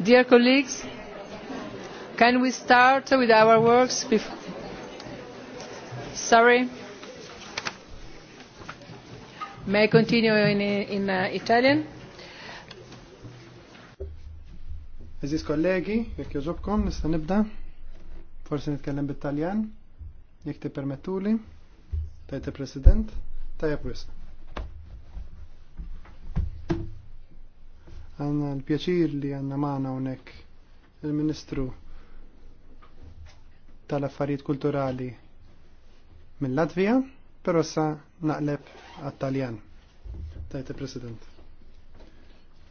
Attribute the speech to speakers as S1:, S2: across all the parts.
S1: Dear colleagues, can we start with our works?
S2: Sorry. May I continue in, in uh, Italian? Aziz kollegi, jekk jogħġobkom, nista' nibda. Forsi nitkellem bit-Taljan, jekk tippermettuli. Tajta President, tajja wisq. Għanna l-pjaċir li għanna maħna unek il-Ministru tal-Affarijiet Kulturali mill-Latvija, pero sa naqleb għat-Taljan. Tajte, President.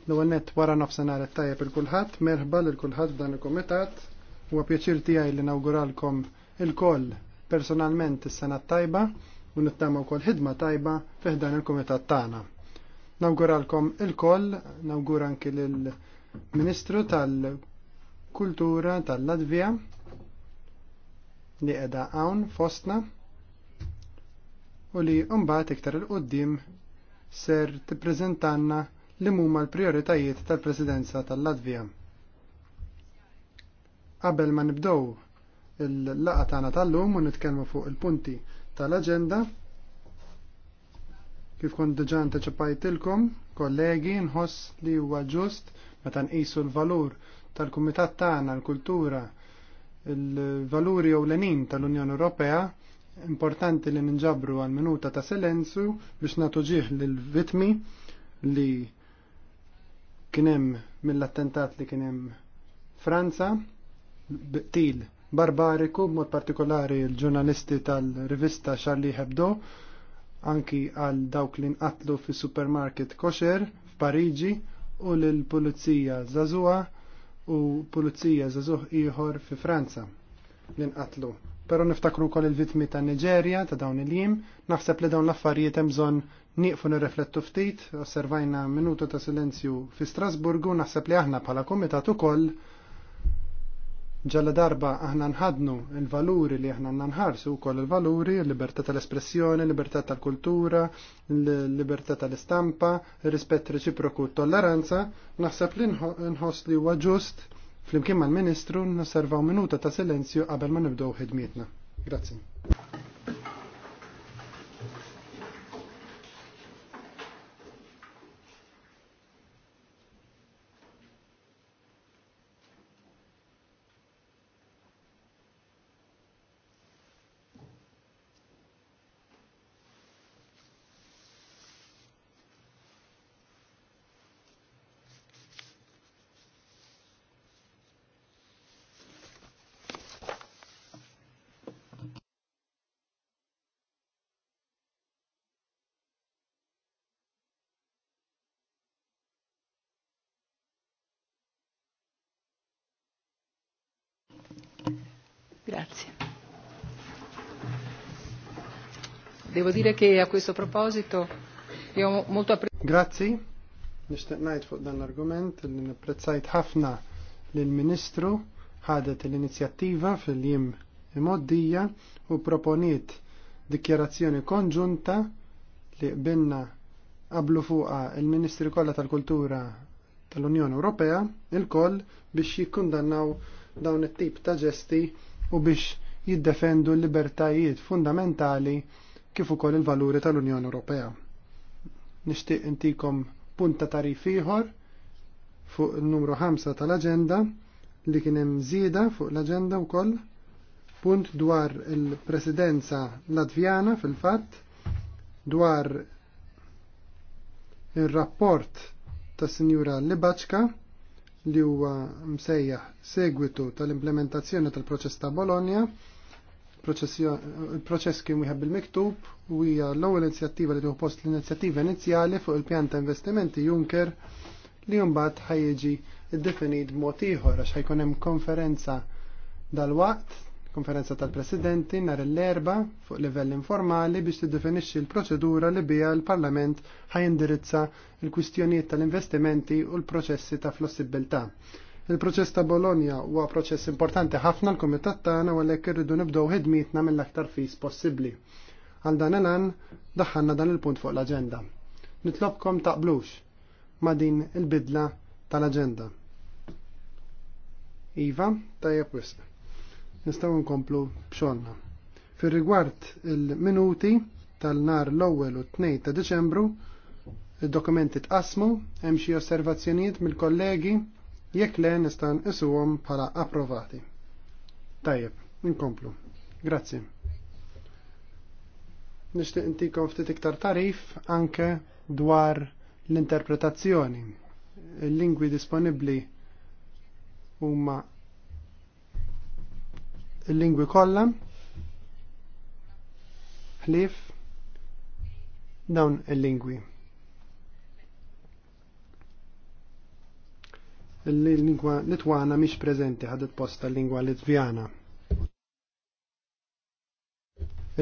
S2: L-ewwel nett wara nofsinhar tajjeb il kulħadd merħba lil kulħadd f'dan il-kumitat huwa pjaċir tiegħi li nawguralkom il-koll personalment is-sena tajba u nittama wkoll ħidma tajba fih dan il-kumitat tagħna. Nawguralkom il-koll, nawgur anki l-Ministru tal-Kultura tal-Latvija li edha hawn fostna u li mbagħad iktar il-qoddim ser tippreżentanna li muma l prioritajiet tal-Presidenza tal-Latvija. Qabel ma nibdow il-laqa tagħna tal-lum u nitkellmu fuq il-punti tal-aġenda, Kif kont diġa anteċipajtilkom, kollegi, nħoss li huwa ġust meta nqisu l-valur tal-Kumitat tagħna l-Kultura, il-valuri ewlenin tal-Unjoni Ewropea, importanti li ninġabru għal minuta ta' silenzju biex nagħtu ġieħ lill-vitmi li kien hemm mill-attentat li kien hemm Franza l-til barbariku b'mod partikolari l-ġurnalisti tal-rivista Charlie Hebdo anki għal dawk li nqatlu fis supermarket kosher f'Pariġi u lil pulizija Zazua u Pulizija Zazuh ieħor fi Franza li nqatlu. Però niftakru wkoll il-vitmi ta' Niġerja ta' dawn il-jiem, naħseb li dawn l-affarijiet hemm bżonn nieqfu nirreflettu ftit, osservajna minuta ta' silenzju fi Strasburgu, naħseb li aħna bħala komitat ukoll ġalla darba aħna nħadnu il-valuri li aħna nħarsu koll il-valuri, il-libertà tal-espressjoni, il-libertà tal-kultura, il-libertà tal-istampa, il-rispett reċiproku tolleranza, naħseb li nħoss li huwa ġust flimkien mal-Ministru nosservaw minuta ta' silenzju qabel ma nibdew ħidmietna. Grazzi. Devo dire che a questo proposito io molto apprezzato. Grazzi. nishtet ngħid fuq dan l-argument li nipprezzajt ħafna l ministru ħadet l-inizjattiva fil-jiem imoddija u proponiet dikjarazzjoni konġunta li binna qablu fuqa il-Ministri kollha tal-Kultura tal-Unjoni Ewropea il-koll biex jikkundannaw dawn it-tip ta' ġesti u biex jiddefendu l-libertajiet fundamentali kif ukoll il-valuri tal-Unjoni Ewropea. Nixtieq intikom punta tarif ieħor fuq il numru 5 tal-aġenda li kien hemm żieda fuq l-aġenda wkoll punt dwar il-presidenza latvjana fil-fatt dwar il-rapport ta' sinjura Libaċka li huwa msejjaħ segwitu tal-implementazzjoni tal-proċess ta' Bologna il-proċess kien wieħed bil-miktub u hija l-ewwel inizjattiva li tieħu post l-inizjattiva inizjali fuq il-pjan ta' investimenti Juncker li mbagħad ħajjiġi iddefinit b'mod ieħor għax ħajkun hemm konferenza dal-waqt, konferenza tal-presidenti nhar l-erba fuq livell informali biex tiddefinixxi l-proċedura li biha l-Parlament ħajindirizza l-kwistjonijiet tal-investimenti u l-proċessi ta' flossibilità. Il-proċess ta' Bologna huwa proċess importanti ħafna l-kumitat tagħna u għalhekk irridu nibdew ħidmietna mill-aktar fis possibbli. Għal dan elan daħħalna dan il-punt fuq l-aġenda. Nitlobkom taqblux ma' din il-bidla tal-aġenda. Iva, tajjeb wisq. Nistgħu nkomplu b'xogħolna. Fir-rigward il-minuti tal-nar l-ewwel u t-tnejn ta' Deċembru, id-dokumenti tqasmu, hemm xi osservazzjonijiet mill-kollegi jekk le nistan isuhom bħala approvati. Tajjeb, inkomplu. Grazzi. Nixtieq intikom ftit iktar tarif anke dwar l-interpretazzjoni. Il-lingwi disponibbli huma il-lingwi kollha ħlief dawn il-lingwi. l-lingwa Litwana mhix preżenti ħadet post tal-lingwa Litvjana.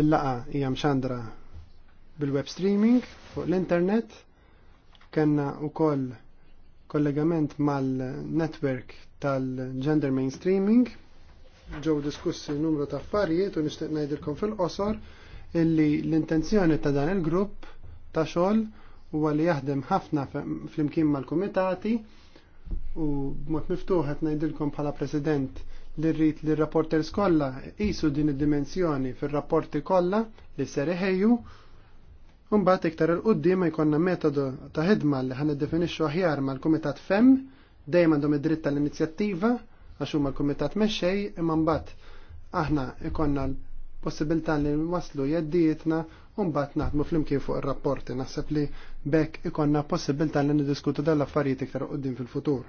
S2: Il-laqa hija mxandra bil-web streaming fuq l-internet kellna wkoll kollegament mal-network tal-gender mainstreaming ġew diskussi numru ta' affarijiet u nixtieq ngħidilkom fil-qosor illi l-intenzjoni ta' dan il-grupp ta' xogħol huwa li jaħdem ħafna flimkien mal-kumitati u b'mod miftuħ qed ngħidilkom bħala President li rrid li rapporters kollha qisu din id-dimensjoni fir-rapporti kollha li ser iħejju u mbagħad iktar il qudiem ma jkollna metodu ta' ħidma li ħan iddefinixxu aħjar mal-Kumitat Fem dejjem għandhom id-dritt tal-inizjattiva għax huma l-Kumitat mexxej imma mbagħad aħna ikonna l-possibilità li waslu jeddietna Umbat naħdmu flimkien fuq ir-rapporti naħseb li bekk ikonna possibilità li niddiskutu dan l-affarijiet iktar qudiem fil-futur.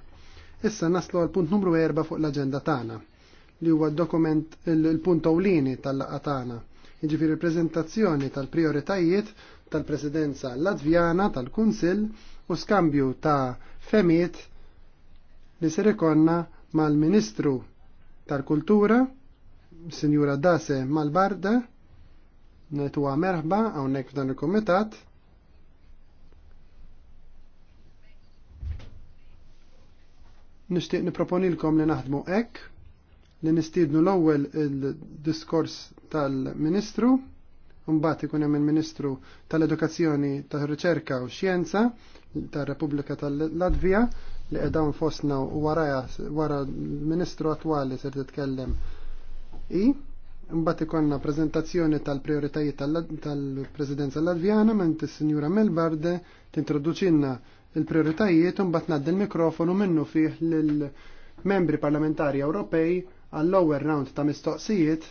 S2: Issa naslu għal punt numru 4 fuq l-aġenda tagħna li huwa dokument il-punt ewlieni tal-laqgħa tagħna. Jiġifieri preżentazzjoni tal-prioritajiet tal-Presidenza Latvjana tal-Kunsill u skambju ta' femiet li ser ikonna mal-Ministru tal-Kultura, Sinjura Dase Malbarda, Netu merħba għawnek f'dan il-komitat. Nishtiq niproponilkom li naħdmu ek, li nistidnu l-ewwel il-diskors tal-Ministru, mbagħad ikun hemm il-Ministru tal-Edukazzjoni, tal-Riċerka u Xjenza tar-Repubblika tal-Latvija li qegħdawn fostna wara wara l-Ministru attwali ser titkellem i Mbagħad konna prezentazzjoni tal-prioritajiet tal-Presidenza latvijana ment is-Sinjura Melbarde t-introduċinna il-prioritajiet mbati mbagħad il mikrofonu minnu fiħ lill-membri parlamentari Ewropej għall lower round ta' mistoqsijiet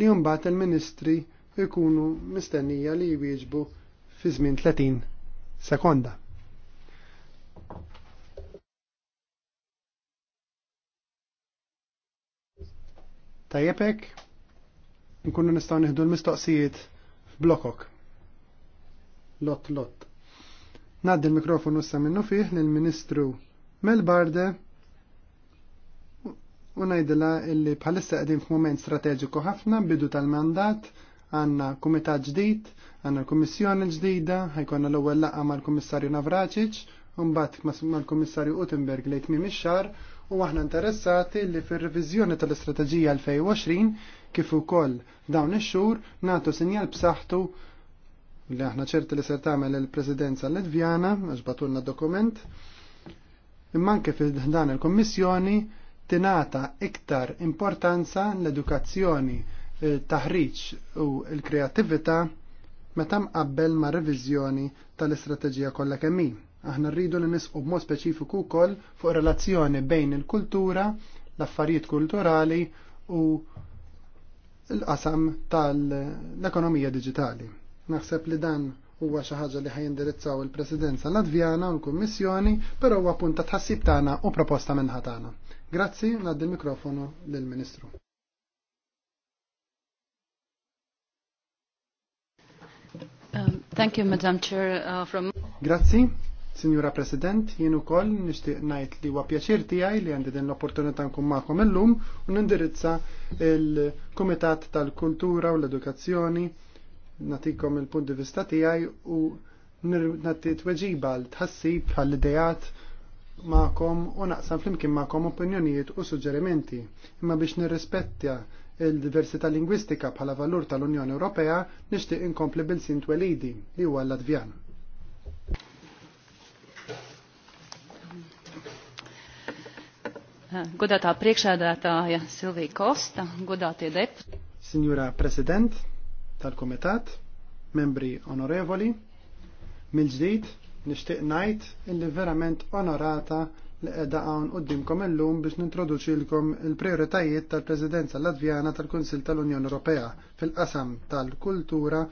S2: li mbagħad il-Ministri ikunu mistennija li jwieġbu fi żmien 30 sekonda. Tajjebek, nkunu nistaw nieħdu l-mistoqsijiet f'blokok. Lot lot. Naddi l-mikrofonu issa minnu fiħ lill-Ministru Melbarde. u ngħidilha illi bħalissa qegħdin f'mument strateġiku ħafna bidu tal-mandat għandna kumitat ġdid, għandna l-Kummissjoni ġdida, ħajkonna l-ewwel laqgħa mal-Kummissarju Navracic, u mbagħad mal-Kummissarju Utenberg li jtmim ix xar u aħna interessati li fir-reviżjoni tal-Istrateġija 2020 kif ukoll dawn ix-xhur nagħtu sinjal b'saħħtu li aħna ċerti li ser tagħmel il-Presidenza Letvjana għax batulna dokument imma anke dan il-Kommissjoni tingħata iktar importanza l-edukazzjoni, il-taħriġ u l-kreattività meta mqabbel ma' reviżjoni tal-istrateġija kollha kemm Aħna rridu li nisqu b'mod speċifiku wkoll fuq relazzjoni bejn il-kultura, l-affarijiet kulturali u l-qasam tal-ekonomija diġitali. Naħseb li dan huwa xi ħaġa li ħajindirizzaw il-Presidenza Latvjana u l-Kummissjoni, però huwa punta tħassib tagħna u proposta minnha tagħna. Grazzi, ngħaddi l-mikrofonu lill-Ministru.
S1: Um, thank you, Madam
S2: Chair. Uh, from... Grazzi, Signora President, jien ukoll nixtieq ngħid li huwa pjaċir tiegħi li għandi din l-opportunità nkun magħkom illum u nindirizza il-Kumitat tal-Kultura u l-Edukazzjoni natikom il-punt di vista tiegħi u nati tweġiba l tħassib għall-idejat ma'kom u naqsam flimkien ma'kom opinjonijiet u suġġerimenti. Imma biex nirrispettja il-diversità lingwistika bħala valur tal-Unjoni Ewropea nixtieq inkompli bil-sint welidi li huwa l advjan
S1: Godātā priekšēdētāja Silvija Kosta, godātie deputāti.
S2: Signora President tal komitāt, membri onorevoli, mill-ġdid nixtieq ngħid illi verament onorata li qiegħda hawn qudiemkom illum biex nintroduċilkom il-prioritajiet tal-Presidenza Latvjana tal konsil tal-Unjoni Europea fil-qasam tal-kultura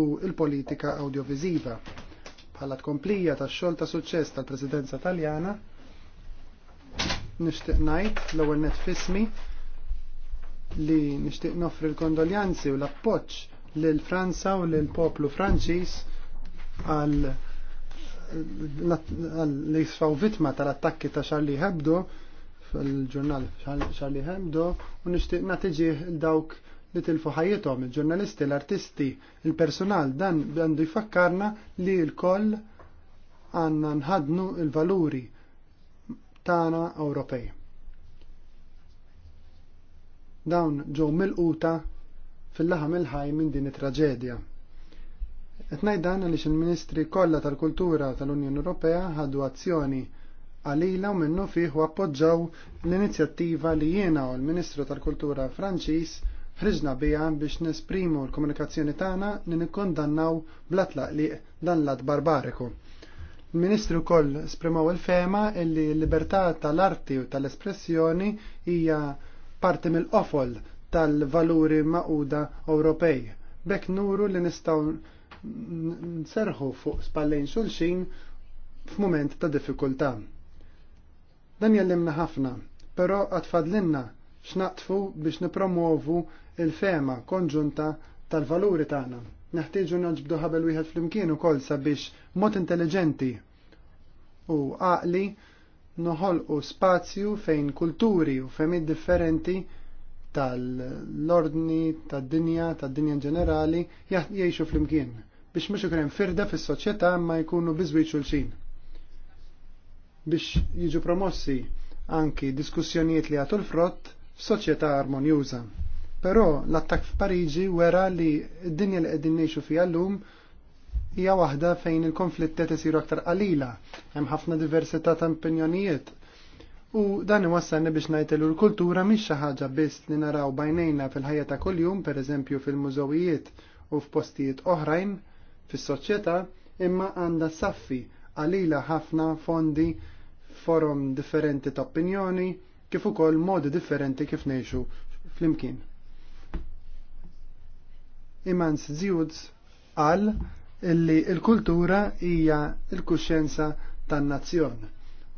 S2: u l-politika audiovisiva. Bħala tkomplija tax-xogħol ta' suċċess tal-Presidenza Taljana nixtieq ngħid l-ewwel net fismi li nixtieq nofri l-kondoljanzi u l-appoġġ lil Franza u lil poplu Franċiż għal li jisfaw vittma tal-attakki ta' Charlie Hebdo fil-ġurnal Charlie Hebdo u nixtieq natiġi dawk li tilfu ħajjithom il-ġurnalisti, l-artisti, il-personal dan għandu jfakkarna li l-koll għanna nħadnu il-valuri il valuri Tana Ewropej. Dawn ġew milquta fil-laħam il-ħaj minn din it-traġedja. Qed ngħid dan għaliex il-Ministri kollha tal-Kultura tal-Unjoni Ewropea ħadu azzjoni għalila u minnu fih u appoġġaw l-inizjattiva li jiena u l-Ministru tal-Kultura Franċiż ħriġna bija biex nesprimu l-komunikazzjoni tagħna li nikkondannaw blatlaq li dan lat barbariku. Il-Ministru koll esprimaw il-fema illi l-libertà tal-arti u tal-espressjoni hija parti mill-qofol tal-valuri maquda Ewropej. Bek nuru li nistaw nserħu fuq spallejn xulxin f'mument ta' diffikultà. Dan jellimna ħafna, però għatfadlinna x'naqtfu biex nipromuovu il-fema konġunta tal-valuri tagħna. Neħtieġu naġbdu ħabel wieħed flimkien ukoll sabiex mod intelligenti u għaqli noħolqu spazju fejn kulturi u femid differenti tal-ordni, tad-dinja, tad-dinja ġenerali jgħixu flimkien biex mhux ikun firda fis-soċjetà ma jkunu biżwieq xulxin. Biex jiġu promossi anki diskussjonijiet li għatu l-frott f'soċjetà armonjuża. Però l-attak f'Pariġi wera li d-dinja li qegħdin ngħixu fiha llum hija waħda fejn il-konflitt qed isiru aktar qalila, hemm ħafna diversità ta' opinjonijiet. U dan iwassalni biex ngħidlu l-kultura mhix xi ħaġa biss li naraw bajnejna fil-ħajja ta' kuljum, pereżempju fil-mużewijiet u f'postijiet oħrajn fis-soċjetà, imma għandha saffi qalila ħafna fondi forum differenti ta' opinjoni kif ukoll modi differenti kif ngħixu flimkien. Imans Ziuds qal illi il-kultura hija il kuxenza tan-nazzjon.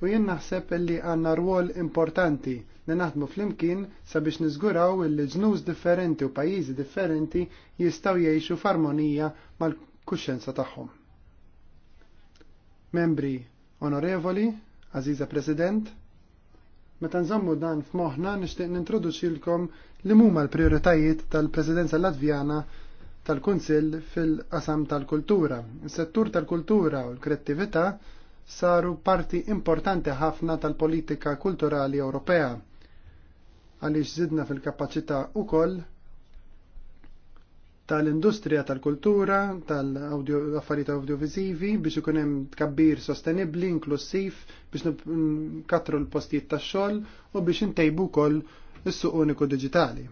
S2: U jien naħseb illi għandna rwol importanti li naħdmu flimkien sabiex niżguraw illi ġnus differenti u pajjiżi differenti jistgħu jgħixu f'armonija mal kuxenza tagħhom. Membri onorevoli, Aziza President, meta nżommu dan f'moħħna nixtieq nintroduċilkom li huma l prioritajiet tal-Presidenza Latvjana tal-Kunsill fil-qasam tal-kultura. Is-settur tal-kultura u l-kreattività saru parti importanti ħafna tal-politika kulturali Ewropea għaliex zidna fil-kapacità ukoll tal-industrija tal-kultura, tal-affarijiet audiovisivi biex ikun hemm tkabbir sostenibbli, inklusiv biex nkatru l-postijiet tax-xogħol u biex intejbu wkoll is-suq uniku diġitali.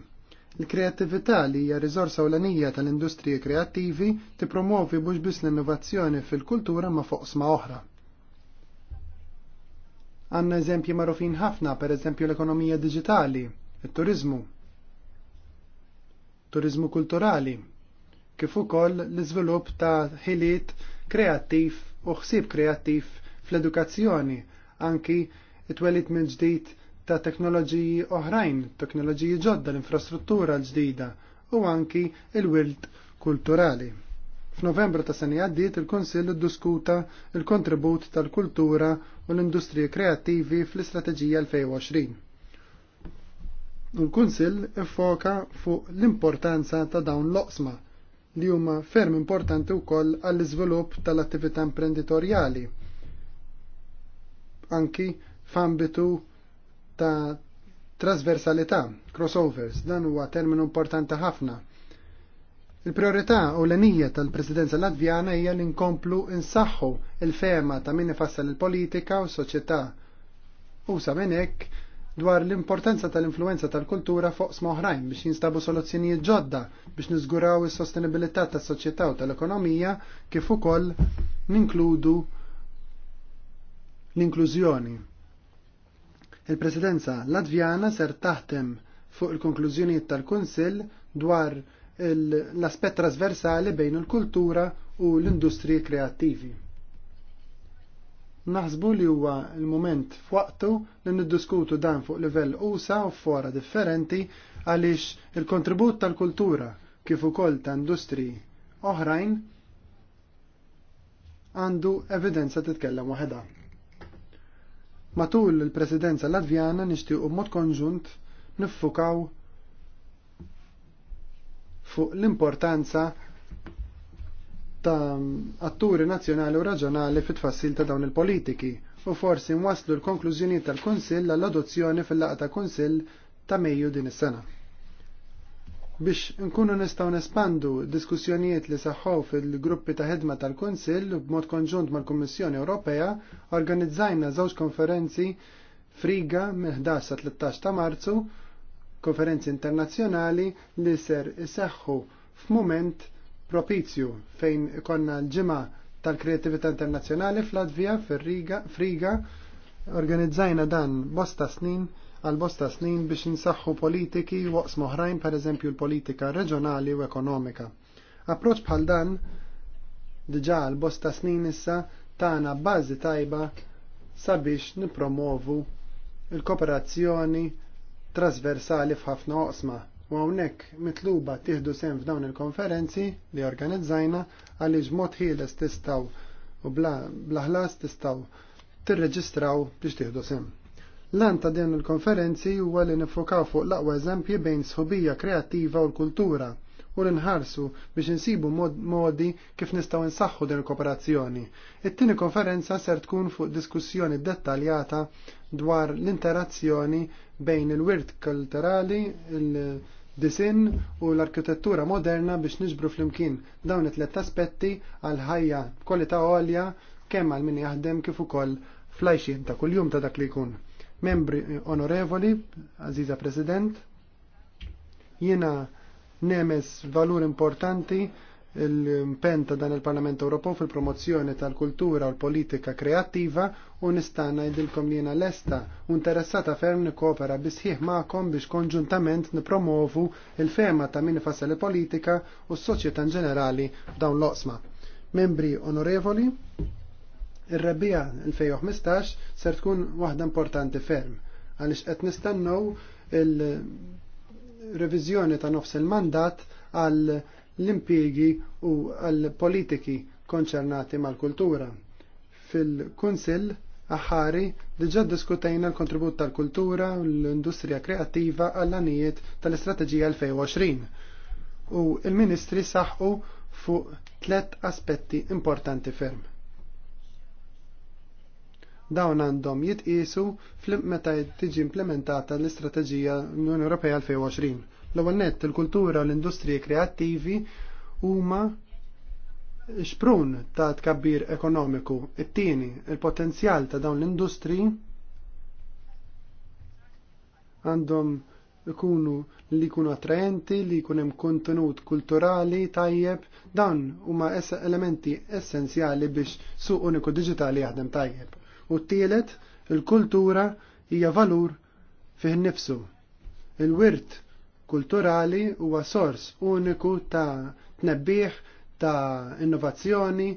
S2: Il-kreattività li hija riżorsa ewlenija tal-industriji kreattivi tippromovi mhux biss l-innovazzjoni fil-kultura ma' foqsma oħra. Għanna eżempji marufin ħafna, per eżempju l-ekonomija digitali, il-turizmu, turizmu kulturali, kif ukoll l-iżvilupp ta' ħiliet kreattiv u ħsieb kreattiv fl-edukazzjoni, anki it-twelit minn ġdid ta' teknoloġiji oħrajn, teknoloġiji ġodda l-infrastruttura l-ġdida u anki il-wilt kulturali. F'Novembru ta' sani għaddiet il-Konsill diskuta il-kontribut tal-kultura u l-industriji kreattivi fl-Istrateġija 2020. Il-Kunsill iffoka fuq l-importanza ta' dawn l-oqsma li huma ferm importanti wkoll għall-iżvilupp tal-attività imprenditorjali anki f'ambitu ta' trasversalità, crossovers, dan huwa terminu importanti ħafna. Il-priorità u l-enija tal-Presidenza Latvjana hija li nkomplu insaħħu il-fema ta' min ifassal il-politika u s-soċjetà. U sa minn hekk dwar l-importanza tal-influenza tal-kultura fuq smoħrajn biex jinstabu soluzzjonijiet ġodda biex niżguraw is-sostenibilità tas-soċjetà u tal-ekonomija kif ukoll ninkludu l-inklużjoni. Il-Presidenza Latvjana ser taħtem fuq il-konklużjonijiet tal-Kunsill dwar l-aspett trasversali bejn il-kultura u l-industriji kreattivi. Naħsbu li huwa l-moment f'waqtu li niddiskutu dan fuq livell usa u fora differenti għaliex il-kontribut tal-kultura kif ukoll ta' industri oħrajn għandu evidenza titkellem waħedha. Matul il-presidenza latvjana nixtiequ mod konġunt niffukaw fuq l-importanza ta' atturi nazzjonali u raġjonali fit tfassil ta' dawn il-politiki u forsi nwaslu l-konklużjoni tal-Kunsill għall-adozzjoni fil laqta ta' Kunsill ta' Mejju din is-sena biex nkunu nistaw nespandu diskussjonijiet li saħħu fil-gruppi ta' ħedma tal-Kunsill b'mod konġunt mal-Kummissjoni Ewropea, organizzajna żewġ konferenzi friga mill-11 sa 13 ta' Marzu, konferenzi internazzjonali li ser iseħħu f'mument propizju fejn konna l-ġimgħa tal-kreativita internazzjonali fl-Latvija, fer-riga friga, organizzajna dan bosta snin għal bosta snin biex insaħħu politiki waqs moħrajn per eżempju l-politika reġjonali u ekonomika. Approċ bħal dan diġa għal bosta snin issa tagħna bażi tajba sabiex nipromovu il-kooperazzjoni trasversali f'ħafna oqsma u hawnhekk mitluba tieħdu sem f'dawn il-konferenzi li organizzajna għaliex mod ħieles tistgħu u bla ħlas tistgħu tirreġistraw biex tieħdu sem. Lan ta' din il-konferenzi huwa li nifokaw fuq l-aqwa eżempji bejn sħubija kreattiva u l-kultura u l-inħarsu biex insibu modi kif nistaw nsaħħu din il-kooperazzjoni. It-tieni konferenza ser tkun fuq diskussjoni dettaljata dwar l-interazzjoni bejn il-wirt kulturali, il-disin u l-arkitettura moderna biex niġbru flimkien dawn it-tlet aspetti għal ħajja ta' għolja kemm għal min jaħdem kif ukoll flajxin ta' kuljum ta' dak li jkun. Membri onorevoli, Aziza President, jiena nemes valur importanti l penta dan il-Parlament Ewropew fil-promozzjoni tal-kultura u l-politika kreattiva u nistana jidilkom jiena lesta u interessata ferm nikopera bisħiħ ma'kom biex konġuntament nipromovu il-fema ta' min ifassal politika u s-soċjetà ġenerali dawn l-oqsma. Membri onorevoli, Ir-rebbija 2015 ser tkun waħda importanti ferm għaliex qed nistennew il-reviżjoni ta' nofs il-mandat għal l-impjegi u għal politiki konċernati mal-kultura. Fil-Kunsill aħari diġà diskutajna l-kontribut tal-kultura u l-industrija kreattiva għall-anijiet tal-Istrateġija 2020 u il-Ministri saħħu fuq tlet aspetti importanti ferm dawn għandhom jitqisu meta tiġi implementata l-Istrateġija Unjoni Ewropea 2020. L-ewwel nett il-kultura u l-industriji kreattivi huma xprun ta' tkabbir ekonomiku. It-tieni, il-potenzjal ta' dawn l-industriji għandhom ikunu li jkunu attraenti, li jkun hemm kontenut kulturali tajjeb, dan huma elementi essenzjali biex suq uniku digitali jaħdem tajjeb. U t-tielet, il-kultura hija valur fih nifsu. Il-wirt kulturali huwa sors uniku ta' tnebbieħ ta' innovazzjoni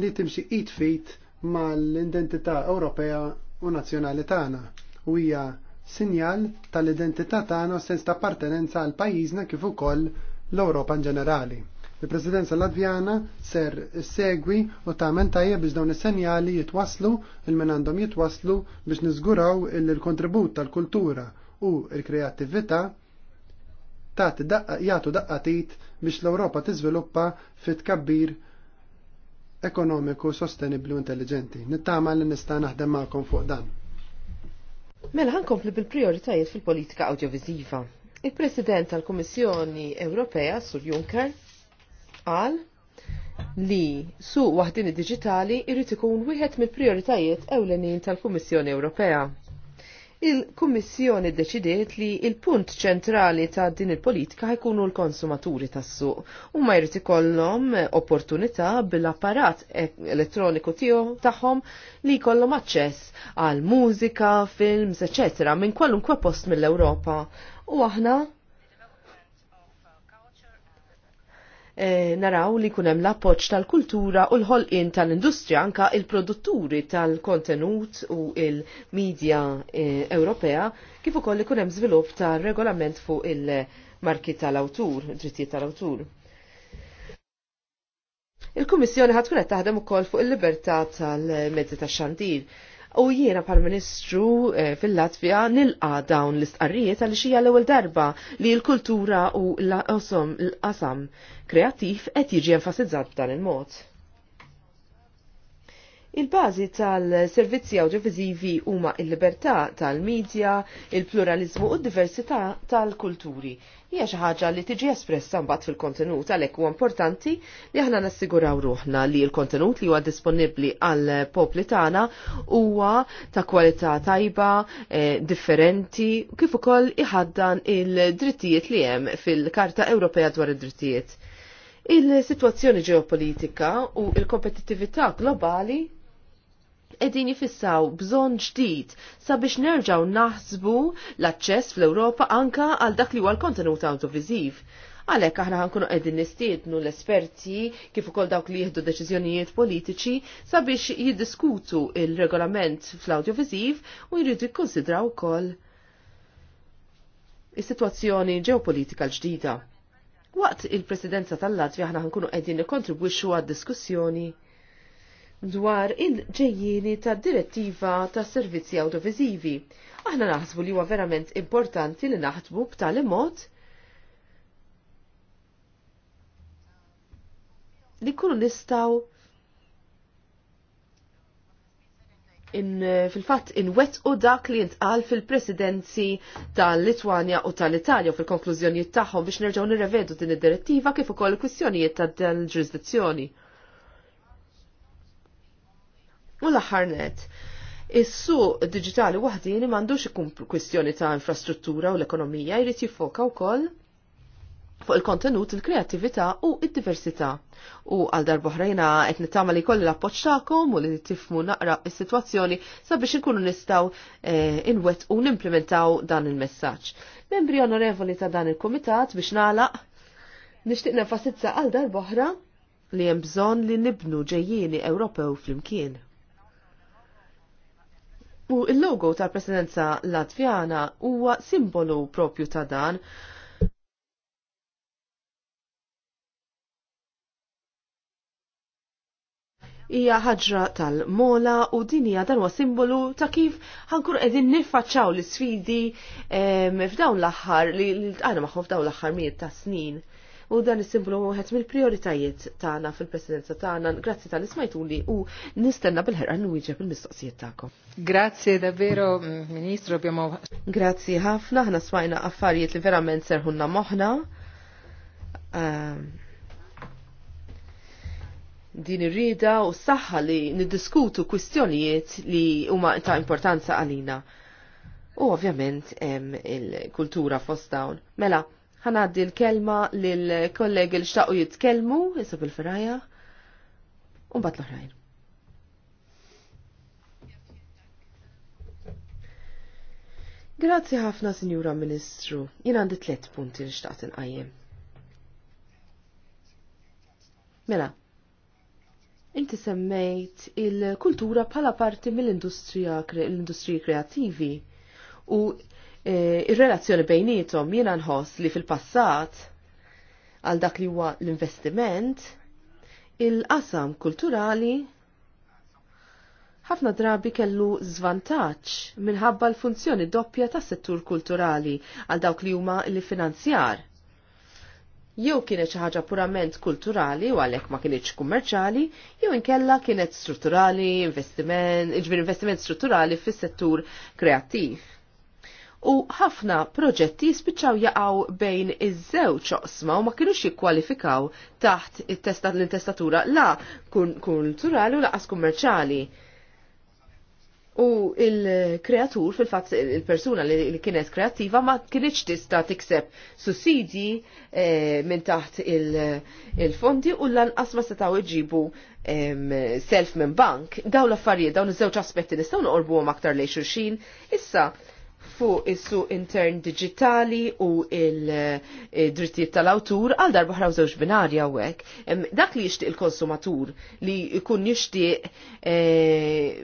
S2: li timxi it fit mal-identità Ewropea u nazzjonali tagħna u hija sinjal tal-identità tagħna u sens ta' appartenenza għal pajjiżna kif ukoll l-Ewropa in ġenerali. Il-Presidenza Latvjana ser segwi u tagħmel tajjeb biex dawn is-senjali jitwaslu il min għandhom jitwaslu biex niżguraw il-kontribut tal-kultura u l-kreattività tagħti daqqa jagħtu daqqatit biex l-Ewropa tiżviluppa fit kabbir ekonomiku sostenibli u intelligenti. Nittama li nista' naħdem magħkom fuq dan. Mela ħankompli bil-prioritajiet fil-politika audiovisiva.
S3: Il-President tal-Kummissjoni Ewropea, Sur Juncker, qal li su waħdini digitali irrid ikun wieħed mill-prioritajiet ewlenin tal-Kummissjoni Ewropea. Il-Kummissjoni deċidiet li il-punt ċentrali ta' din il-politika ħajkunu l-konsumaturi tas-suq u ma jrid ikollhom opportunità bil-apparat e- elettroniku tiegħu tagħhom li jkollhom aċċess għal mużika, films, eċetera minn kwalunkwe post mill-Ewropa. U aħna Eh, naraw li kunem l-appoċ tal-kultura u l-ħolqin tal-industrija anka il-produtturi tal-kontenut u il-medja eh, Ewropea kif ukoll li kunem żvilupp ta' regolament fuq il-marki tal-awtur, drittijiet tal-awtur. Il-Kummissjoni ħatkun qed taħdem ukoll fuq il-libertà tal-mezzi tax-xandir U jiena pal ministru eh, fil-Latvija nilqa dawn l-istqarrijiet għal xija l-ewwel darba li l-kultura u l-qasam kreattiv qed jiġi enfasizzat dan il-mod. Il-bażi tal-servizzi audiovisivi huma il-libertà tal-medja, il-pluralizmu u d-diversità tal-kulturi. Hija xi ħaġa li tiġi espressa mbagħad fil-kontenut għalhekk huwa importanti li aħna nassiguraw ruħna li l-kontenut li huwa disponibbli għal popli tagħna huwa ta' kwalità tajba, eh, differenti, kif ukoll iħaddan il-drittijiet li hemm fil-Karta Ewropea dwar id-drittijiet. Il-situazzjoni ġeopolitika u il-kompetittività globali edin jifissaw bżon ġdid sabiex nerġaw naħsbu l-aċċess fl-Ewropa anka għal dak li huwa l-kontenut audiovisiv. Għalek aħna ħankunu qegħdin nistiednu l-esperti kif ukoll dawk li jieħdu deċiżjonijiet politiċi sabiex jiddiskutu il-regolament fl-audiovisiv u jridu jikkonsidraw ukoll is-sitwazzjoni ġeopolitika l-ġdida. Waqt il-presidenza tal latvija aħna ħankunu qegħdin nikkontribwixxu għad-diskussjoni dwar il-ġejjini tad direttiva tas servizzi audiovisivi. Aħna naħsbu li huwa verament importanti li naħdmu b'tali mod li kunu nistaw fil-fatt wet u dak li jintqal fil-presidenzi tal-Litwanja u tal-Italja u fil-konklużjonijiet tagħhom biex nerġgħu nirrevedu din id-direttiva kif ukoll kwistjonijiet tad-ġurisdizzjoni. U l-aħħar net, is-suq digitali waħdini m'għandux ikun kwistjoni ta' infrastruttura u l-ekonomija jrid jiffoka wkoll fuq il-kontenut, il-kreativita u id-diversità. U għal darboħrejna qed nittama li kolli l-appoċ tagħkom u li tifmu naqra s sitwazzjoni sabiex inkunu nistgħu eh, inwet u nimplementaw dan il-messaġġ. Membri onorevoli ta' dan il-kumitat biex nagħlaq nixtieq nefasizza għal darboħra li hemm bżonn li nibnu ġejjieni Ewropew flimkien. U il-logo tal-presidenza Latvjana huwa simbolu propju ta' dan. hija ħaġra tal-mola u din hija dan huwa simbolu ta' kif ħankur qegħdin niffaċċaw l-isfidi f'dawn l-aħħar li għana magħhom f'dawn l-aħħar miet ta' snin u dan is-simbolu wieħed mill-prioritajiet tagħna fil-presidenza tagħna. Grazzi tal-ismajtuli u nistenna bil-ħerqa nwieġeb il-mistoqsijiet tagħkom. Grazzi davvero, Ministru, abbiamo Grazzi ħafna, ħna smajna affarijiet li verament serħunna moħħna. Ehm, din ir-rida u saħħa li niddiskutu kwistjonijiet li huma ta' importanza għalina. U ovvjament hemm il-kultura fost dawn. Mela, ħanaddi l-kelma lill-kollegi li xtaqu jitkellmu, jisab il-firaja, un bat l-oħrajn. Grazzi ħafna, Sinjura Ministru. Jien għandi tliet punti li xtaqt inqajjem. Mela, inti semmejt il-kultura bħala parti mill-industrija l-industriji kreativi u E, ir-relazzjoni bejnietom jiena nħoss li fil-passat għal dak li huwa l-investiment, il-qasam kulturali ħafna drabi kellu zvantaġġ minħabba l-funzjoni doppja tas settur kulturali għal dawk li huma l-finanzjar. Jew kienet xi ħaġa purament kulturali u għalhekk ma kienx kummerċjali, jew inkella kienet strutturali, investiment, iġbir investiment strutturali fis-settur kreattiv u ħafna proġetti jispiċċaw jaqgħu bejn iż-żewġ oqsma u ma kinux jikkwalifikaw taħt l-intestatura la kulturali u laqas kummerċali. U il-kreatur, fil-fat il-persuna li kienet kreativa, ma kienieċ tista tikseb sussidji eh, minn taħt il-fondi u lanqas ma setaw iġibu self minn bank. Daw l-affarijiet, dawn iż-żewġ aspetti nistgħu għom aktar lejn xulxin. Issa, fuq is-suq intern digitali u il-drittijiet eh, tal-awtur għal darba żewġ binarja hawnhekk. Dak li jixtieq il-konsumatur li jkun jixtieq eh,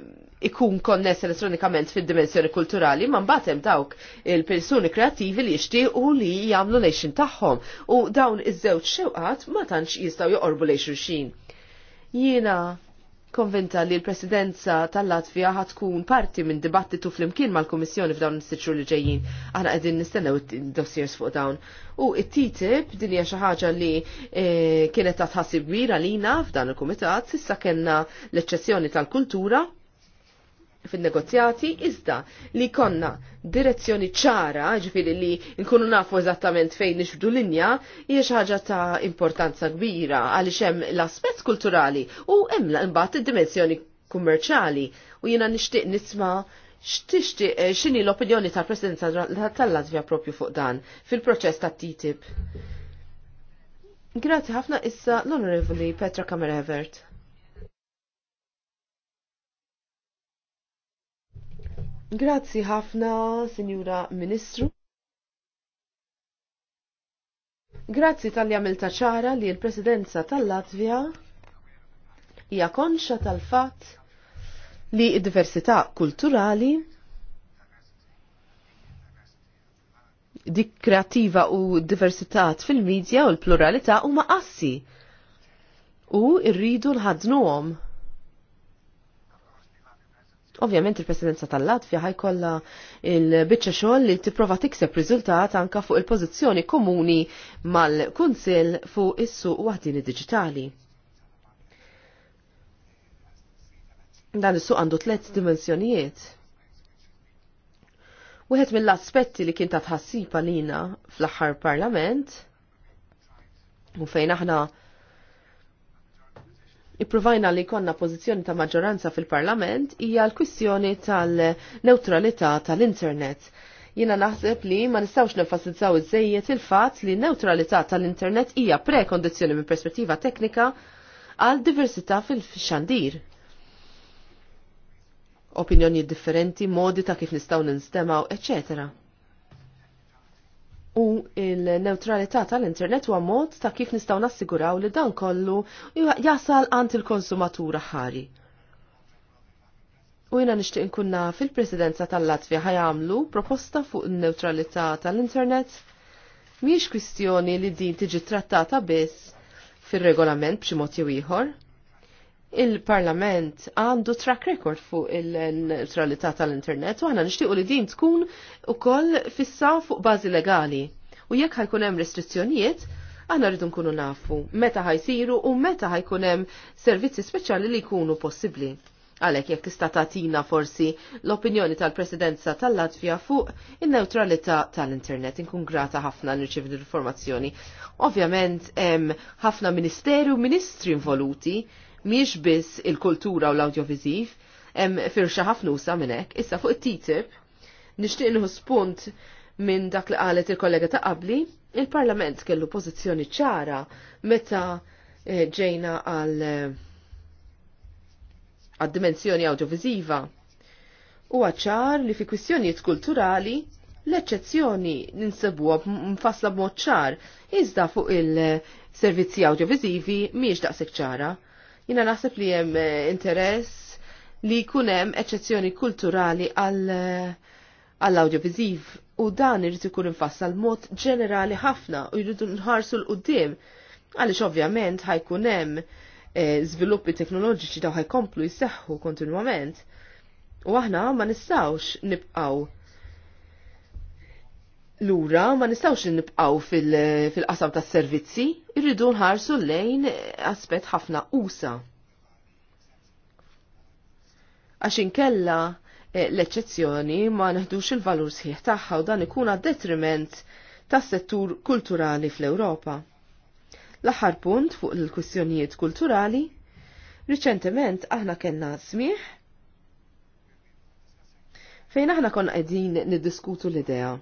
S3: ikun konness elettronikament fid-dimensjoni kulturali, ma mbagħad hemm dawk il-persuni kreattivi li jixtiequ li jagħmlu lejxin tagħhom u dawn iż-żewġ xewqat ma tantx jistgħu joqorbu lejxin. Jina Jiena konvinta li l-presidenza tal-Latvija tkun parti minn dibattitu fl-imkien mal-Komissjoni f'dawn is-sitxur li ġejjin. Aħna qegħdin nistennew dossiers fuq dawn. U it-TTIP din hija xi ħaġa li eh, kienet ta' tħassib kbira lina f'dan il-kumitat, issa kellna l eċċessjoni tal-kultura fin-negozjati iżda li konna direzzjoni ċara, ġifiri li nkunu nafu eżattament fejn nixbdu linja, hija xi ħaġa ta' importanza kbira għaliex hemm l-aspett kulturali u hemm imbagħad id-dimensjoni kummerċali u jiena nixtieq nisma' x'tixtieq eh, x'inhi l-opinjoni tal-Presidenza tal-Latvja propju fuq dan fil-proċess tat-TTIP. Grazie ħafna issa l-Onorevoli Petra Kamerevert. Grazzi ħafna, Sinjura Ministru. Grazzi tal-li ċara li l-Presidenza tal-Latvja hija konxa tal-fatt li d-diversità kulturali dik kreativa u diversità fil-medja u l-pluralità huma assi u rridu nħadnuhom Ovvjament il-presidenza tal-Latvja ħajkolla il-bicċa xogħol li tipprova tikseb riżultat anka fuq il-pożizzjoni komuni mal-Kunsill fuq is-suq waħdini diġitali. Dan is-suq għandu tliet dimensjonijiet. Wieħed mill-aspetti li kien ta' tħassiba lina fl-aħħar parlament u fejn aħna ippruvajna li konna pożizzjoni ta' maġġoranza fil-Parlament hija l-kwistjoni tal-neutralità tal-Internet. Jiena naħseb li ma nistawx nenfasizzaw iż il-fatt li neutralità tal-Internet hija prekondizzjoni minn perspettiva teknika għal diversità fil-xandir opinjoni differenti, modi ta' kif nistaw ninstemaw, eccetera. U il-neutralità tal-internet huwa mod ta' kif nistgħu nassiguraw li dan kollu jasal għand il-konsumatura ħari. U jina nixtieq inkunna fil-Presidenza tal-Latvja ħajamlu proposta fuq il-neutralità tal-internet miex kwistjoni li din tiġi trattata biss fir-regolament b'xi mod jew ieħor il-Parlament għandu track record fuq il-neutralità tal-internet u għana nishtiqu li din tkun u koll fissa fuq bazi legali. U jekk ħajkun hemm restrizzjonijiet, għana rridu nkunu nafu meta ħajsiru u meta ħajkun hemm servizzi speċjali li jkunu possibbli. Għalek jekk tista' tagħtina forsi l-opinjoni tal-Presidenza tal latvija fuq in-neutralità tal-Internet inkun grata ħafna nirċiv l-informazzjoni. Ovvjament hemm ħafna ministeru ministri involuti miex biss il-kultura u l-audjoviziv, hemm firxa ħafna minnek, minn hekk. Issa fuq it-TTIP, nixtieq nħu spunt minn dak li qalet il-kollega ta' qabli, il-Parlament kellu pożizzjoni ċara meta eh, ġejna għal eh, dimensjoni audioviziva. U għacċar li fi kwistjonijiet kulturali l-eċċezzjoni ninsebuha mfassla b'mod ċar, iżda fuq il-servizzi audiovizivi miex daqshekk ċara. Jina naħseb li hemm eh, interess li jkun hemm eċċezzjoni kulturali eh, għall-audiovisiv u dan irid ikun infassal mod ġenerali ħafna u jridu nħarsu l qudiem għaliex ovvjament ħajkun hemm eh, żviluppi teknoloġiċi daw ħajkomplu jseħħu kontinwament. U aħna ma nistgħux nibqgħu Lura, ma nistawx nibqaw fil-qasam fil tas servizzi irridu nħarsu lejn aspet ħafna usa. Għax inkella eh, l-eċezzjoni ma neħdux il-valur sħiħ tagħha u dan ikun detriment tas-settur kulturali fl-Ewropa. L-aħħar punt fuq il-kwistjonijiet kulturali, riċentement aħna kellna smieħ fejn aħna konna qegħdin niddiskutu l-idea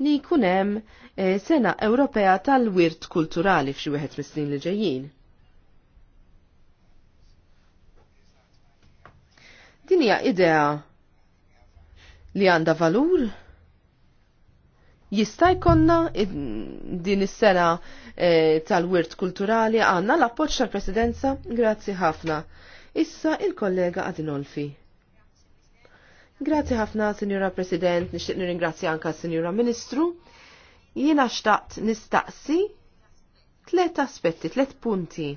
S3: li kunem e, sena Ewropea tal-wirt kulturali f'xi wieħed mis-snin li ġejjin. Din hija idea li għandha valur? Jista' jkollna din is-sena e, tal-wirt kulturali għandna l-appoġġ tal-Presidenza? Grazzi ħafna. Issa il-kollega Adinolfi. Grazzi ħafna, Sinjura President, nixtieq nirringrazzja anka Sinjura Ministru. Jiena xtaqt nistaqsi tliet aspetti, tliet punti.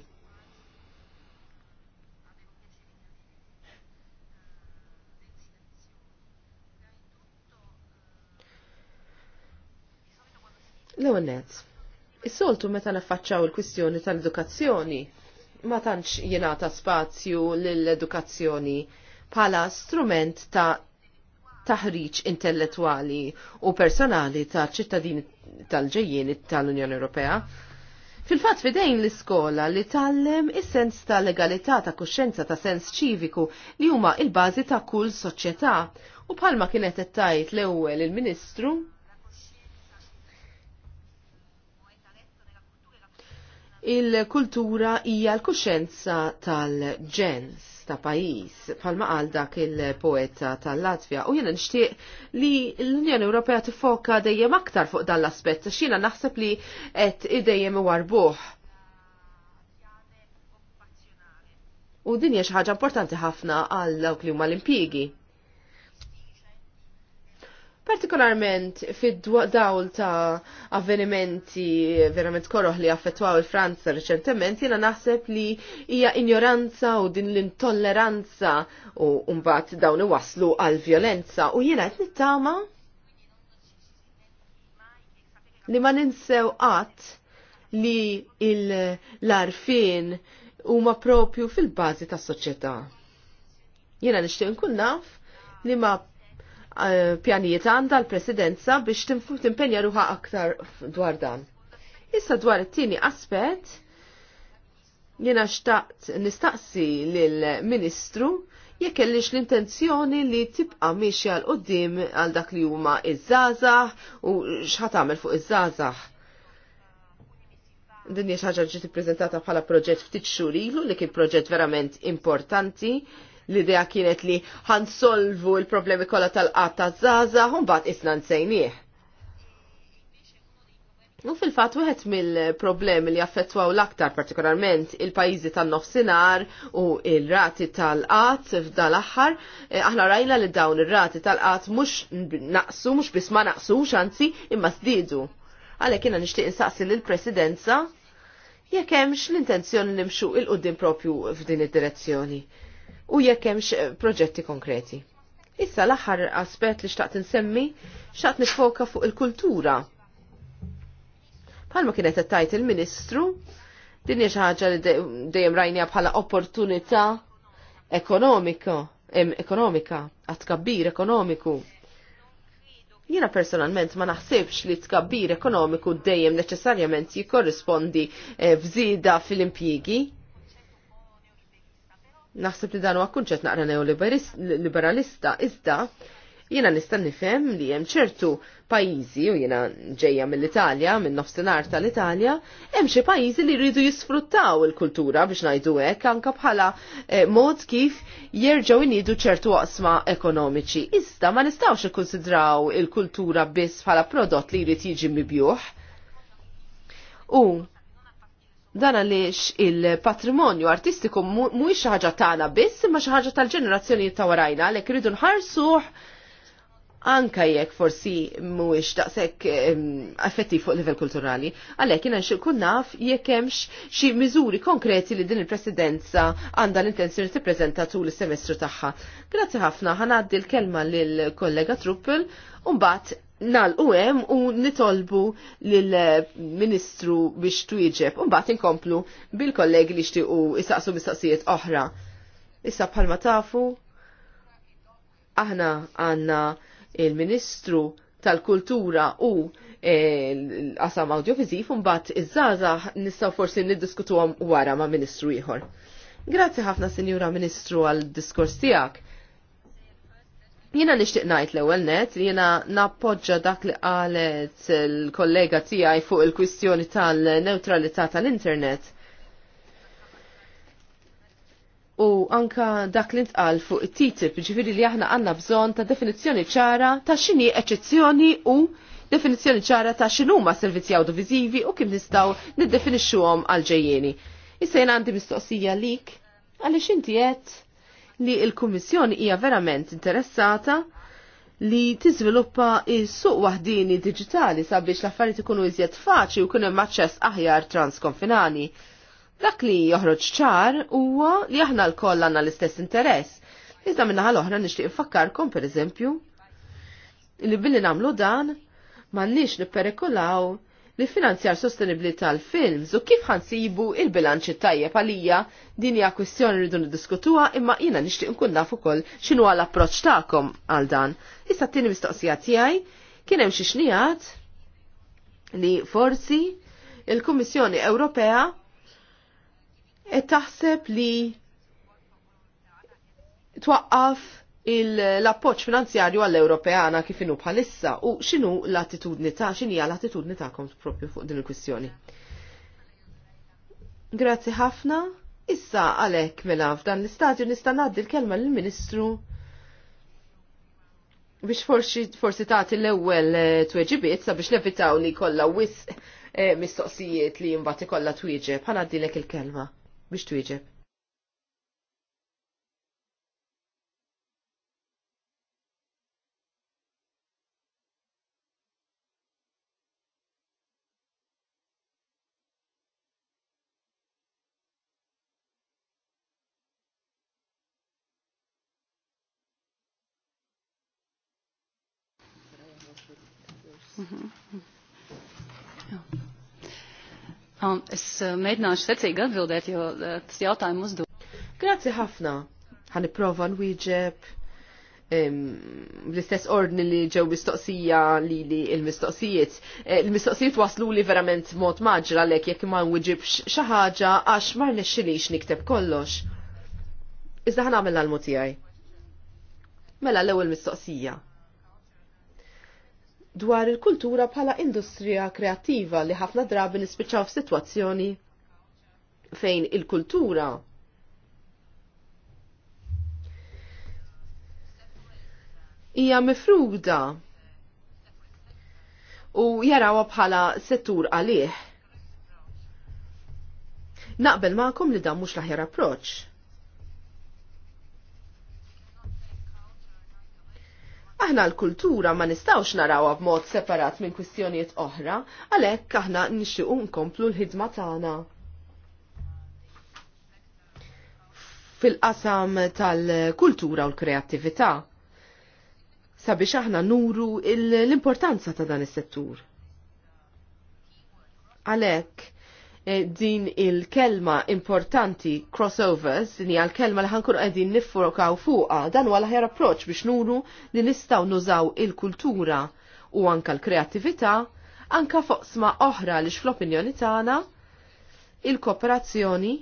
S3: L-ewwel Is-soltu meta naffaċċaw il-kwistjoni tal-edukazzjoni, ma tantx jingħata spazju lill edukazzjoni bħala strument ta' taħriġ intellettwali u personali ta' ċittadini tal-ġejjien tal-Unjoni Ewropea. Fil-fatt fidejn l-iskola li tallem is-sens ta' legalità ta' kuxenza ta' sens ċiviku li huma il-bażi ta' kull soċjetà u bħalma kienet qed tajt l-ewwel il-Ministru il-kultura hija l-kuxenza tal-ġens ta' pajis, palma għal dak il-poeta tal-Latvja, u jena nishtiq li l-Unjoni Ewropea tifoka dejjem aktar fuq dan l-aspett, xina naħseb li qed idejjem warbuħ. U din hija xi ħaġa importanti ħafna għal dawk li huma l-impjigi partikolarment fid-dawl ta' avvenimenti verament korroħ li affettwaw il-Franza reċentement, jena naħseb li hija ignoranza u din l-intolleranza u mbagħad dawn waslu għal-vjolenza u jiena qed nittama li ma ninsew qatt li l-arfin huma propju fil-bażi tas-soċjetà. Jiena nixtieq nkun naf li ma Eh, pjanijiet għandha l-presidenza biex timpenja ruħa aktar dwar dan. Issa dwar it-tieni aspett jena xtaqt nistaqsi l ministru jekk kellix l-intenzjoni li tibqa' mixja għal qoddim għal dak li huma iż-żgħażagħ u x'ħat għamil fuq iż-żgħażagħ. Dinja xaġa ġiti prezentata ġiet bħala proġett ftit xhur ilu li kien proġett verament importanti l-idea kienet li ħansolvu il-problemi kollha tal-qat ta' zaza un bat isna nsejnieh. U fil-fat wieħed mill-problemi li affettwaw l-aktar partikolarment il-pajjiżi tan-nofsinhar u il-rati tal qat f'dan l-aħħar, eh, aħna rajna li dawn ir-rati tal qat mhux naqsu, mhux biss ma xanzi anzi imma żdiedu. Għalhekk jiena nixtieq insaqsi lill-Presidenza jekk hemmx l-intenzjoni nimxu il qoddim propju f'din id-direzzjoni u jekk hemmx eh, proġetti konkreti. Issa l-aħħar aspett li xtaqt insemmi xtaqt nifoka fuq il-kultura. Palma kienet tajt il-Ministru, din hija xi ħaġa li dejjem rajnija bħala opportunità ekonomika, ekonomika, għat-kabbir ekonomiku. Jiena personalment ma naħsibx li tkabbir ekonomiku dejjem neċessarjament jikorrispondi eh, f'żieda fil-impjigi. Naħseb li dan huwa kunċett naqra neoliberalista, iżda jiena nista' nifhem li hemm ċertu pajjiżi u jiena ġejja mill-Italja, minn nofsinhar tal-Italja, hemm xi pajjiżi li jridu jisfruttaw il-kultura biex ngħidu hekk anke bħala eh, mod kif jerġgħu jniedu ċertu waqsma ekonomiċi. Iżda ma nistgħux ikkunsidraw il-kultura biss bħala prodott li jrid jiġi mibjuħ. U Dan għaliex il-patrimonju artistiku mhuwiex xi ħaġa tagħna biss, imma xi ħaġa tal-ġenerazzjoni ta' warajna għalhekk iridu nħarsuh anka jekk forsi mhuwiex daqshekk affettiv fuq livell kulturali, għalhekk jiena kun naf jekk hemmx xi miżuri konkreti li din il-Presidenza għandha l-intenzjoni tippreżenta tul is-semestru tagħha. Grazzi ħafna ħanaddi l-kelma lil kollega Truppel u mbagħad nal u hemm u nitolbu lill-Ministru eh, biex twieġeb u mbagħad inkomplu bil-kollegi li xtiequ issaqsu mistaqsijiet oħra. Issa bħalma tafu aħna għandna il-Ministru tal-Kultura u l-qasam eh, audiovizif u mbagħad iż-żgħażagħ nistgħu forsi niddiskutuhom wara ma' Ministru ieħor. Grazzi ħafna Sinjura Ministru għal diskors tiegħek Jina nishtiq najt l-ewel net, jina nappoġġa dak li qalet l-kollega tijaj fuq il-kwistjoni tal-neutralità tal-internet. U anka dak li ntqal fuq it-TTIP, ġifiri li aħna għanna bżon ta' definizzjoni ċara ta' xini eċezzjoni u definizzjoni ċara ta' xinuma servizzi audiovizivi u kim nistaw niddefinixxuhom għal ġejjeni. Issa jena għandi mistoqsija lik, għaliex inti qed li il-Kummissjoni hija verament interessata li tiżviluppa is suq waħdini digitali sabiex l-affarijiet ikunu iżjed faċli u kien hemm aċċess aħjar transkonfinali. Dak li joħroġ ċar huwa li aħna lkoll għandna l-istess interess. Iżda minna ħal-oħra nixtieq infakkarkom pereżempju li billi nagħmlu dan m'għandniex nipperikolaw li finanzjar sostenibli tal-films u kif ħansibu il-bilanċi tajjeb għalija din hija kwistjoni rridu niddiskutuha imma jiena nixtieq nkun naf ukoll x'inhu l approċċ tagħkom għal dan. Issa t-tieni mistoqsija tiegħi kien hemm xi xnijat li forsi il-Kummissjoni Ewropea qed taħseb li twaqqaf l-appoċ finanzjarju għall-Ewropeana kif inhu bħalissa u x'inhu l-attitudni ta' x'inhi l-attitudni tagħkom propju fuq din il-kwistjoni. Grazzi ħafna. Issa għalek mela f'dan l-istadju nista' ngħaddi l-kelma lill-Ministru biex forsi forsi tagħti l-ewwel eh, tweġibiet sabiex nevitaw li kollha wisq eh, mistoqsijiet li mbagħad ikollha twieġeb. ħanaddilek il-kelma biex twieġeb.
S1: Mhm, mhm. Es eh, mēģināšu secīgi atbildēt, jo eh, tas jautājums uzdod. Grazzi ħafna.
S3: Għan iprofa nwieġeb l-istess ordni li ġew mistoqsija li li il-mistoqsijiet. Eh, il-mistoqsijiet waslu li verament mod maġra lek jekk ma nwieġibx xi ħaġa għax ma rnexxilix nikteb kollox. Iżda ħan għamel l-almu tiegħi. Mela l-ewwel mistoqsija dwar il-kultura bħala industrija kreattiva li ħafna drabi nispiċaw f'sitwazzjoni fejn il-kultura hija mifruda u jarawha bħala settur għalih. Naqbel ma'kom li dan mhux l-aħjar approċċ. Aħna l-kultura ma nistawx narawha b'mod separat minn kwistjonijiet oħra, għalhekk aħna nixxiqu nkomplu l-ħidma tagħna. Fil-qasam tal-kultura u l-kreattività sabiex aħna nuru l-importanza ta' dan is-settur. Għalhekk Eh, din il-kelma importanti crossovers, din hija l-kelma li ħankun qegħdin niffokaw fuqha, dan huwa l-aħjar approċċ biex nuru li nistgħu nużaw il-kultura u anka l-kreattività anka foqsma oħra li fl-opinjoni tagħna il-kooperazzjoni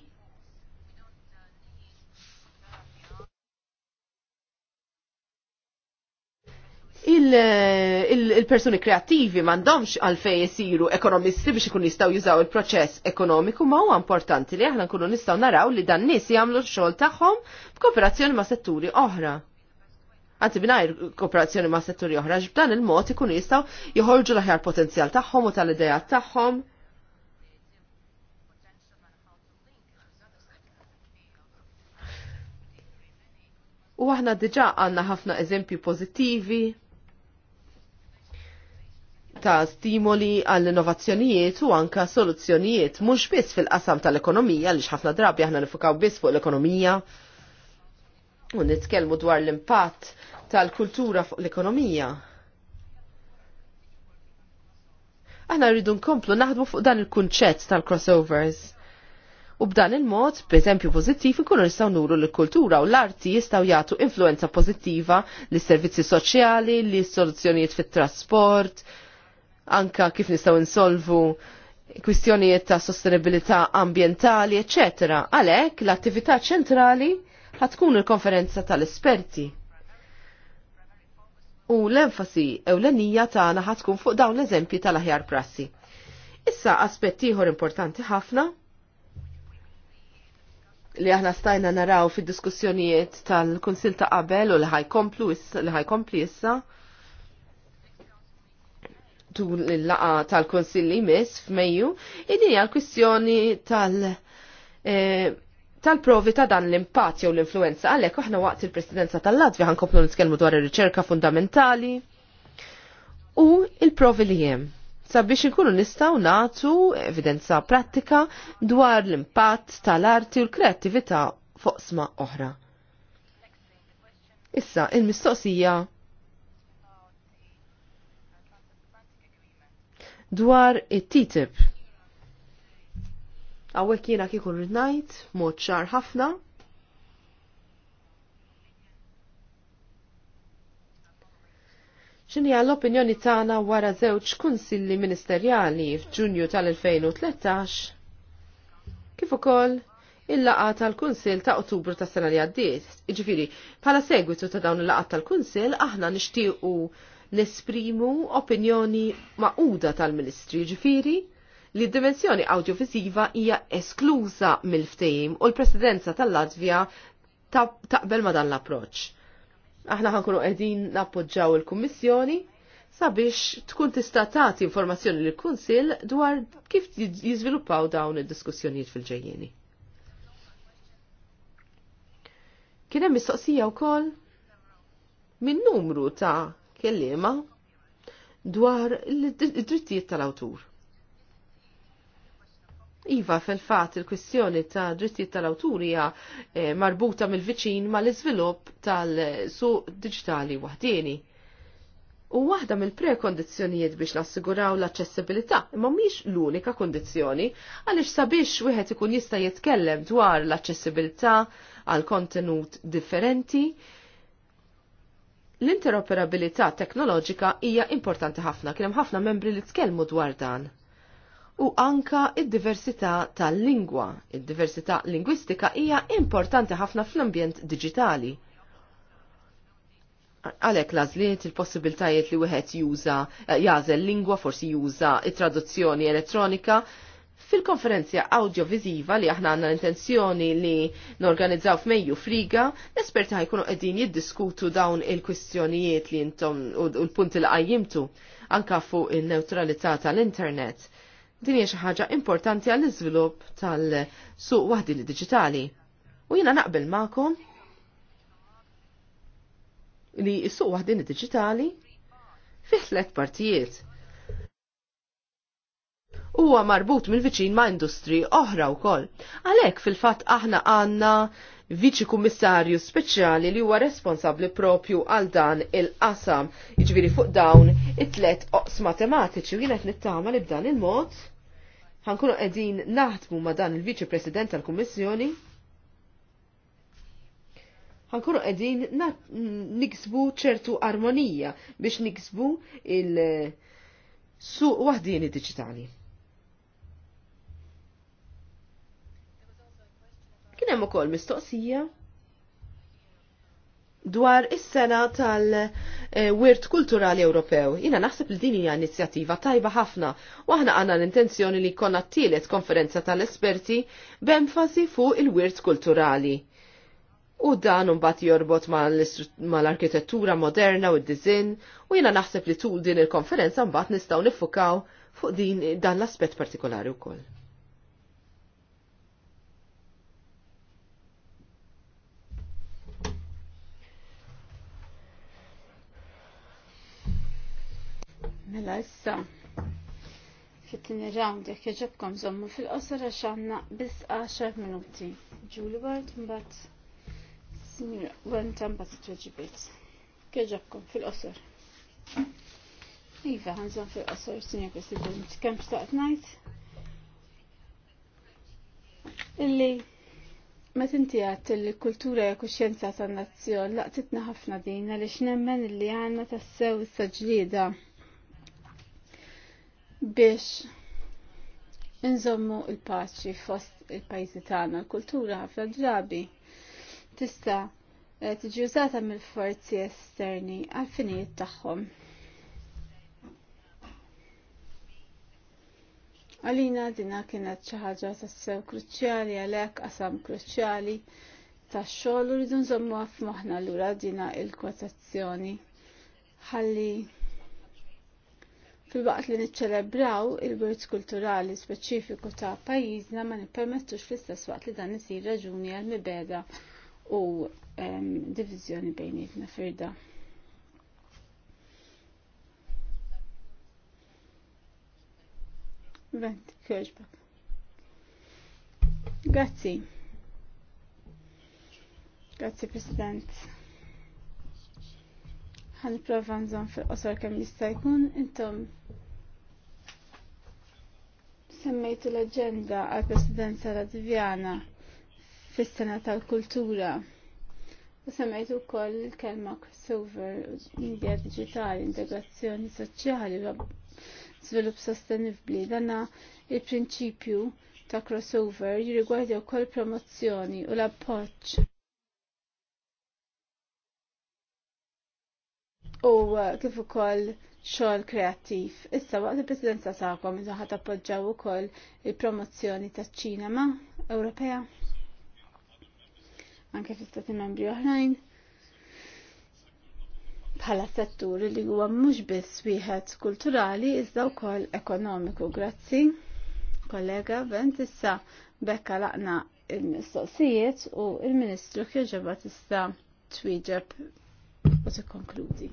S3: il-persuni kreattivi mandomx għalfej jisiru ekonomisti biex ikun jistaw jużaw il-proċess ekonomiku ma huwa importanti li aħna nkunu nistaw naraw li dan nies jagħmlu x-xogħol tagħhom b'kooperazzjoni ma' setturi oħra. Għanti binajr kooperazzjoni ma' setturi oħra, b'dan il-mod ikun jistaw joħorġu l-aħjar potenzjal tagħhom u tal-idejat tagħhom. U aħna diġa għanna ħafna eżempju pozittivi ta' stimoli għall-innovazzjonijiet u anka soluzzjonijiet mhux biss fil-qasam tal-ekonomija li ħafna drabi aħna nifukaw biss fuq l-ekonomija u nitkellmu dwar l-impatt tal-kultura fuq l-ekonomija. Aħna rridu nkomplu naħdmu fuq dan il-kunċett tal-crossovers. U b'dan il-mod, b'eżempju pożittiv, ikunu nistgħu nuru l kultura u l-arti jistgħu jagħtu influenza pożittiva lis servizzi soċjali, li soluzzjonijiet fit-trasport, anka kif nistgħu insolvu kwistjonijiet ta' sostenibilità ambientali, eccetera, Għalhekk l-attività ċentrali ħatkun il-konferenza tal-esperti. U l-enfasi ewlenija tagħna ħatkun fuq dawn l-eżempji tal-aħjar prassi. Issa aspett ieħor importanti ħafna li aħna stajna naraw fid-diskussjonijiet tal-Kunsil ta' qabel u li ħajkomplu issa li issa tul il-laqa tal-Konsilli mis f'Mejju, id-din hija l-kwistjoni tal- eh, tal-provi ta' dan l-impatt jew l-influenza għalhekk aħna waqt il-Presidenza tal-Latvja ħankomplu nitkellmu dwar ir-riċerka fundamentali u il-provi li hemm sabiex inkunu nistaw natu evidenza prattika dwar l-impatt tal-arti u l-kreattività fuq sma oħra. Issa, il-mistoqsija dwar it titip Għawek jiena kieku rridnajt, mod ċar ħafna, ċini għall opinjoni tagħna wara żewġ kunsilli ministerjali f'Ġunju tal-2013 kif ukoll il-laqa tal-Kunsil ta' Ottubru ta' sena li għaddiet. Iġifiri, bħala segwitu ta' dawn il-laqa tal-Kunsil aħna nixtiequ nesprimu opinjoni maquda tal-Ministri ġifiri li d-dimensjoni audiovisiva hija esklusa mill-ftejim u l-Presidenza tal latvija taqbel ma dan l-approċ. Aħna ħankunu qegħdin nappoġġaw il-Kummissjoni sabiex tkun tista' tagħti informazzjoni lil kunsill dwar kif jiżviluppaw dawn id-diskussjonijiet fil-ġejjieni. Kien hemm mistoqsija wkoll min numru ta' kellima dwar id-drittijiet tal-awtur. Iva, fil-fat, il-kwistjoni ta' drittijiet tal-awtur hija eh, marbuta mill-viċin mal-iżvilupp tal-suq digitali waħdieni. U waħda mill-prekondizzjonijiet biex nassiguraw l-aċċessibilità imma mhix l-unika kondizzjoni għaliex sabiex wieħed ikun jista' jitkellem dwar l-aċċessibilità għal kontenut differenti, L-interoperabilità teknoloġika hija importanti ħafna kien hemm ħafna membri li tkellmu dwar dan. U anka id-diversità tal-lingwa, id-diversità lingwistika hija importanti ħafna fl-ambjent diġitali għalek lażliet il-possibiltajiet li wieħed juża eh, jażel lingwa, forsi juża it-traduzzjoni elettronika, Fil-konferenzja audiovisiva li aħna għanna l-intenzjoni li norganizzaw f'Mejju Friga, l-esperti ħajkunu qegħdin jiddiskutu dawn il-kwistjonijiet li intom u l-punti il qajjimtu anka fuq il-neutralità tal-internet. Din hija xi ħaġa importanti għall iżvilupp tal-suq waħdi li diġitali. U jiena naqbel ma'kom li s-suq waħdini diġitali fih tlet partijiet huwa marbut mill-viċin ma' industri oħra wkoll. Għalhekk fil-fatt aħna għandna viċi kummissarju speċjali li huwa responsabbli propju għal dan il-qasam, iġviri fuq dawn it-tlet oqs matematiċi u jien qed nittama li b'dan il-mod ħankunu qegħdin naħdmu ma' dan il-viċi President tal-Kummissjoni Għankunu qegħdin niksbu ċertu armonija biex niksbu il- suq wahdini diġitali. Kien hemm ukoll mistoqsija dwar is-sena tal-Wirt Kulturali Ewropew. Jina naħseb li din hija inizjattiva tajba ħafna u aħna għandna l-intenzjoni li jkollna tielet konferenza tal-esperti b'enfasi fuq il-Wirt Kulturali. U dan mbagħad jorbot mal-arkitettura mal moderna u d disinn u jina naħseb li tul din il-konferenza mbagħad nistgħu nifukaw fuq din dan l-aspett partikolari wkoll.
S1: Mela issa. Fit-tini round jekk jġobkom żommu fil-qosor għax għandna biss 10 minuti. Julie Ward mbagħad għantan bat mbagħad tweġibiet. Kieġobkom fil-qosor. Iva, għanżom fil-qosor, Sinjur President, kemm xtaqt ngħid? Illi Ma tinti għat il-kultura u kuxjenza ta' nazzjon laqtitna ħafna din għaliex nemmen illi għanna tassew s sagġlida biex nżommu il-paċi fost il-pajzi tagħna, l-kultura ħafna drabi tista' eh, tiġi użata mill-forzi esterni għal finijiet tagħhom. Għalina dina kienet xi ħaġa tassew kruċjali għalhekk qasam kruċjali tax-xogħol u rridu nżommu f'moħħna lura dina il-kwotazzjoni ħalli Fil-waqt li niċċelebraw il-wirt kulturali speċifiku ta' pajjiżna ma nippermettux fl-istess waqt li dan isir raġuni għal mibeda u divizjoni bejnietna firda. Vent, kjoġbak. Grazzi. Grazzi, President ħanipprova nżomm fil-qosor kemm jista' jkun intom semmejtu l-aġenda għal presidenza Latvjana fis-sena tal-kultura. U semmejtu wkoll il-kelma crossover, Media digitali, integrazzjoni soċjali, żvilupp sostenibbli. Dana il-prinċipju ta' crossover jirrigwardja wkoll promozzjoni u l-appoġġ u uh, kif ukoll xogħol kreattiv. Issa waqt il-Presidenza tagħkom iżda ħadd appoġġjaw ukoll il-promozzjoni taċ-ċinema Ewropea anke fl-istati membri oħrajn bħala settur li huwa mhux biss wieħed kulturali iżda wkoll ekonomiku. Grazzi, kollega Vent issa bekka laqna il-mistoqsijiet u il-Ministru kieġeba tista' twieġeb u konkludi.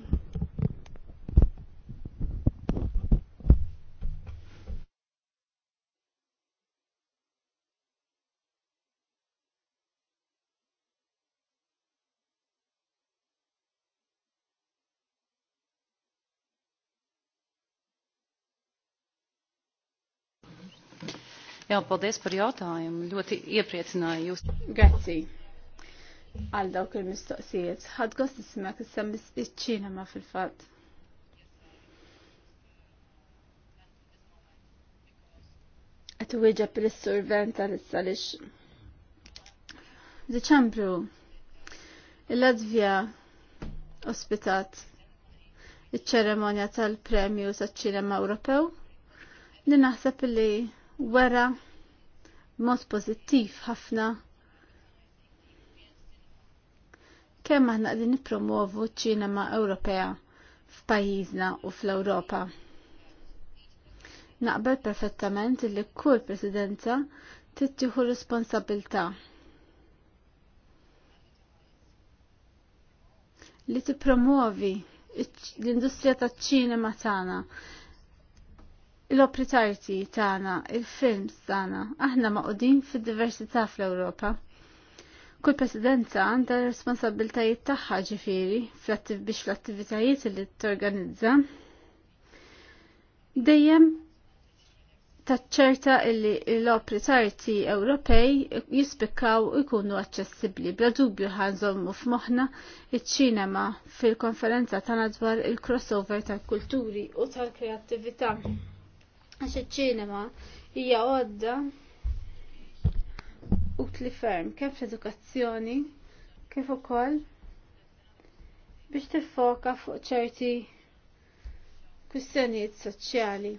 S1: Jā, paldies par jautājumu. Ļoti iepriecināju jūs. Grazzi għal dawk il-mistoqsijiet. Ħad gost nisimak issa iċ-ċina ma fil-fatt. Qed wieġeb survent għal issa lix. Deċembru, il latvija ospitat iċ-ċeremonja tal-premju saċ-ċinema Ewropew li naħseb li wara mod pożittiv ħafna kemm aħna qegħdin nippromovu ċ-ċinema Ewropea f'pajjiżna u fl-Ewropa. Naqbel perfettament li kull presidenza tittieħu responsabilità li tippromuovi l-industrija taċ-ċinema tagħna l-opri tarti tagħna, il-films tagħna, aħna maqudin fid-diversità fl-Ewropa. Kull presidenza għanda responsabiltajiet tagħha ġifieri biex fl-attivitajiet li torganizza. Dejjem taċċerta illi l-opri tarti Ewropej jispikkaw ikunu aċċessibbli. Bla dubju ħanżommu f'moħħna iċ-ċinema fil-konferenza tagħna dwar il-crossover tal-kulturi u tal-kreattività. Għax il ċinema hija għodda utli ferm kemm fl-edukazzjoni kif ukoll biex tiffoka fuq ċerti kwistjonijiet soċjali.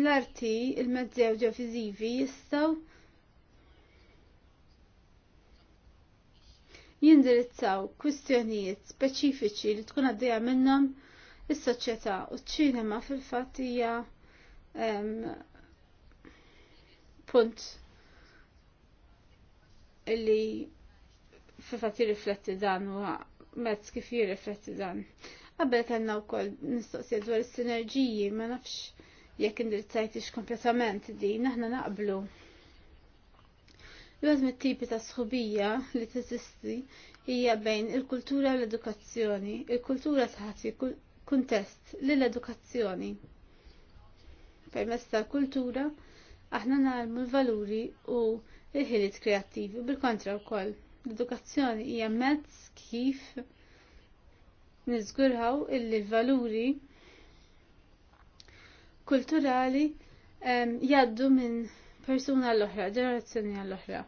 S1: L-arti, il-mezzi audiovisivi jistaw jindirizzaw kwistjonijiet speċifiċi li tkun għaddejja minnhom is-soċjetà u ċ-ċinema fil-fatt hija punt illi fifat jirrifletti dan u mezz kif jirrifletti dan. Qabel kellna wkoll nistoqsija dwar is-sinerġiji ma nafx jekk ix kompletament din aħna naqblu. L-għazm tipi ta' sħubija li teżisti hija bejn il-kultura u l-edukazzjoni. Il-kultura taħti kuntest lill edukazzjoni Permezz tal-kultura, aħna narmu l-valuri u l-ħiliet kreattivi u bil-kontra wkoll. L-edukazzjoni hija mezz kif nizgurħaw illi l-valuri kulturali ehm, jaddu minn persuna l-oħra, ġenerazzjoni għall-oħra.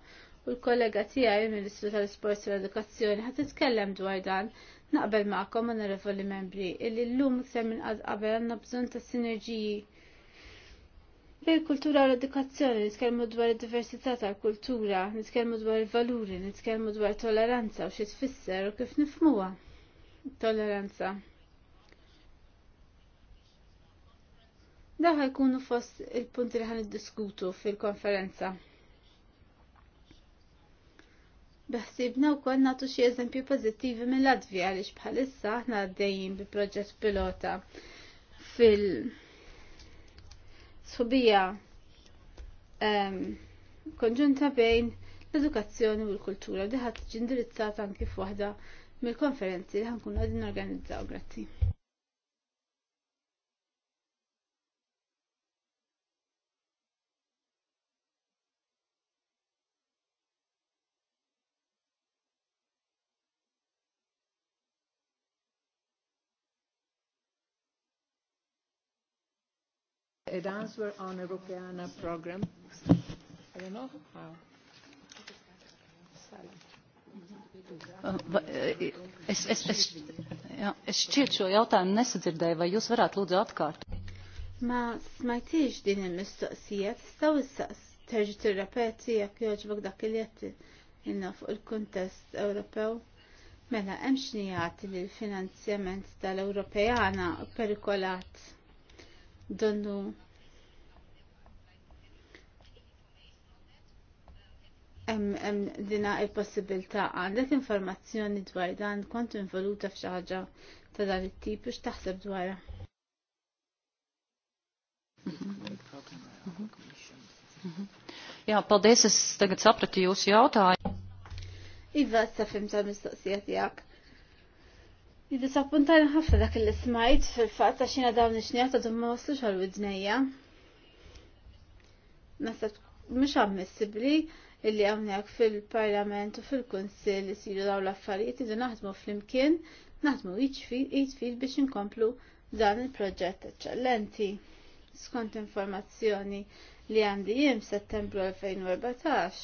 S1: U l-kollega tiegħi mill ministru tal sports u l-Edukazzjoni ħad titkellem dwar dan naqbel ma'kom onorevoli membri illi llum iktar minn qatt qabel għandna bżonn ta' sinerġiji Bej kultura u l-edukazzjoni, nitkellmu dwar id-diversità tal-kultura, nitkellmu dwar il-valuri, nitkellmu dwar tolleranza u xi tfisser u kif nifmuha. Tolleranza. Daħ jkunu fost il-punti li ħan diskutu fil-konferenza. Beħsibna u kon natu xie eżempju pozittivi minn Latvija għaliex bħalissa aħna għaddejjin bi proġett pilota fil- sħubija konġunta bejn l-edukazzjoni u l-kultura diħat ġindirizzata anki f'waħda mill-konferenzi li ħankun għadin organizzaw. Grazzi. an answer on a Rupiana program. I don't know how. Ah. Eh, eh, es, es, es, jā, es šķiet jautājumu nesadzirdēju, vai jūs varētu lūdzu atkārt? Ma smajtiex dienim, il-mistoqsija, tistaw issaqs terġi tirrepeti jekk joġbok dak il-jetti inna fuq il-kontest Ewropew. Mēlā mela, hemm xnijat li l-finanzjament tal-Ewropejana perikolat donnu hemm dina il-possibilità għandek informazzjoni dwar dan kont involuta f'xi ħaġa ta' dan it-tip biex taħseb dwarha. Ja, paldies, es tagad sapratu jūsu jautājumu. Iva, safim tal mistoqsija tiegħek. Jidisappuntajn ħafna dak li smajt fil-fatt għax jiena dawn ix-xnijat għadhom ma waslux għal widnejja. Nasab mhux ammissibbli illi hawnhekk fil-Parlament u fil-Kunsill isiru dawn l-affarijiet idu naħdmu flimkien, naħdmu jitfil biex inkomplu dan il-proġett eċċellenti. Skont informazzjoni li għandi jiem settembru 2014.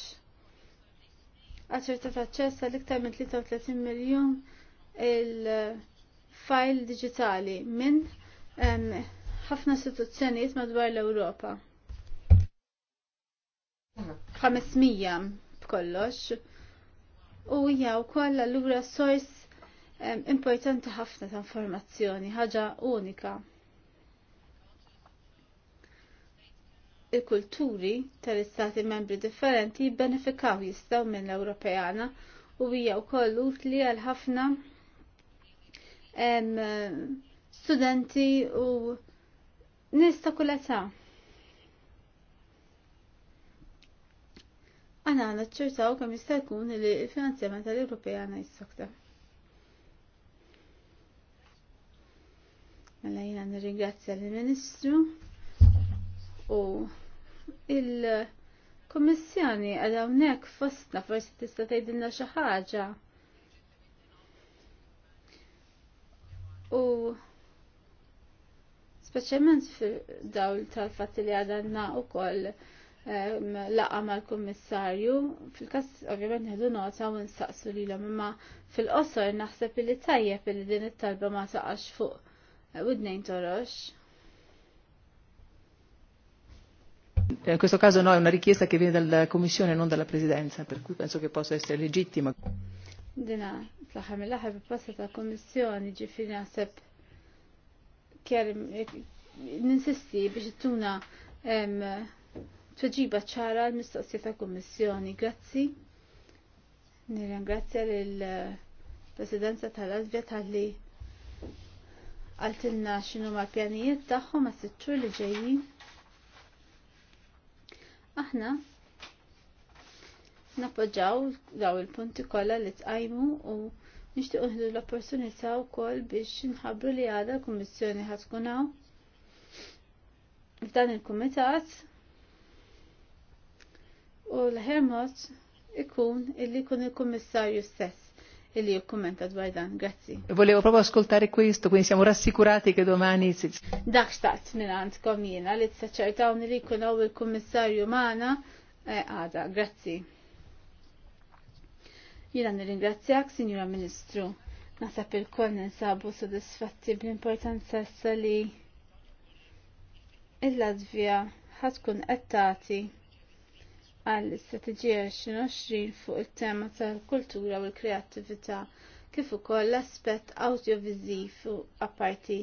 S1: Għaċerta faċċessa l-iktar minn 33 miljon il-file digitali minn ħafna situazzjonijiet madwar l-Ewropa. 500 b'kollox. U hija wkoll allura sors importanti ħafna ta' informazzjoni, ħaġa unika. Il-kulturi tal-istati membri differenti jibbenefikaw jistgħu minn l-Ewropejana u hija wkoll utli għal ħafna studenti u nista kuleta. Għana għana ċertaw kam jkun li il-finanzjament tal europea għana jistakta. Mela jina nirringrazzja l-Ministru u il-Kommissjoni għadawnek fostna forsi tista' tgħidilna xi ħaġa. U speċjalment fil tal-fatt li għadanna u koll laqa mal-kummissarju, fil-kas ovvjament nħedu nota u nsaqsu li l-imma fil-qosor naħseb li tajjeb li din it-talba ma saqax fuq u eh, d-nejn torox.
S3: Eh, in questo caso no, è una richiesta che viene dalla Commissione, non dalla Presidenza, per cui penso che possa essere legittima
S1: dina fl-aħħar mill-aħħar proposta ta' kommissjoni ġifieri naħseb ninsisti biex tuna tweġiba ċara l-mistoqsija ta' kummissjoni. Grazzi. Nirringrazzja lill presidenza tal-Azvja tal-li għaltilna xinu ma' pjanijiet tagħhom ma' s-sittur li ġejjin. Aħna nappoġġaw daw il-punti kollha li tqajmu u nixtieq uħdu l-opportunità wkoll biex nħabbru li għadha l-Kummissjoni ħad tkun hawn f'dan il-kumitat u l-ħer mod ikun illi jkun il-kummissarju stess illi jikkumenta dwar dan. Grazzi. Volevo proprio
S3: ascoltare questo, quindi siamo rassicurati che domani
S1: Dak xtaqt minn għandkom jiena li t-saċertawni li jkun il-kummissarju magħna eh, għada. Grazzi nir nirringrazzjak, Sinjura Ministru. Nasab il-koll ninsabu sodisfatti bl-importanza s-sali. il-Latvija ħatkun għattati għall istrateġija 2020 fuq il-tema tal-kultura u l-kreattività kif ukoll l-aspett audiovisiv u apparti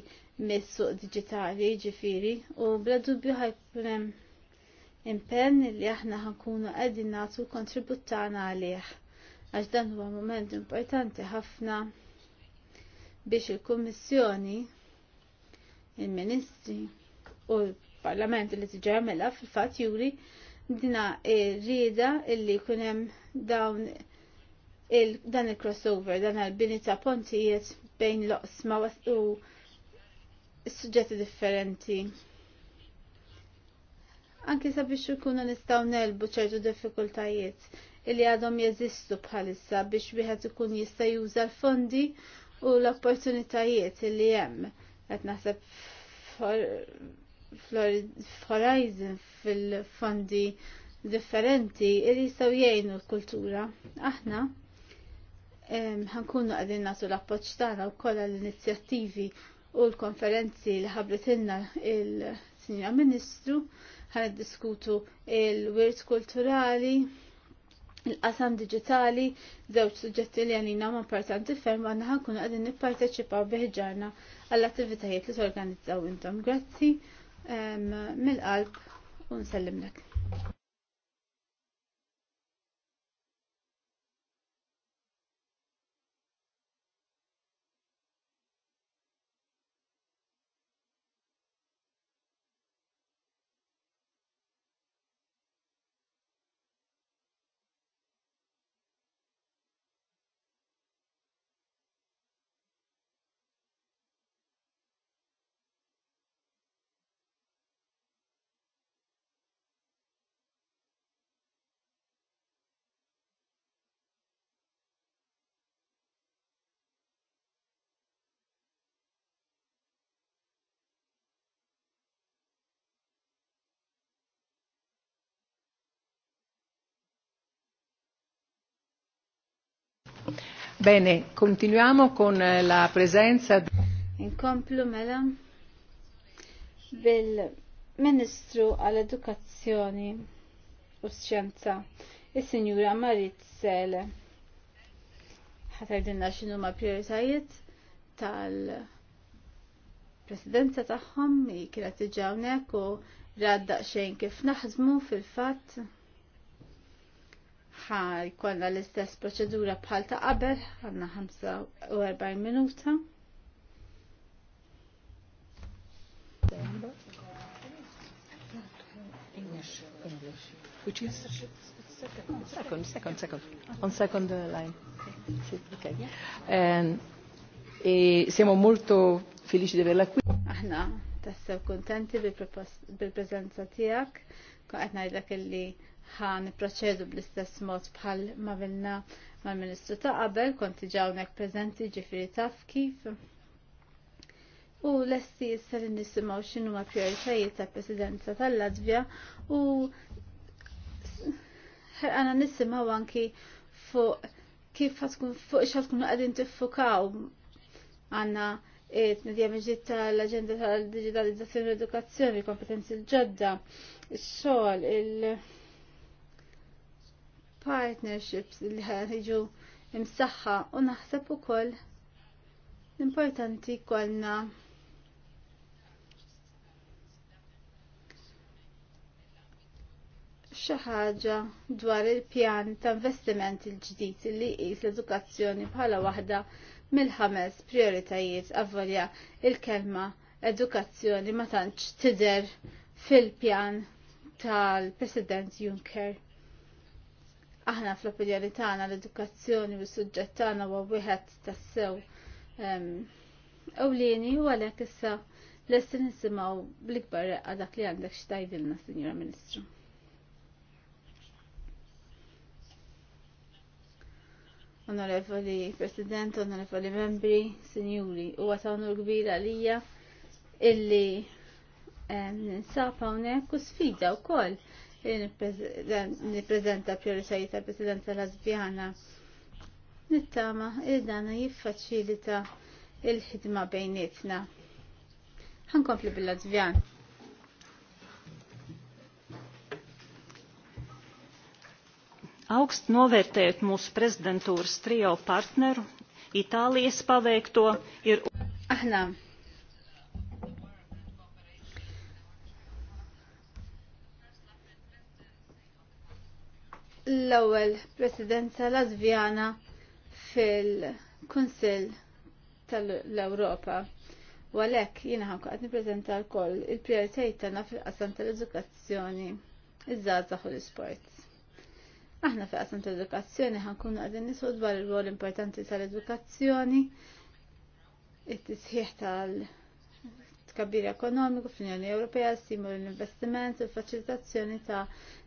S1: messu digitali ġifiri u bla dubju ħajkun hemm impenn li aħna ħankunu qegħdin nagħtu l-kontribut għalih għax dan huwa moment importanti ħafna biex il-Kummissjoni, il-Ministri u l-Parlament li tiġamela fil-fatt juri dina rrida illi kunem dawn il dan il-crossover, dan il-bini ta' pontijiet bejn loqsma u suġġetti differenti. Anki sabiex ikunu nistaw nelbu ċertu diffikultajiet li għadhom jeżistu bħalissa biex wieħed ikun jista' juża l-fondi u l-opportunitajiet li hemm. Qed naħseb f'Horizon fil-fondi differenti li jistgħu jgħinu l-kultura. Aħna ħankunu qegħdin nagħtu l-appoġġ tagħna wkoll għall-inizjattivi u l-konferenzi li ħabritilna il-Sinjora Ministru ħan diskutu il-wirt kulturali il-qasam digitali żewġ suġġetti li għanina ma' importanti ferm għanna ħankun għadin nipparteċipaw biħġarna għall-attivitajiet li s-organizzaw intom. Grazzi mill-qalb u nsellimlek.
S3: Bene, continuiamo con eh, la presenza.
S1: Inkomplu mela bil-Ministru għall-Edukazzjoni u s-Xjenza, il-Sinjura Marit Sele. Ħatardinna xinu ma prioritajiet tal-presidenza tagħhom, kienet iġawnek u radda xejn kif naħdmu fil-fatt ħa jkolla l-istess proċedura bħal ta' qabel, għanna 45 minuta.
S2: Which is second, second, second,
S3: on second line. Okay. And, e siamo molto felici di averla qui.
S1: Aħna, tassew kontenti bil-prezenza tijak, għetna id-dak li ħan proċedu bl-istess mod bħal ma vilna mal-Ministru ta' qabel, konti ġawnek prezenti ġifiri taf kif. U l-esti jisser li nisimaw xinu ma prioritajiet ta' presidenza tal-Latvja u ħerqana nisimaw anki fuq kif ħatkun fuq ix għadin tiffukaw għanna it-medja eh, tal-agenda tal-digitalizzazzjoni l-edukazzjoni, kompetenzi l-ġodda, il-xogħol, il-, -xol, il partnerships li ħarġu imsaħħa u naħseb ukoll l-importanti kollna xi ħaġa dwar il-pjan ta' investiment il-ġdid li jis l-edukazzjoni bħala waħda mill-ħames prioritajiet avvolja il-kelma edukazzjoni ma tantx tidher fil-pjan tal-President Juncker aħna fl-opinjoni tagħna l-edukazzjoni u s-suġġett tagħna huwa wieħed tassew ehm, ewlieni u għalhekk issa lesti nisimgħu bl-ikbar reqqa dak li għandek x'tajdilna, Sinjura Ministru. Onorevoli President, onorevoli membri, sinjuri, huwa ta' onur kbira għalija illi ehm, ninsab hawnhekk u sfida wkoll nipprezenta prioritajiet tal-Presidenza Lazbjana. Nittama il-dana jiffaċilita il-ħidma bejnietna. Ħankompli bil lazbjan Augst novērtējot mūsu prezidentūras trio partneru, Itālijas paveikto ir. Aħna l-ewwel presidenza Lazvjana fil-Kunsill tal-Ewropa. U għalhekk jiena ħanku qed nippreżenta wkoll il-prijoritajiet tagħna fil-qasam tal-edukazzjoni, iż-żgħażagħ u l isports Aħna fil-qasam tal-edukazzjoni ħankunu qegħdin nisqu dwar ir-rol importanti tal-edukazzjoni, it-tisħiħ tal tkabbir ekonomiku fl-Unjoni Ewropea, simu l-investiment u l-faċilitazzjoni ta'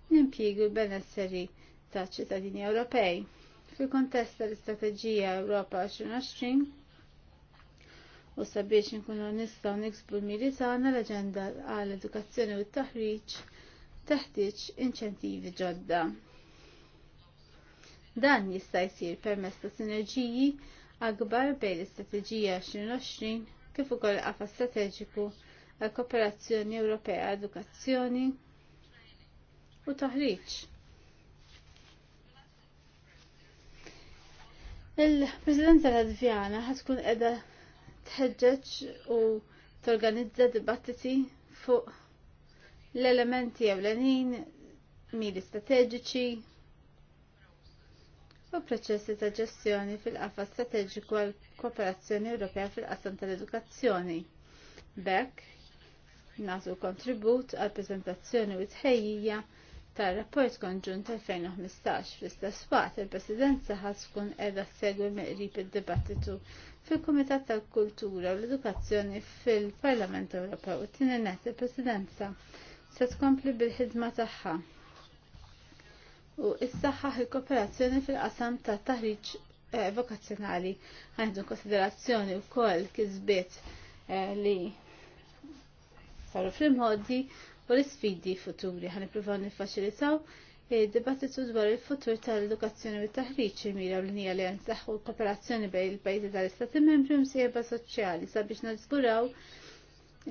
S1: l-impjiegi u l-benesseri ta' ċittadini Ewropej. Fil-kontest tal-Istrateġija Ewropa 2020 u sabiex nkunu nistgħu niksbu l-miri tagħna l-aġenda għall edukazzjoni u t-taħriġ teħtieġ inċentivi ġodda. Dan jista' jsir permezz ta' sinerġiji akbar bejn l-Istrateġija 2020 kif ukoll qafa strateġiku għal kooperazzjoni Ewropea edukazzjoni u taħriġ Il-Presidenza Latvjana ħatkun edha tħeġġeġ u torganizza dibattiti fuq l-elementi ewlenin, miri strateġiċi u proċessi ta' ġestjoni fil qafa strateġiku għal kooperazzjoni Ewropea fil-qasam tal-edukazzjoni. Bekk, nasu kontribut għal preżentazzjoni u tħejjija tar-rapport konġunt 2015 fl-istess waqt il-Presidenza ħadd tkun qiegħda segwi meqrib id-dibattitu fil-Kumitat tal-Kultura u l-Edukazzjoni fil-Parlament Ewropew u tieni net il-Presidenza se tkompli bil-ħidma tagħha u issaħħaħ il-kooperazzjoni fil-qasam ta' taħriġ eh, vokazzjonali għandu konsiderazzjoni wkoll kisbiet eh, li saru fil-modi u l-isfidi futuri ħan ippruvaw niffaċilitaw id-dibattitu eh, dwar il-futur tal-edukazzjoni u t-taħriġ mira u l-nija li għansaħħu l-kooperazzjoni bejn il-pajjiżi tal-istati membri u msejba soċjali sabiex nażguraw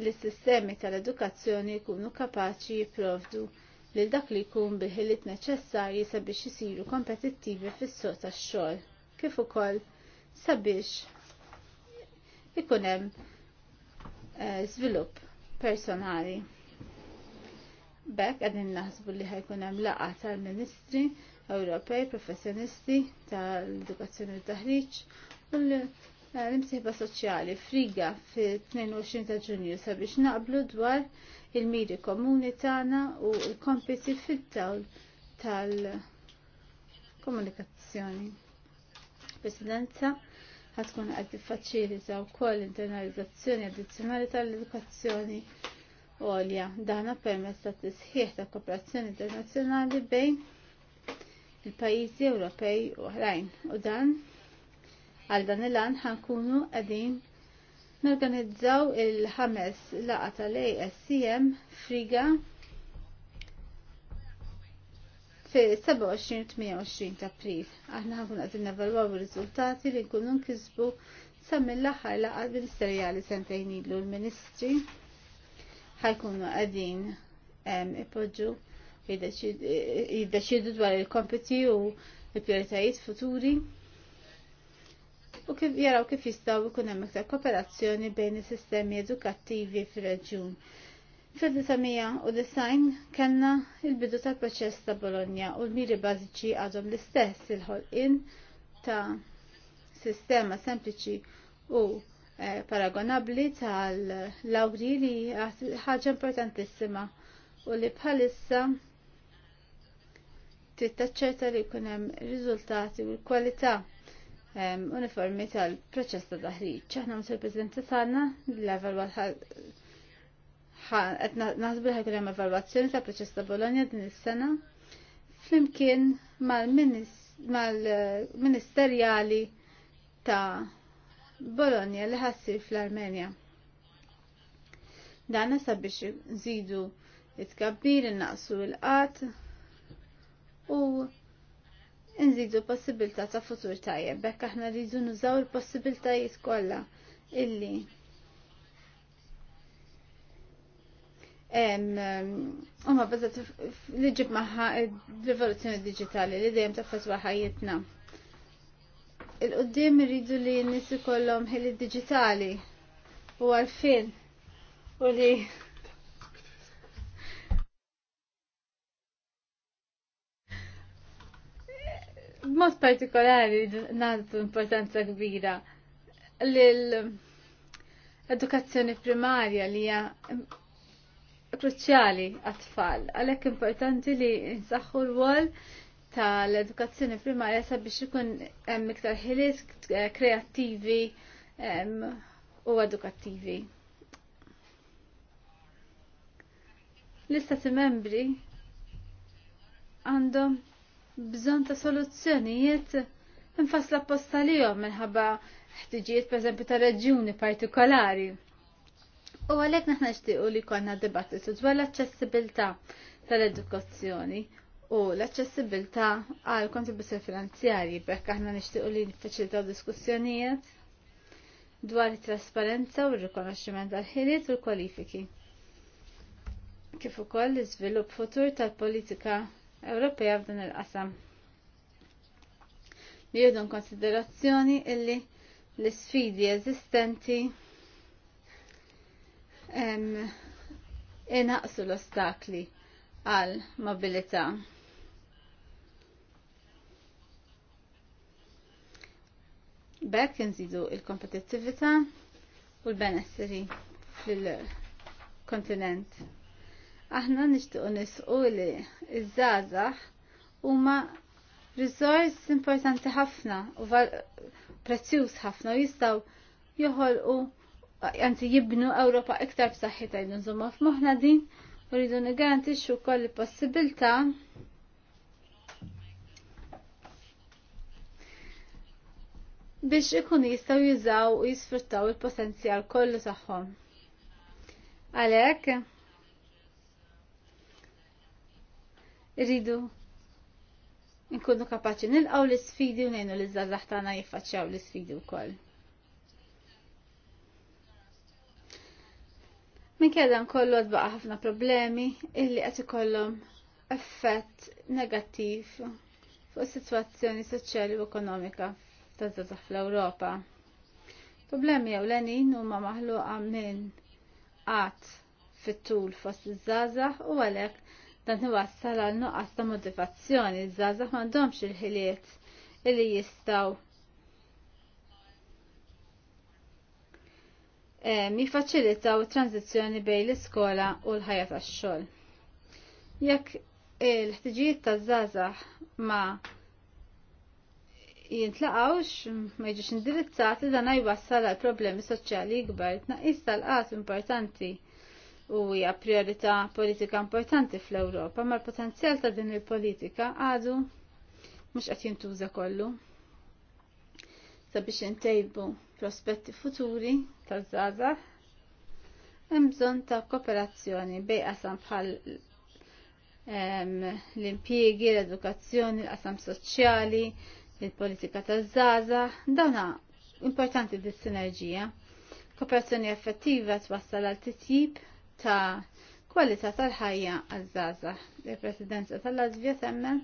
S1: li s-sistemi tal-edukazzjoni jkunu kapaċi jipprovdu lil dak li jkun biħilit neċessarji sabiex isiru kompetittivi fis-suq tax-xogħol, kif ukoll sabiex ikun hemm eh, żvilupp personali. Bekk għadin naħsbu li ħajkun hemm laqgħa tal-Ministri Ewropej Professjonisti tal-Edukazzjoni u Taħriġ u l-imsieħba soċjali friga fit-22 ta' Ġunju sabiex naqblu dwar il-miri komuni tagħna u l-kompiti fit-tawl tal-komunikazzjoni. Presidenza ħatkun qed tiffaċilita wkoll internalizzazzjoni addizzjonali tal-edukazzjoni olja. Dana permezz ta' tisħiħ ta' kooperazzjoni internazzjonali bejn il-pajjiżi Ewropej u oħrajn. U dan għal dan il-għan ħankunu qegħdin norganizzaw il-ħames laqa tal-ASCM friga fi 27-28 ta' april. Aħna ħankun għadin evalwaw il-rizultati li nkunu nkisbu sa' mill-axar laqa ministerjali sentejn ilu l-ministri ħajkunu għadin ipoġġu jiddeċidu dwar il-kompeti u il-prioritajiet futuri u kif jaraw kif jistaw ikun hemm iktar kooperazzjoni bejn is-sistemi edukattivi fir-reġjun. Fil-1990 kellna il-bidu tal-proċess ta' Bologna u l-miri bażiċi għadhom l-istess il-ħolqien ta' sistema sempliċi u Eh, paragonabli tal-lawri li ħaġa importantissima u li bħalissa trid taċċerta li jkun hemm riżultati u l-kwalità uniformi tal-proċess ta' taħriġ. ċaħna mus il prezidenti tħanna l-level qed naħsbu hemm evalwazzjoni ta' proċess ta' Bologna din is-sena flimkien mal-Ministerjali eh, ta' Bologna li ħassir fl-Armenja. Dan sabiex nżidu it-kabbir, innaqsu l-qat u nżidu possibilità ta' futur tajjeb, bekk aħna rridu nużaw il possibiltajiet kollha illi Umma bażat li ġib maħħa il-rivoluzzjoni digitali li dejjem taffetwa ħajjitna il-qoddim rridu li n-nis ikollhom ħili digitali u għalfin u li b'mod partikolari nagħtu importanza kbira l-edukazzjoni primarja li hija kruċjali għat-tfal, għalhekk importanti li nsaħħu l-wol tal-edukazzjoni primarja sabiex ikun hemm iktar ħiliet eh, kreattivi u edukattivi. L-istati membri għandhom bżon ta' soluzzjonijiet infasla apposta jom minħabba ħtiġijiet pereżempju ta' reġjuni partikolari. U għalhekk naħna xtiequ li konna dibattitu dwar l-aċċessibilità tal-edukazzjoni u l-aċċessibilità għal kontribuzzi finanzjarji bekk aħna nixtiequ li niffaċilitaw diskussjonijiet dwar it-trasparenza u r-rikonoxximent tal-ħiliet u l-kwalifiki. Kif ukoll l-iżvilupp futur tal-politika Ewropea f'dan il-qasam. Li jieħdu konsiderazzjoni illi l-isfidi eżistenti inaqsu l-ostakli għal mobilità. Bekk nżidu il-kompetittività u l-benesseri fil-kontinent. Aħna nixtiequ nisqu li iż-żgħażagħ huma riżors importanti ħafna u prezzjuż ħafna u jistgħu joħolqu anzi jibnu Ewropa iktar b'saħħitha jdu nżomma f'moħħna din u rridu nigarantixxu wkoll il-possibilità biex ikun jistaw jużaw u jisfruttaw il-potenzjal kollu tagħhom. Għalhekk irridu nkunu kapaċi nilqaw l-sfidi u nejnu l-żazzaħ tagħna jiffaċċjaw l-sfidi wkoll. Min kellan kollu baqa' ħafna problemi illi qed ikollhom effett negattiv fuq is-sitwazzjoni soċjali u ekonomika ta' fl-Ewropa. Problemi enin u huma maħlu minn qatt fit-tul fost iż-żgħażagħ u għalhekk dan iwassal għal nuqqas ta' motivazzjoni iż-żgħażagħ m'għandhomx il-ħiliet li jistgħu ehm, jifaċilitaw tranzizjoni bejn l-iskola u l-ħajja tax-xogħol. Jekk il-ħtiġijiet taż-żgħażagħ ma' jintlaqawx ma jiġix indirizzati dan jwassal għal problemi soċjali kbar. Naqis tal-qas importanti u hija priorità politika importanti fl-Ewropa, ma l-potenzjal ta' din il-politika għadu mhux qed jintuża kollu. Sabiex intejbu prospetti futuri tal-żgħażagħ hemm bżonn ta' kooperazzjoni bej qasam bħal l-impjiegi, l-edukazzjoni, l-qasam soċjali, il-politika taż zaza dawna importanti dis-sinerġija. Kooperazzjoni effettiva twassal għal titjib ta' kwalità tal-ħajja għaż zaza Il-Presidenza tal-Lazvja semmen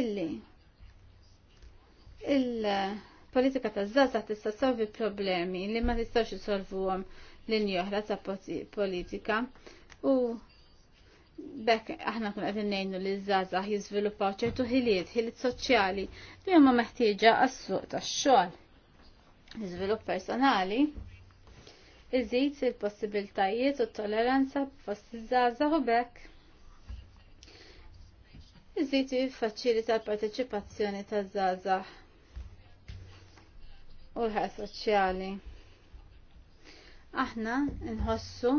S1: illi il-politika ta' zaza tista' solvi problemi li ma tistax isolvuhom l-injoħra ta' politika u bekk aħna kun għedin nejnu li żgħażagħ jiżviluppaw ċertu ħiliet, ħiliet soċjali li huma meħtieġa għas-suq tax-xogħol. Iżvilupp personali iżid il-possibiltajiet u t-toleranza fost iż-żgħażagħ u bekk. Iżid jiffaċilita l-parteċipazzjoni taż-żgħażagħ u l-ħajja soċjali. Aħna nħossu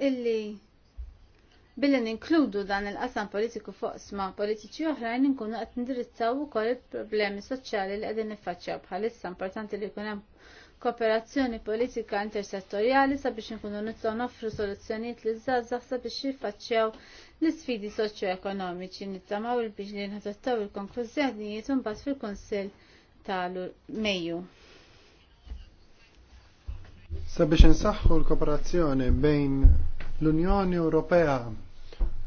S1: illi billi ninkludu dan il-qasam politiku fuq sma politiċi oħrajn nkunu qed indirizzaw ukoll il-problemi soċjali li qegħdin niffaċċjaw bħalissa importanti li jkun hemm kooperazzjoni politika intersettorjali sabiex nkunu nistgħu noffru soluzzjonijiet li żgħażagħ sabiex jiffaċċjaw l-isfidi soċjoekonomiċi nittamaw il-biex li nħadottaw il-konklużjonijiet imbagħad fil-Kunsill tal-Mejju.
S2: Sabiex insaħħu l-kooperazzjoni bejn l-Unjoni Ewropea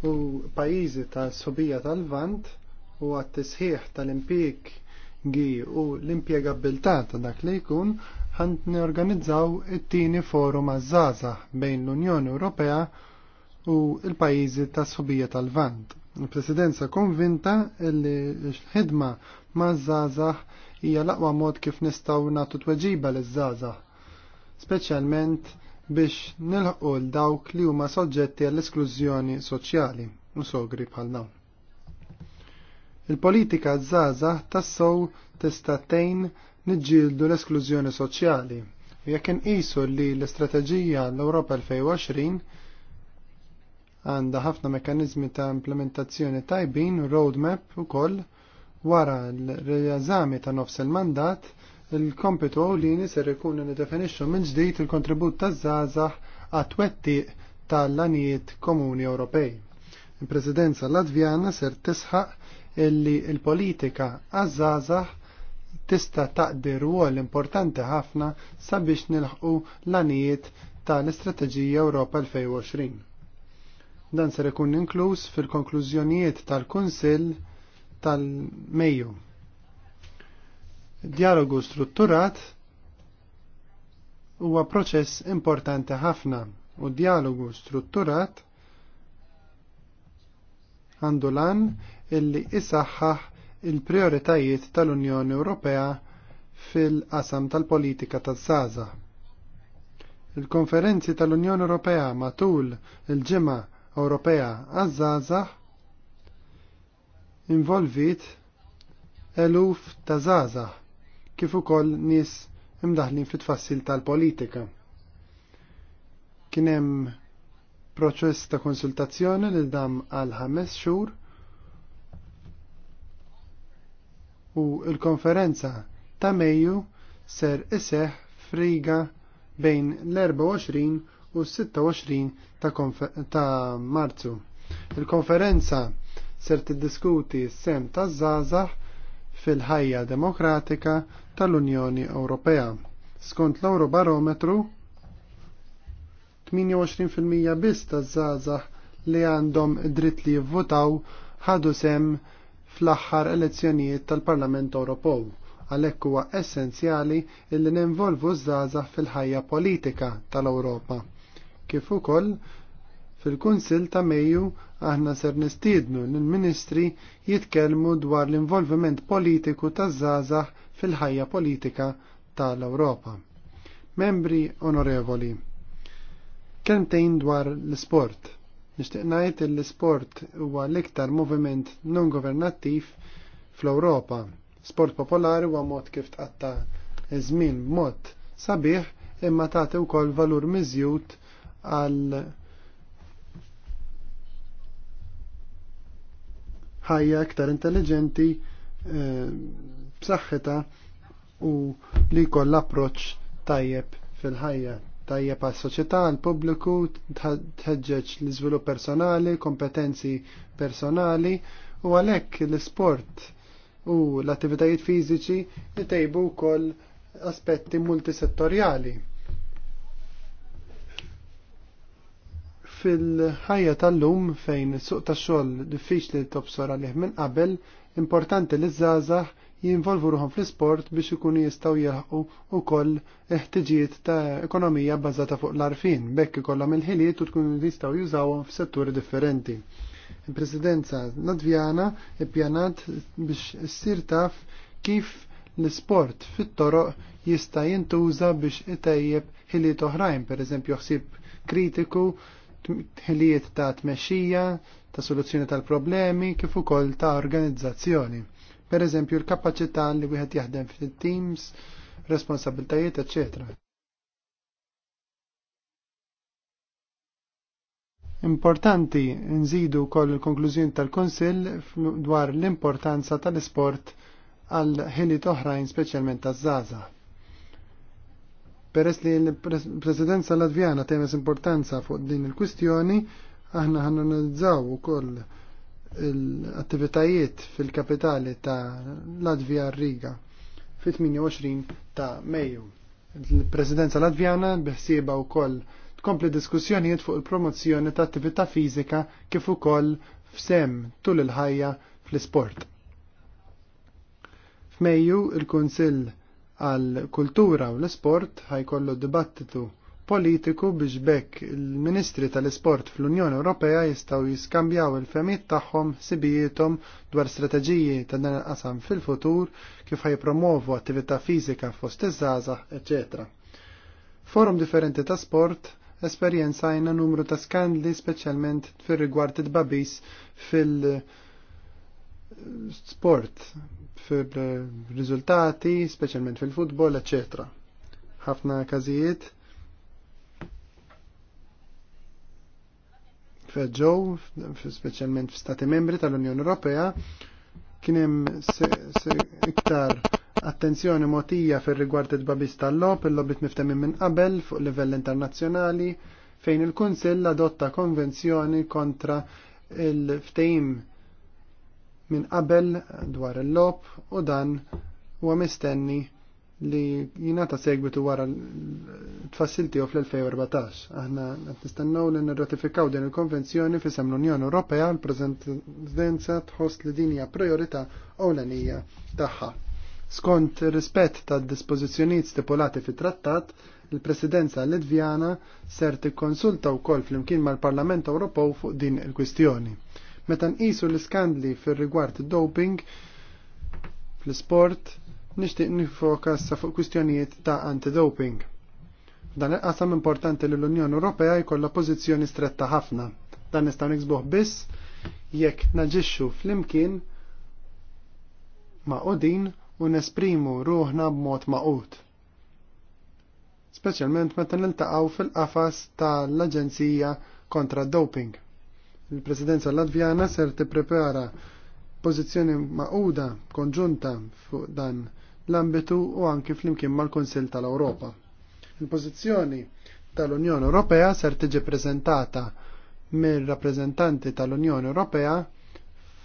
S2: u pajjiżi tal-Subija tal-Vant u għat-tisħiħ tal-impjeg gi u l-impjegabilità ta' dak li jkun ħant neorganizzaw it-tieni forum għaż-żaża bejn l-Unjoni Ewropea u l-pajjiżi tas-Subija tal-Vant. Il-Presidenza konvinta li l-ħidma ma' żgħażagħ hija l-aqwa mod kif nistgħu nagħtu tweġiba liż-żgħażagħ speċjalment biex nilħqu l dawk li huma soġġetti għall-esklużjoni soċjali u sogri bħal dawn. Il-politika żgħażagħ tassew tista' tgħin niġġieldu l-esklużjoni soċjali u jekk inqisu li l-istrateġija l-Ewropa 2020 għandha ħafna mekanizmi ta' implementazzjoni tajbin, roadmap u koll, wara l-reżami ta' nofs il-mandat, il-kompitu għawlini ser ikun nidefinixxu minn ġdid il-kontribut taż-żgħażagħ għat-twettiq tal-lanijiet komuni Ewropej. Il-Presidenza Latvjana ser tisħaq illi il-politika għaż-żgħażagħ tista taqdi rwol importanti ħafna sabiex nilħqu l-anijiet tal-Istrateġija Ewropa 2020. Dan ser ikun inkluż fil-konklużjonijiet tal-Kunsill tal-Mejju Dialogu strutturat huwa proċess importanti ħafna u dialogu strutturat għandu lan illi isaħħaħ il-prioritajiet tal-Unjoni Ewropea fil-qasam tal-politika tal-saza. Il-konferenzi tal-Unjoni Ewropea matul il-ġimgħa Ewropea għaż-żgħażagħ involvit eluf ta' żgħażagħ kif ukoll nies imdaħlin fit-tfassil tal-politika. Kien hemm proċess ta' konsultazzjoni li dam għal ħames xhur u l-konferenza ta' Mejju ser iseħ friga bejn l-24 u s-26 ta, ta', marzu. Il-konferenza ser tiddiskuti s-sem ta' zazax fil-ħajja demokratika tal-Unjoni Ewropea. Skont l-Eurobarometru, 28% biss taż-żgħażagħ li għandhom dritt li jivvotaw ħadu sem fl-aħħar elezzjonijiet tal-Parlament Ewropew għalhekk huwa essenzjali illi ninvolvu żgħażagħ fil-ħajja politika tal-Ewropa. Kif ukoll fil-Kunsill ta' Mejju aħna ser nistiednu lill ministri jitkellmu dwar l-involviment politiku taż-żgħażagħ fil-ħajja politika tal-Ewropa. Membri onorevoli, kemtejn dwar l-sport. Nixtieq ngħid l-sport huwa l-iktar moviment non governattiv fl-Ewropa. Sport popolari huwa mod kif tqatta żmien mod sabiħ imma tagħti wkoll valur miżjud għal ħajja aktar intelligenti b'saħħitha u li jkoll approċċ tajjeb fil-ħajja tajjeb għas soċjetà għal pubbliku tħeġġeġ l-iżvilupp personali, kompetenzi personali u għalhekk l-isport u l-attivitajiet fiżiċi jtejbu wkoll aspetti multisettorjali. Fil-ħajja tal-lum fejn suq tax-xogħol diffiċli tobsor għalih minn qabel, importanti li żgħażagħ jinvolvu ruħhom fl-isport biex ikunu jistgħu jaħqu ukoll ħtiġijiet ta' ekonomija bbażata fuq l-arfin, bekk ikollhom il-ħiliet u tkun jistgħu jużawhom f'setturi differenti. Il-Presidenza Latvjana ippjanat biex issir taf kif l-isport fit-toroq jista' jintuża biex itejjeb ħiliet oħrajn, pereżempju ħsieb kritiku, ħiliet ta' tmexxija, ta' soluzzjoni tal-problemi kif ukoll ta' organizzazzjoni. Per eżempju, l-kapacità li wieħed jaħdem fit-teams, responsabiltajiet, eccetera. Importanti nżidu wkoll il-konklużjoni tal-Kunsill dwar l-importanza tal-isport għal ħiliet oħrajn speċjalment taż-żgħażagħ. Peress li l-Presidenza Latvjana temes importanza fuq din il-kwistjoni, Aħna u ukoll l-attivitajiet fil-kapitali ta' Latvija Riga fit-28 ta' Mejju. Il-Presidenza Latvjana biħsieba wkoll tkompli diskussjonijiet fuq il-promozzjoni ta' attività fiżika kif ukoll f'sem tul il-ħajja fl-isport. F'Mejju il-Kunsill għal Kultura u l-Isport ħajkollu dibattitu politiku biex bekk il-Ministri tal-Isport fl-Unjoni Ewropea jistgħu jiskambjaw il-femit tagħhom sibijietom dwar strateġiji ta' dan qasam fil-futur kif ħajpromovu attività fiżika fost iż-żgħażagħ, etc. Forum differenti ta' sport esperjenzajna numru ta' skandli speċjalment fir rigward it-babis fil- sport fil-riżultati, speċjalment fil-futbol, eccetera. Ħafna każijiet feġġow, specialment f'Stati membri tal-Unjoni Ewropea, kien hemm iktar attenzjoni motija fir rigward id-babis tal-lob, il-lobit niftemin minn qabel fuq livell internazzjonali, fejn il-Kunsill adotta konvenzjoni kontra il ftejm minn qabel dwar il-lob u dan huwa mistenni li ta' segwitu wara tfassilti u fl-2014. Aħna nistennaw li nirratifikaw din il-konvenzjoni fi sem l-Unjoni Ewropea l-prezenza tħoss li din hija l ewlenija tagħha. Skont rispett tad dispożizzjonijiet stipulati fit-trattat, il-Presidenza Litvjana ser tikkonsulta wkoll flimkien mal-Parlament Ewropew fuq din il-kwistjoni. Meta nqisu l-iskandli fir-rigward doping fl-sport, nixtieq nifoka sa fuq kwistjonijiet ta' anti-doping. Dan il-qasam importanti li l-Unjoni Ewropea jkollha pożizzjoni stretta ħafna. Dan nistgħu niksbuh biss jekk naġixxu flimkien ma' qudin u nesprimu ruħna b'mod maqut. Speċjalment meta niltaqgħu fil-qafas tal-Aġenzija kontra doping. Il-Presidenza Latvjana ser tipprepara pożizzjoni maquda konġunta fuq dan l-ambitu u anki flimkien mal-Kunsill tal-Ewropa. Il-pożizzjoni tal-Unjoni Ewropea ser tiġi prezentata mir-rappreżentanti tal-Unjoni Ewropea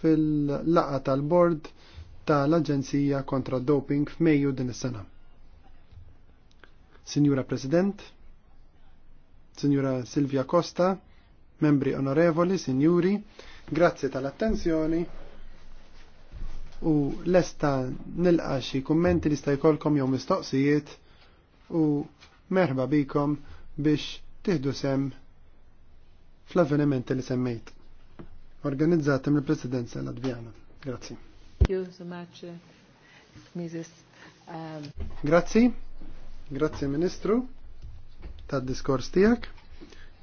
S2: fil-laqa tal-Bord tal-Aġenzija kontra Doping f'Mejju din is-sena. Sinjura President, Sinjura Silvia Costa, membri onorevoli, sinjuri, grazzi tal-attenzjoni u lesta nilqa xi kummenti li sta jkollkom jew mistoqsijiet u merħba bikom biex tieħdu sem fl-avvenimenti li semmejt. Organizzati mill-Presidenza Latvjana. Grazzi.
S3: so much, uh,
S2: Mrs. Um... Grazzi, grazzi Ministru tad diskors tijak.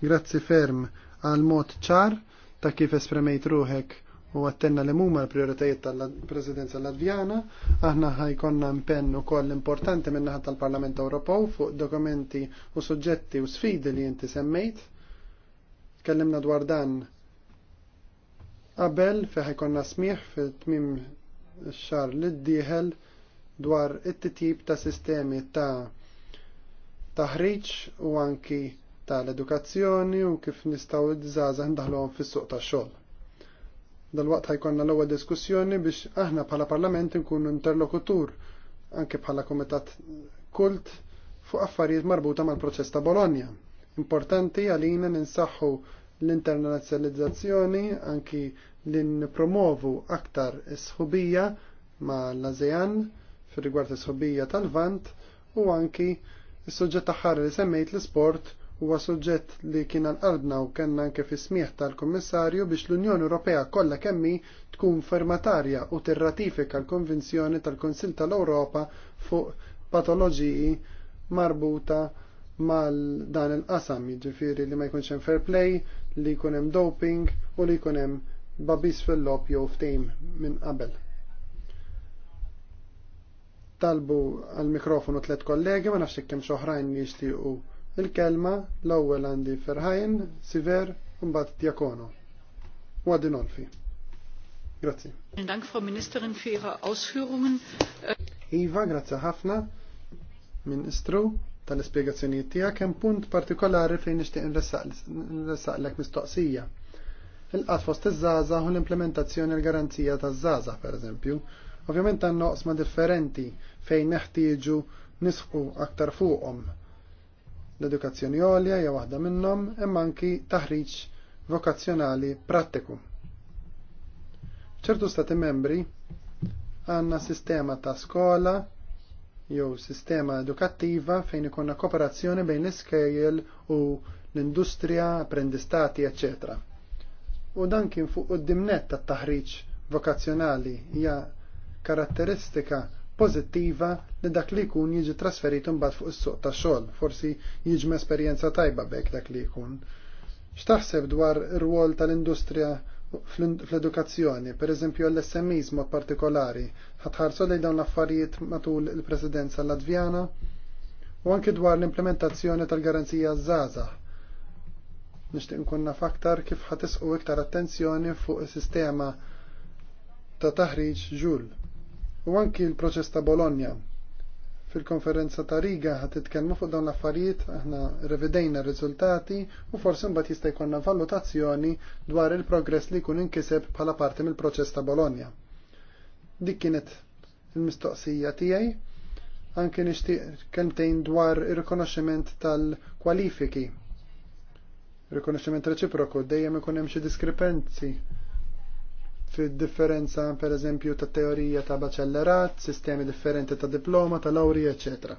S2: Grazzi ferm għal mod ċar ta' kif espremejt ruħek u għattenna li mumma l-prioritajiet tal-Presidenza Latvjana, aħna ħajkonna impenn ukoll importanti minnaħat tal-Parlament Ewropew fuq dokumenti u suġġetti u sfidi li inti semmejt. Kellimna dwar dan qabel fi ħajkonna smieħ fil-tmim xar li d dwar it tip ta' sistemi ta' taħriċ u anki tal-edukazzjoni u kif nistaw id-żaza ndaħluhom fis-suq tax-xogħol. Dal-waqt ħajkonna l-ewwel diskussjoni biex aħna bħala Parlament nkunu interlokutur anke bħala Komitat Kult fuq affarijiet marbuta mal-proċess ta' Bologna. Importanti għalina ninsaħħu l-internazzjonalizzazzjoni anki li nippromovu aktar is-sħubija ma' l-ASEAN fir rigward is-sħubija tal-Vant u anki s-suġġett taħħar li semmejt l-sport huwa suġġett li kien għal-qalbna u kellna anke fi smieħ tal-Kummissarju biex l-Unjoni Ewropea kollha kemmi tkun fermatarja u tirratifika l-Konvenzjoni tal-Konsil tal-Ewropa fuq patoloġiji marbuta mal dan il-qasam, jiġifieri li ma jkunx hemm fair play, li jkun hemm doping u li jkun hemm babis fil-lob jew ftejm minn qabel. Talbu għal mikrofonu tliet kollegi ma nafx kemm xoħrajn li jixtiequ Il-kelma l-ewwel għandi Ferħajn, Siver, mbagħad Diakono. U Adinolfi. Grazzi.
S1: Dank Frau Ministerin für Ihre Ausführungen.
S2: Iva, grazzi ħafna, Ministru, tal-ispjegazzjonijiet tiegħek hemm punt partikolari fejn nixtieq nressaqlek mistoqsija. Il-qatt fost iż żaża u l-implementazzjoni l-garanzija taż-żgħażagħ pereżempju. Ovvjament għandna oqsma differenti fejn neħtieġu nisħu aktar fuqhom l-edukazzjoni għolja hija waħda minnhom imma anki taħriġ vokazzjonali prattiku. ċertu stati membri għandna sistema ta' skola jew sistema edukattiva fejn ikonna kooperazzjoni bejn l-iskejjel u l-industrija, apprendistati, ecc. U dan kien fuq id-dimnet tat taħriġ vokazzjonali hija karatteristika pożittiva li dak li jkun jiġi trasferit imbagħad fuq is-suq ta' xogħol forsi jiġi esperjenza tajba bekk dak li jkun. X'taħseb dwar ir-rwol tal-industrija fl-edukazzjoni, per eżempju l smis mod partikolari, ħatħarsu lejn dawn l-affarijiet matul il-presidenza Latvjana u anki dwar l-implementazzjoni tal-garanzija żgħażagħ nishtiq nkunna naf aktar kif ħatisqu iktar attenzjoni fuq is-sistema ta' taħriġ ġul u anki l-proċess ta' Bologna. Fil-konferenza ta' Riga ħat titkellmu fuq dawn l-affarijiet, aħna revidejna r-riżultati u forsi mbagħad jista' jkollna valutazzjoni dwar il-progress li jkun inkiseb bħala parti mill-proċess ta' Bologna. Dik kienet il-mistoqsija tiegħi anke nixtieq kemtejn dwar ir-rikonoxximent tal-kwalifiki. Rikonoxximent reċiproku dejjem ikun hemm xi diskrepenzi fil-differenza per eżempju ta' teorija ta' baċellerat, sistemi differenti ta' diploma, ta' lauri, ecc.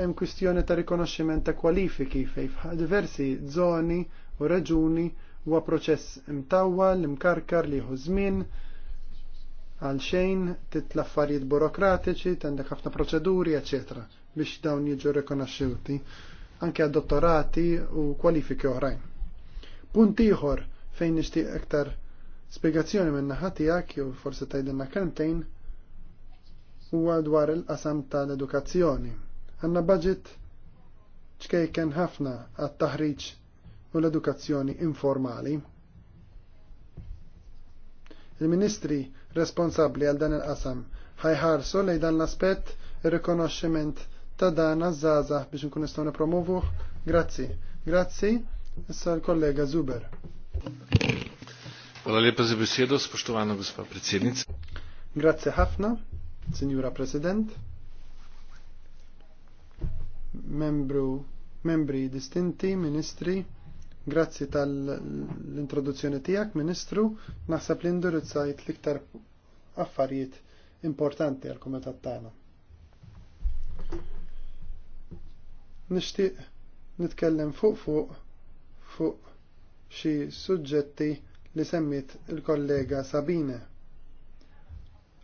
S2: Hemm kwistjoni ta' rikonoxximent ta' kwalifiki fej diversi zoni u raġuni huwa proċess imtawwal, imkarkar li jieħu żmien għal xejn titla' affarijiet burokratiċi, tendek ħafna proċeduri, eċetera biex dawn jiġu rikonoxxuti anke dottorati u kwalifiki oħrajn. Punt ieħor fejn nixtieq aktar spjegazzjoni minn naħa tiegħek jew forsi tgħidilna kemmtejn huwa dwar il-qasam tal-edukazzjoni. Għandna budget ċkejken ħafna għat-taħriġ u l-edukazzjoni informali. Il-ministri responsabli għal dan il-qasam ħajħarsu lej dan l-aspett ir-rikonoxximent ta' dana zaza biex nkun nistgħu nipromovuh. Grazzi. Grazzi. Issa l-kollega Zuber. Hvala lepa za besedo, spoštovana gospa predsednica. Grazie ħafna, signora president. Membru, membri distinti, ministri, grazie tal-introduzzjoni tijak, ministru, naħseb l-indirizzajt liktar affarijiet importanti għal-komitat tagħna. nixtieq nitkellem fuq fuq fuq xi suġġetti li semmit il-kollega Sabine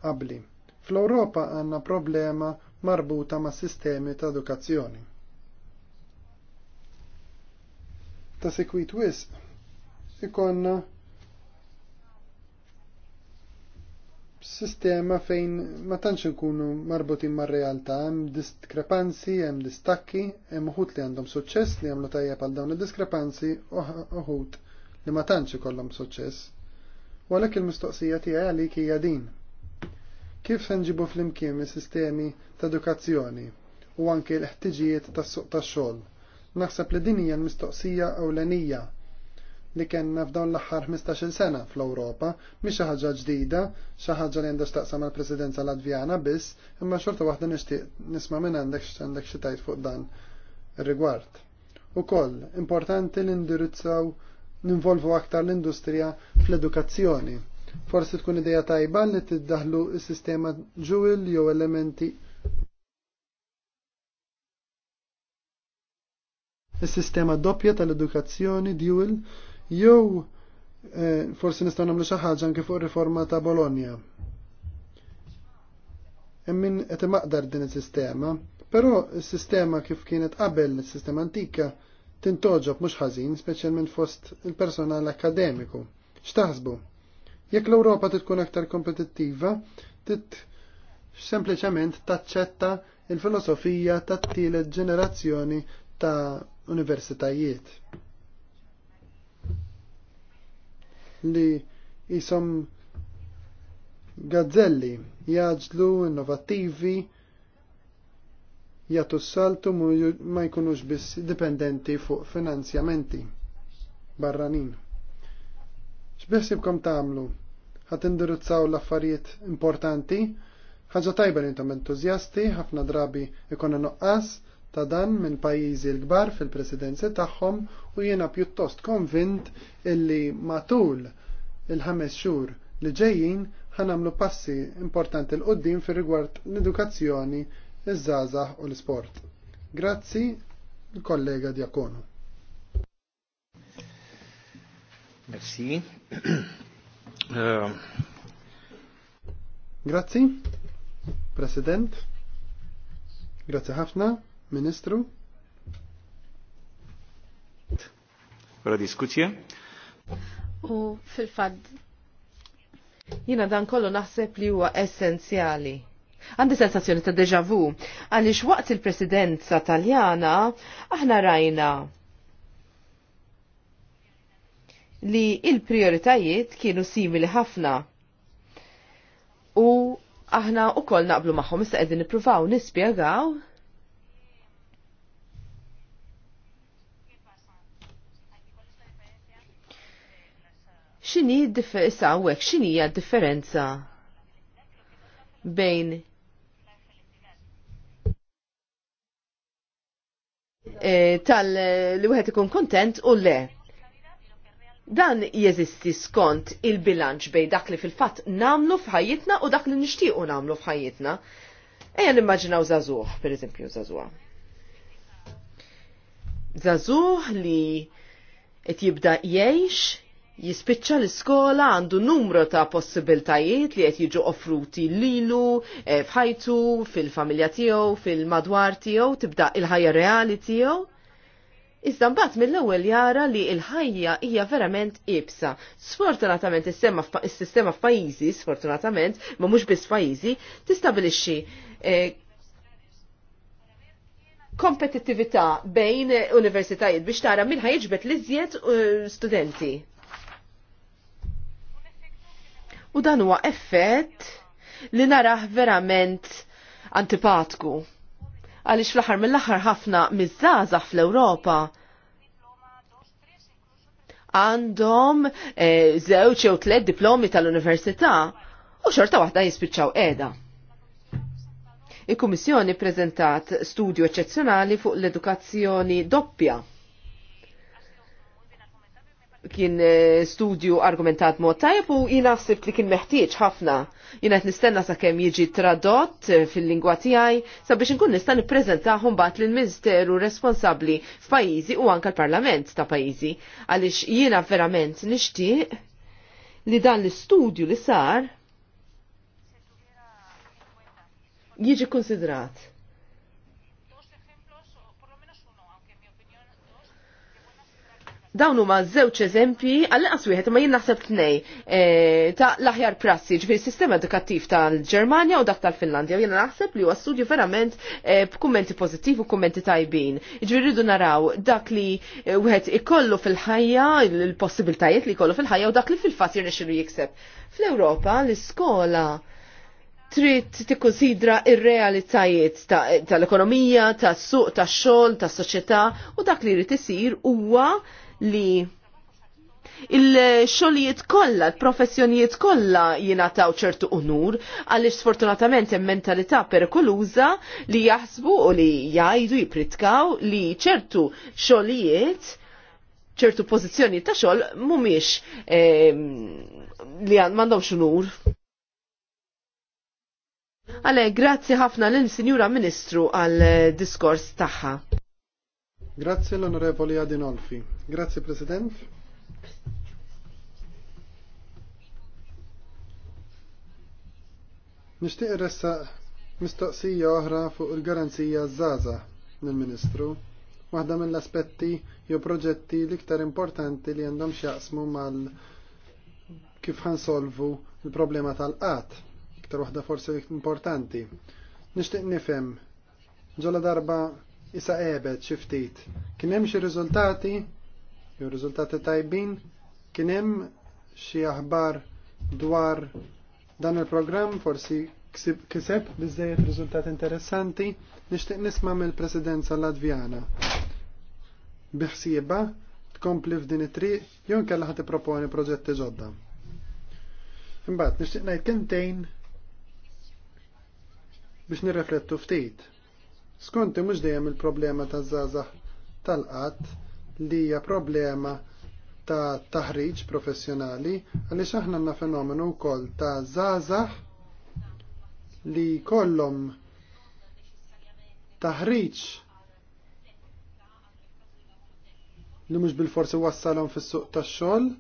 S2: qabli. Fl-Ewropa għandna problema marbuta ma' sistemi ta' edukazzjoni. Ta' sekwit wisq ikonna sistema fejn ma tantx nkunu marbutin mar-realtà, hemm diskrepanzi, hemm distakki, hemm uħut li għandhom suċċess li għamlu tajjeb għal dawn id-diskrepanzi uħut li ma tantx ikollhom suċċess. U għalhekk il-mistoqsija tiegħi għalik hija din. Kif se nġibu flimkien is-sistemi ta' edukazzjoni u anke l-ħtiġijiet tas-suq tax-xogħol? Naħseb li din hija l-mistoqsija ewlenija li kellna f'dawn l-aħħar 15-il sena fl-Ewropa, mhi xi ħaġa ġdida, xi ħaġa li għandha x'taqsam mal-Presidenza Latvjana biss, imma xorta waħda nixtieq nisma' minn għandek x'għandek xi tajt fuq dan ir-rigward. Ukoll importanti li ndirizzaw ninvolvu aktar l-industrija fl-edukazzjoni. Forsi tkun ideja tajba li tiddaħlu s-sistema ġuwil jew elementi is-sistema doppja tal-edukazzjoni dual jew eh, forsi nistgħu nagħmlu xi ħaġa anke fuq riforma ta' Bologna. min qed imaqdar din is-sistema, però s-sistema kif kienet qabel is-sistema antika tintoġob mhux ħażin, speċjalment fost il-personal akademiku. X'taħsbu? Jekk l-Ewropa titkun aktar kompetittiva, tit sempliċement taċċetta il-filosofija tat-tielet ġenerazzjoni ta' universitajiet. li jisom gazzelli jaġlu, innovattivi, jagħtu s-saltu ma jkunux biss dipendenti fuq finanzjamenti barranin. X'beħsibkom tagħmlu? Ħat indirizzaw l-affarijiet importanti, ħaġa tajba li intom entużjasti, ħafna drabi ikonna noqqas, ta' dan minn pajjiżi l-kbar fil-presidenzi tagħhom u jiena pjuttost konvint illi matul il-ħames xhur li ġejjin ħanamlu passi importanti l-qoddim fir rigward l-edukazzjoni, iż-żgħażagħ u l isport Grazzi l-kollega Diakonu. Merci. Euh. Grazzi, President. Grazie ħafna Ministru?
S1: Wara diskutja? U fil-fad,
S3: jina dan kollu naħseb li huwa essenzjali. Għandi sensazzjoni ta' deja vu, għaliex waqt il-presidenza taljana aħna rajna li il-prioritajiet kienu simili ħafna. U aħna u koll naqblu maħħom, issa qegħdin nippruvaw nispjegaw xini issa għawek xinija differenza bejn e, tal li wieħed ikun kontent u le. Dan jeżisti skont il-bilanċ bej dak li fil-fatt namlu f'ħajjitna u dak li nixtiequ namlu f'ħajjitna. Ejja nimmaġinaw zazuħ, per eżempju, zazuħ. Zazuħ li qed jibda jgħix jispiċċa l-iskola għandu numru ta' possibiltajiet li qed jiġu offruti lilu, eh, fħajtu, fil-familja tiegħu, fil-madwar tiegħu, tibda il-ħajja reali tiegħu. Iżda mbagħad mill-ewwel jara li l-ħajja hija verament ibsa. Sfortunatament is-sistema f'pajjiżi, sfortunatament, ma mhux biss pajjiżi, tistabilixxi eh, kompetittività bejn universitajiet biex tara min ħajġbet l-iżjed eh, studenti U dan huwa effett li naraħ verament antipatku. Għaliex fl-aħħar mill-aħħar ħafna miż-żgħażagħ fl-Ewropa għandhom zewċ eh, jew tliet diplomi tal-università u xorta waħda jispiċċaw qiegħda. Il-Kummissjoni preżentat studju eċċezzjonali fuq l-edukazzjoni doppja kien eh, studju argumentat mod tajb u jina ħsibt li kien meħtieġ ħafna. Jina nistenna sa' kem jiġi tradott eh, fil-lingwa tijaj sabiex nkun nista' nippreżentahom bat l-Ministeru responsabli f'pajjiżi u anka l-Parlament ta' pajjiżi. Għaliex jina verament nixtieq li dan l-istudju li sar jiġi konsidrat Dawn huma żewġ eżempji għall-qas wieħed ma jien naħseb tnej eh, ta' l-aħjar prassi ġifieri sistema edukattiv tal-Ġermanja u dak tal-Finlandja. Jiena naħseb li huwa studju verament eh, b'kummenti pozittiv u kummenti tajbin. Ġifieri rridu naraw dak li eh, wieħed ikollu fil-ħajja, il-possibiltajiet li jkollu fil-ħajja u dak li fil-fatt jirnexxielu jikseb. Fl-Ewropa l-iskola trid tikkonsidra ir-realitajiet tal-ekonomija, tas-suq, tax-xogħol, tas-soċjetà u dak li jrid isir huwa li il-xolijiet kollha, il-professjonijiet kollha jingħataw ċertu unur għaliex sfortunatament hemm mentalità perikoluża li jaħsbu u li jgħidu jipritkaw li ċertu xogħlijiet ċertu pozizjoni ta' xogħol mhumiex ehm, li m'għandhomx unur. Għale, grazzi ħafna l-Sinjura
S2: Ministru għal diskors tagħha. Grazie l'onorevole Adinolfi. Grazie Presidente. Nishtiq ressa mistoqsija oħra fuq il-garanzija Zaza lill-Ministru, waħda mill-aspetti jew proġetti l-iktar importanti li għandhom xjaqsmu mal kif ħansolvu il-problema tal-qat, iktar waħda forsi importanti. Nishtiq nifhem ġola darba isa ebed xi ftit. Kien hemm xi riżultati, jew riżultati tajbin, kien hemm xi aħbar dwar dan il-programm forsi kiseb biżejjed riżultati interessanti nixtieq nisma' mill-Presidenza Latvjana. Biħsieba tkompli f'din it-triq jew inkella ħad tipproponi proġetti ġodda. Imbagħad nixtieq ngħid kentejn biex nirreflettu ftit Skonti mhux dejjem il-problema taż-żgħażagħ tal-qatt li hija problema ta' taħriġ professjonali għaliex aħna għandna fenomenu wkoll ta' żgħażagħ li kollhom taħriġ li mhux bil-forsi wassalhom fis-suq tax-xogħol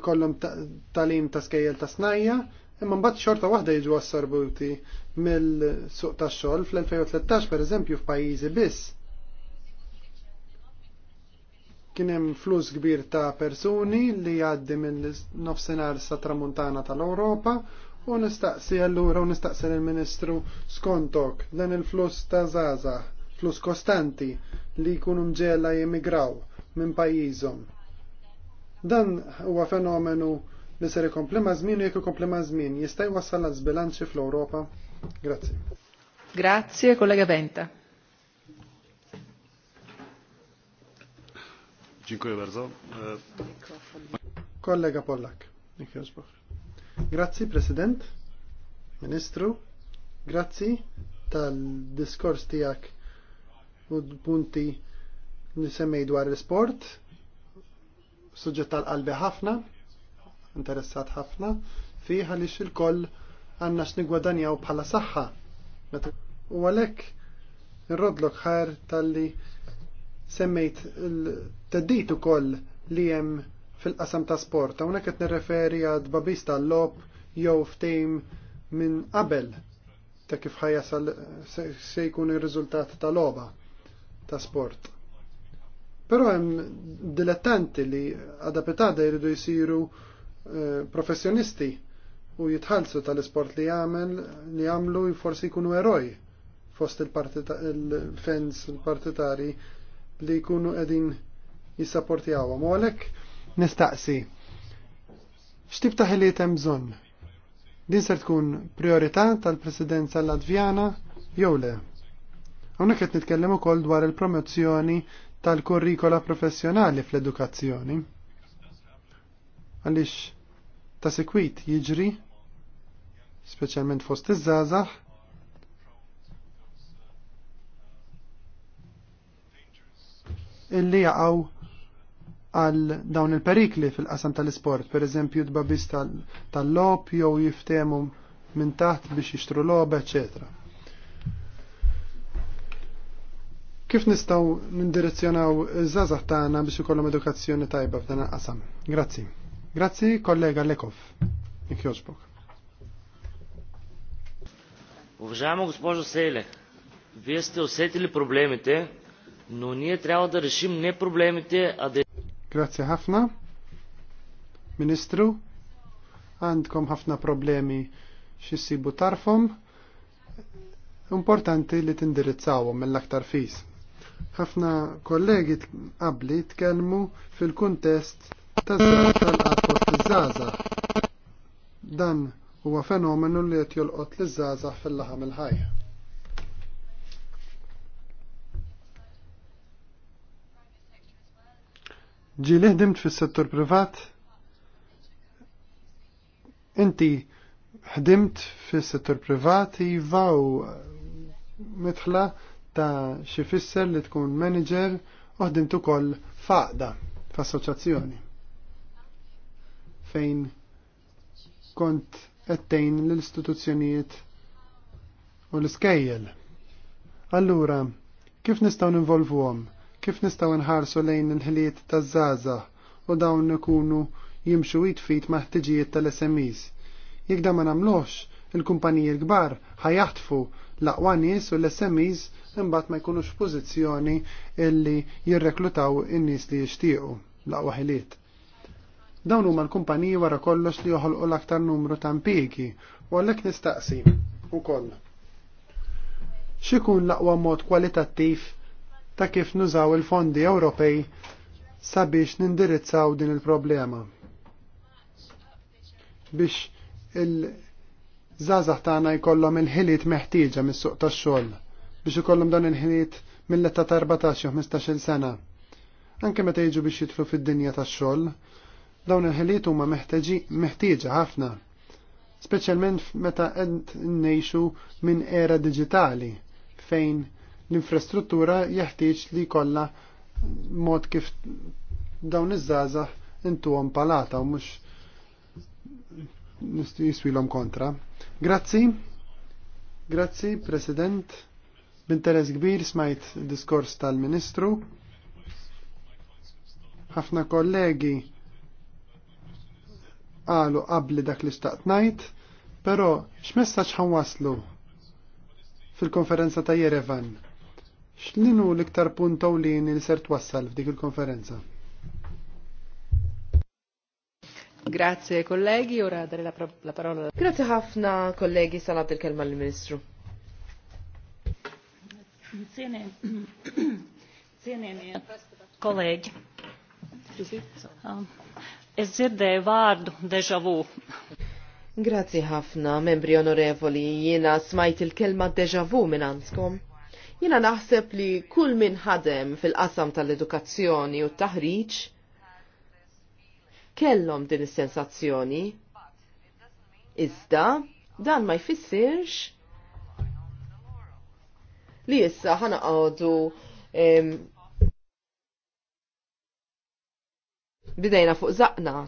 S2: ikollhom talim ta' skejjel ta' snajja, Imma mbagħad xorta waħda jiġu assorbuti mill-suq tax-xogħol fl-2013 pereżempju f'pajjiżi biss. Kien hemm flus kbir ta' persuni li jgħaddi mill-nofsinhar sa tramuntana tal-Ewropa u nistaqsi allura u nistaqsi lill ministru skontok dan il-flus ta' zaza, flus kostanti li jkunu mġela jemigraw minn pajjiżhom. Dan huwa fenomenu li ser ikompli ma' żmien u jekk ikompli ma' żmien jista' jwassal għal żbilanċi fl-Ewropa? Grazzi. Grazie, kollega Venta. Dziękuję bardzo. Kollega Pollak. Grazzi, President, Ministru, grazzi tal-diskors tijak u punti nisemmej dwar l-sport, suġġet tal-qalbi ħafna, interessat ħafna fih għaliex xil koll għandna x'nigwadanjaw bħala saħħa. U għalhekk irrodlok ħar talli semmejt il-teddit ukoll li hemm fil-qasam ta' sport, hawnhekk qed nirreferi għad babis tal-lob jew ftejm minn qabel ta' kif ħajja se jkun ir-riżultat ta' logħba ta' sport. Però hemm dilettanti li għadapetada jridu jsiru Eh, professjonisti u jitħallsu tal-isport li jagħmel li jagħmlu forsi jkunu eroj fost il-fans partitari li jkunu qegħdin jissapportjawhom. U għalhekk nistaqsi x'tib ta' ħiliet hemm bżonn? Din ser tkun priorità tal-Presidenza Latvjana jew le? Hawnhekk qed nitkellem ukoll dwar il-promozzjoni tal-kurrikola professjonali fl-edukazzjoni. Għaliex ta' sekwit jiġri, speċjalment fost iż żazax illi jaqgħu għal dawn il-perikli fil-qasam tal-isport, per eżempju d-babis tal lop jew jiftemu minn taħt biex jixtru loba, eccetera. Kif nistaw nindirizzjonaw iż-żazax tagħna biex ikollhom edukazzjoni tajba f'dan il-qasam? Grazzi. Grazzi, kollega Lekov. Ikjoġbok.
S3: Уважаема госпожо
S1: Сейле, вие сте усетили проблемите, но ние трябва да решим не проблемите, а да...
S2: Грация Хафна. Министру, għandkom ħafna problemi xissibu tarfom, importanti li tindirizzawhom mill-aktar fis. Ħafna kollegi qabli tkellmu fil-kuntest ta' tal iż-żgħażagħ. Dan huwa fenomenu li qed jolqot liż-żgħażagħ fil-laħam il-ħajja. Ġi li ħdimt fis-settur privat? Inti ħdimt fis-settur privat iva u mitħla ta' xi fisser li tkun manager u ħdimt ukoll faqda f'assoċjazzjoni fejn kont qedtejn l-istituzzjonijiet u l-iskejjel. Allura, kif nistgħu għom? Kif nistgħu nħarsu lejn il-ħiliet taż-żgħażagħ u dawn ikunu jimxu jitfit ma' ħtiġijiet tal-SMEs? Jek da ma nagħmluhx, il-kumpaniji l gbar ħajaħtfu laqwa nies u l-SMEs imbagħad ma jkunux pozizjoni illi jirreklutaw in-nies li jixtiequ laqwa ħiliet. Dawn huma l-kumpaniji wara kollox li joħolqu l-aktar numru ta' impjiegi u għalhekk nistaqsi ukoll. X'ikun l-aqwa mod kwalitattiv ta' kif nużaw il-fondi Ewropej sabiex nindirizzaw din il-problema. Biex il-żazax tagħna jkollhom il-ħiliet meħtieġa mis-suq tax-xogħol biex ikollhom dan il-ħiliet mill età ta' 14 15 sena. Anke meta jiġu biex jidħlu fid-dinja tax-xogħol, Dawn il-ħiliet huma meħtieġa ħafna, speċjalment meta qed nnejxu minn era digitali fejn l-infrastruttura jeħtieġ li jkollha mod kif dawn iż żaża intuhom palata u mhux jiswilhom kontra. Grazzi, grazzi President, b'interess kbir smajt diskors tal-Ministru. Ħafna kollegi qalu qabli dak li staqt ngħid, però x'messaġġ waslu fil-konferenza ta' Jerevan? X'linu l-iktar punt lini li ser twassal f'dik il-konferenza?
S3: Grazie kollegi, ora dare la, la parola. Grazie ħafna kollegi, salat il-kelma l-Ministru.
S1: kollegi, um, Es vardu deja vu.
S3: Grazzi ħafna, membri onorevoli, jiena smajt il-kelma deja vu minn għandkom. Jiena naħseb li kull min ħadem fil-qasam tal-edukazzjoni u t-taħriġ kellhom din is-sensazzjoni. Iżda dan ma jfissirx li issa ħanaqgħodu bidejna fuq zaqna.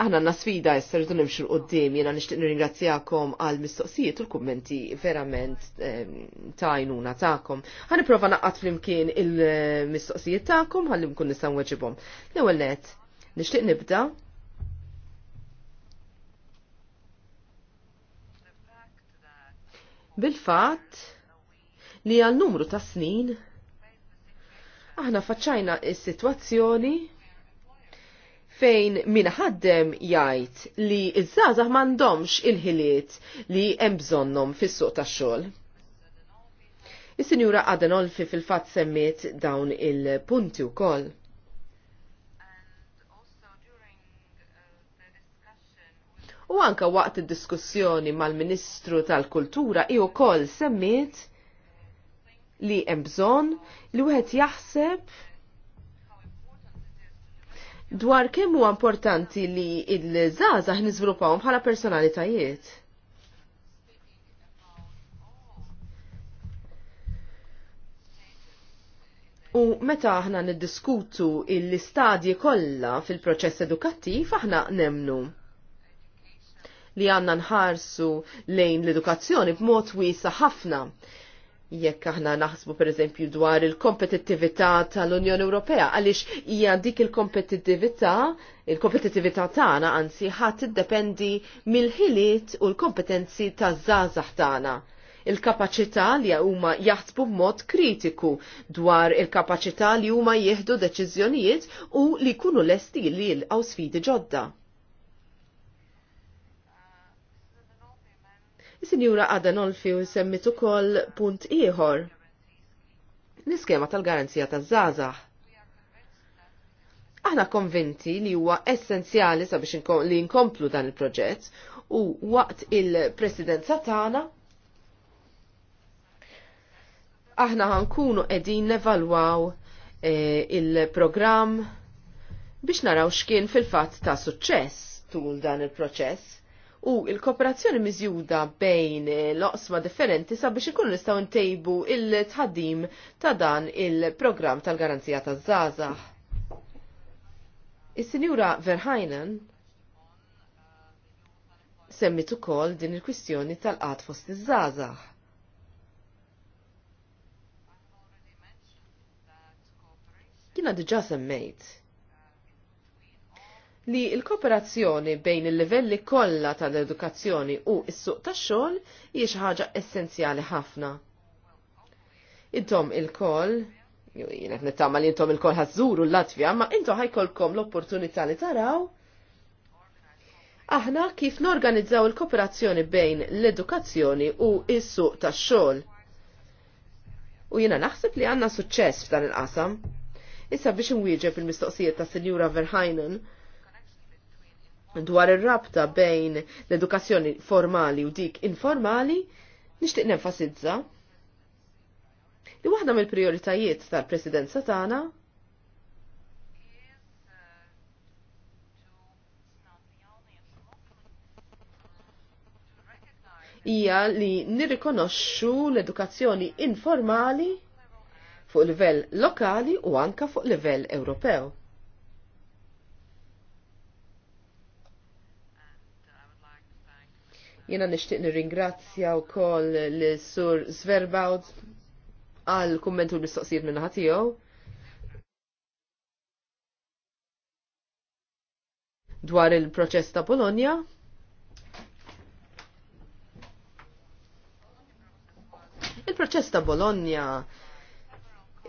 S3: Aħna għanna sfida jessar rridu nimxu l-qoddim, jena nishtiq nirringrazzjakom għal mistoqsijiet u l-kommenti verament ehm, tajnuna ta'kom. Għan prova naqqat flimkien il-mistoqsijiet ta'kom għalli mkun nisan weġibom. L-ewel nishtiq nibda. Bil-fat li għal numru ta' snin aħna faċċajna s sitwazzjoni fejn min ħaddem jgħid li iż-żgħażagħ m'għandhomx il-ħiliet li hemm bżonnhom fis-suq tax-xogħol. Is-Sinjura Adenolfi fil-fatt semmiet dawn il-punti wkoll. U anka waqt id-diskussjoni mal-Ministru tal-Kultura i wkoll semmiet li hemm bżonn li wieħed jaħseb dwar kemm huwa importanti li l-żgħażagħ niżviluppawhom bħala personalitajiet. U meta aħna niddiskutu l-istadji kollha fil-proċess edukattiv aħna nemnu li għanna nħarsu lejn l-edukazzjoni b'mod wiesa ħafna jekk aħna naħsbu per eżempju dwar il-kompetittività tal-Unjoni Ewropea, għaliex hija dik il-kompetittività, il-kompetittività tagħna anzi ħadd iddependi mill-ħiliet u l-kompetenzi taż-żgħażagħ tagħna il-kapacità li huma jaħsbu b'mod kritiku dwar il-kapacità li huma jieħdu deċiżjonijiet u li jkunu lesti li jilqgħu sfidi ġodda. Is-Sinjura Adenolfi u semmitu ukoll punt ieħor. L-iskema tal-garanzija taż-żgħażagħ. Aħna konvinti li huwa essenzjali sabiex li nkomplu dan il-proġett u waqt il-presidenza tagħna aħna ħankunu qegħdin nevalwaw eh, il-programm biex naraw x'kien fil-fatt ta' suċċess tul dan il-proċess u il-kooperazzjoni miżjuda bejn l-oqsma differenti sabiex ikunu nistgħu ntejbu il-tħaddim ta' dan il-programm tal-garanzija taż-żgħażagħ. Is-Sinjura Verheinen semmit ukoll din il-kwistjoni tal-qat fost iż-żgħażagħ. Jina diġà semmejt li l-kooperazzjoni bejn il-livelli kollha tal-edukazzjoni u s-suq tax-xogħol hija xi ħaġa essenzjali ħafna. Intom il-koll, jienet nittama li intom il-koll ħażuru l-Latvja, ma intom ħajkolkom l-opportunità li taraw aħna kif norganizzaw il-kooperazzjoni bejn l-edukazzjoni u s-suq tax-xogħol. U jiena naħseb li għandna suċċess f'dan il-qasam. Issa biex nwieġeb il-mistoqsijiet ta' Sinjura Verheinen, dwar ir-rabta bejn l-edukazzjoni formali u dik informali, nixtieq nenfasizza li waħda mill-prioritajiet tal-presidenza tagħna hija li nirrikonoxxu l-edukazzjoni informali fuq livell lokali u anka fuq livell Ewropew. Jena nishtiq nirringrazzja u koll l-sur Zverbaud għal kummentu l-mistoqsijiet minna ħatijow. Dwar il-proċess ta' Polonja. Il-proċess ta' Bologna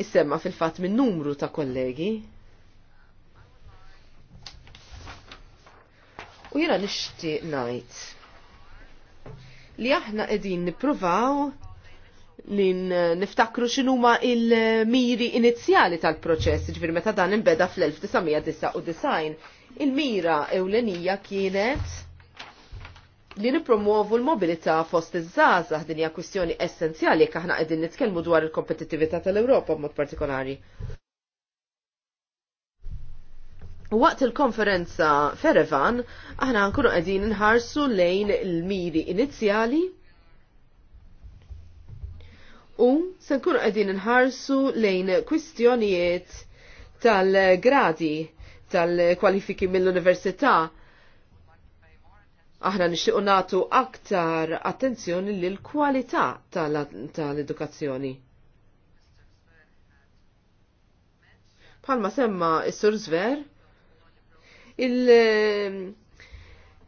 S3: issemma fil-fat minn numru ta' kollegi U jena nishti najt li aħna qegħdin nippruvaw li niftakru x'inhuma il-miri inizjali tal-proċess, ġifieri meta dan imbeda fl-1999. Il-mira ewlenija kienet li nipromuovu l-mobilità fost iż-żgħażagħ din hija kwistjoni essenzjali jekk aħna qegħdin nitkellmu dwar il-kompetittività tal-Ewropa b'mod partikolari. Waqt il-konferenza Ferevan, aħna nkunu qegħdin nħarsu lejn il-miri inizjali u se nkunu qegħdin nħarsu lejn kwistjonijiet tal-gradi tal-kwalifiki mill-università. Aħna nixtiequ nagħtu aktar attenzjoni lil kwalità tal-edukazzjoni. Palma semma is-Sur Zver, il- ehm,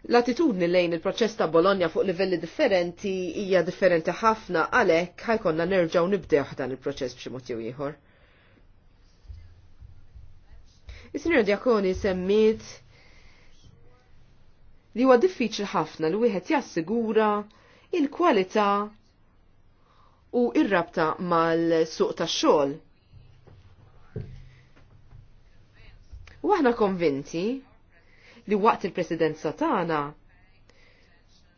S3: L-attitudni lejn il-proċess ta' Bologna fuq livelli differenti hija differenti ħafna għalhekk ħajkonna nerġgħu nibdew dan il-proċess b'xi mod jew ieħor. Is-Sinjor Djakoni semmiet li huwa diffiċli ħafna li wieħed jassigura il-kwalità u ir-rabta mal-suq tax-xogħol. U aħna konvinti li waqt il-presidenza tagħna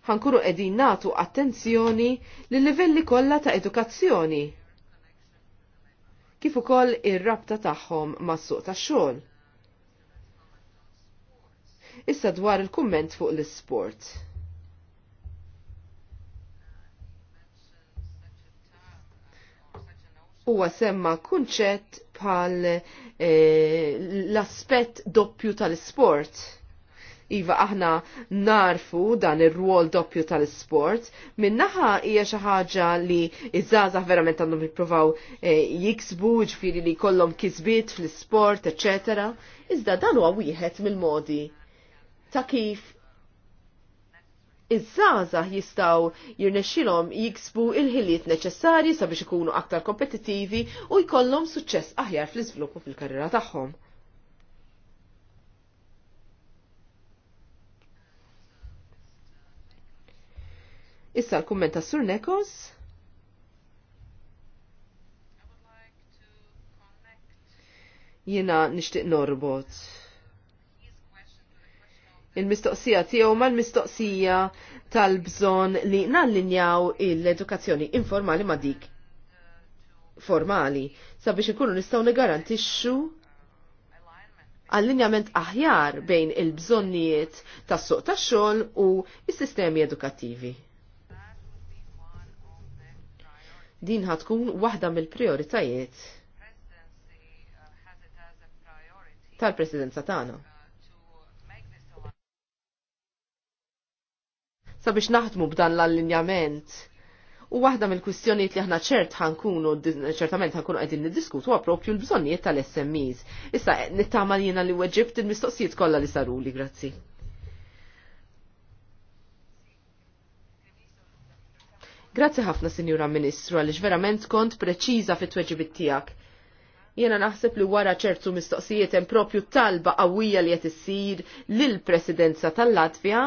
S3: ħankunu qegħdin nagħtu attenzjoni li livelli kollha ta' edukazzjoni kif ukoll ir-rabta tagħhom mas-suq tax-xogħol. Issa dwar il-kumment fuq l-isport. huwa semma kunċett bħal eh, l-aspett doppju tal-sport. Iva aħna narfu dan ir-rwol doppju tal-sport, minnaħa hija xi ħaġa li iż-żgħażagħ verament għandhom jippruvaw eh, jiksbu ġifieri li jkollhom kisbiet fl-isport, eċetera. Iżda dan huwa wieħed mill-modi ta' kif iż-żgħażagħ jistgħu jirnexxilhom jiksbu il-ħiliet neċessarji sabiex ikunu aktar kompetittivi u jkollhom suċċess aħjar fl-iżvilupp u fil-karriera tagħhom. Issa l-kumment ta' Sur Nekos. Jina nishtiq norbot. Il-mistoqsija tiegħu mal-mistoqsija tal-bżon li nallinjaw l-edukazzjoni informali ma' dik formali sabiex ikunu nistgħu nigarantixxu allinjament aħjar bejn il-bżonnijiet tas-suq tax-xogħol u s-sistemi edukattivi. Din ħatkun waħda mill-prioritajiet tal-presidenza tagħna. Sabiex naħdmu b'dan l-allinjament u waħda mill-kwistjonijiet li aħna ċert ħankunu ċertament ħankunu qegħdin niddiskutu huwa propju l-bżonnijiet tal-SMEs. Issa nittama' jiena li weġibt il-mistoqsijiet kollha li saruli, grazzi. Grazzi ħafna, Sinjura Ministru, għaliex verament kont preċiża fit-tweġibit tiegħek. Jiena naħseb li wara ċertu mistoqsijiet hemm propju talba qawwija li qed issir lill-Presidenza tal-Latvja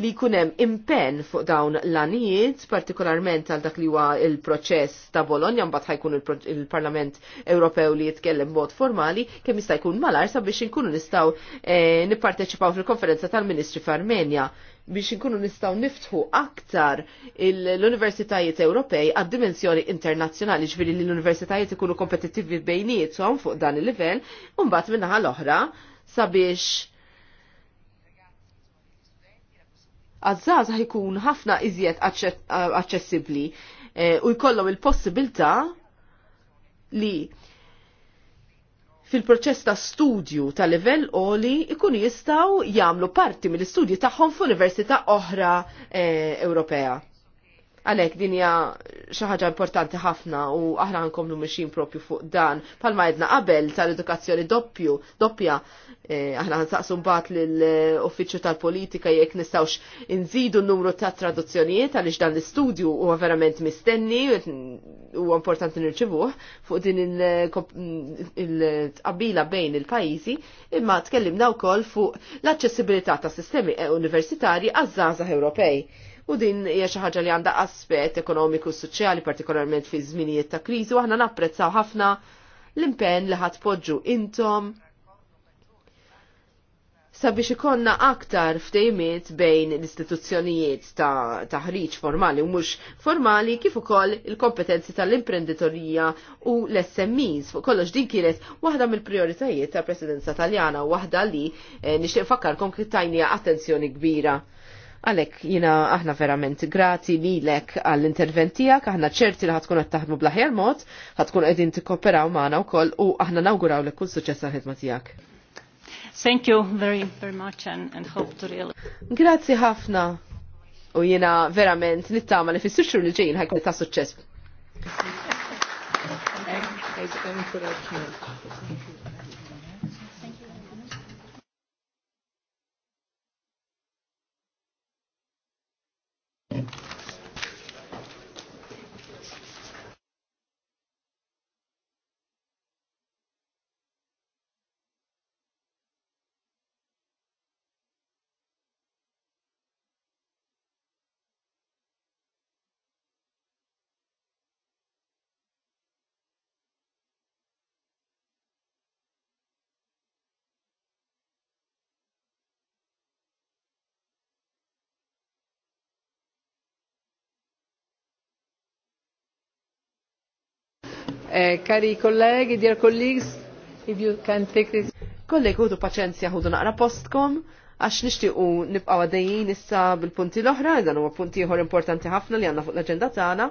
S3: li jkun hemm impenn fuq dawn l-anijiet, partikolarment għal dak li huwa il-proċess ta' Bologna, mbagħad ħajkun il-Parlament Ewropew li jitkellem mod formali, kemm jista' jkun malar sabiex inkunu nistgħu eh, nipparteċipaw fil-konferenza tal-Ministri f'Armenja biex inkunu nistaw niftħu aktar l-Universitajiet Ewropej għad dimensjoni internazzjonali ġviri li l-Universitajiet ikunu kompetittivi bejniethom fuq dan il-livell, u mbagħad minnaħa l-oħra sabiex għazzaza ħikun ħafna iżjed aċċessibli eh, u jkollhom il-possibilità li fil-proċess ta' studju ta' livell oli ikun jistaw jagħmlu parti mill-istudji tagħhom f'università oħra eh, Ewropea. Għalek dinja xaħġa importanti ħafna u aħna nkomlu mixin propju fuq dan. Palma jedna qabel tal-edukazzjoni doppju, doppja, eh, aħna nsaqsu mbagħad lill-Uffiċċju tal-Politika jekk nistgħux inżidu n-numru ta' traduzzjonijiet għaliex dan l-istudju huwa verament mistenni u importanti nirċivuh fuq din il-qabila bejn il-pajjiżi, imma tkellimna wkoll fuq l-aċċessibilità ta' sistemi universitarji għaż-żgħażagħ Ewropej u din hija xi ħaġa li għandha aspett ekonomiku u soċjali partikolarment fi żminijiet ta' kriżi u aħna napprezzaw ħafna l-impenn li poġġu intom sabiex ikonna aktar ftejmiet bejn l-istituzzjonijiet ta' ħriġ formali u mhux formali kif ukoll il-kompetenzi tal-imprenditorija u l-SMEs. Fuq kollox din kienet waħda mill-prioritajiet ta' presidenza taljana u waħda li eh, nixtieq fakkarkom kif tajnija attenzjoni kbira. Għalek, jina aħna verament grati li lek għall-interventijak, aħna ċerti li ħatkun għed taħdmu blaħjar mod, ħatkun għedin t-kooperaw maħna u koll u aħna nawguraw li kull suċess għal-ħidma tijak.
S1: Thank you very, very much and, and hope to really.
S3: Grazzi ħafna u jina verament nittama li fis-suċur li ġejn ħajkun ta' suċess. Eh, cari colleghi, dear colleagues, if you can take this. Kollegi, hudu paċenzja hudu naqra postkom, għax nishtiqu nibqaw għadajin issa bil-punti l-oħra, dan huwa punti ieħor importanti ħafna li għandna fuq l-aġenda tagħna.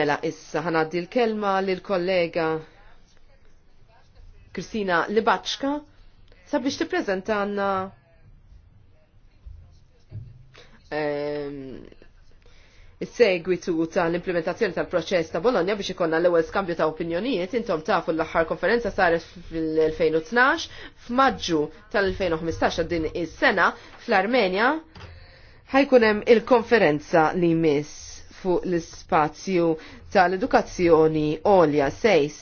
S3: Mela issa ħanaddi l-kelma lil kollega Kristina Libaċka sabiex tippreżentanna ehm, segwitu tal-implementazzjoni tal-proċess ta' Bologna biex ikonna l-ewwel skambju ta' opinjonijiet intom tafu l-aħħar konferenza saret fil-2012 f'Maġġu tal-2015 din is-sena fl-Armenja ħajkun hemm il-konferenza li miss fuq l-ispazju tal-edukazzjoni Olja Sejs.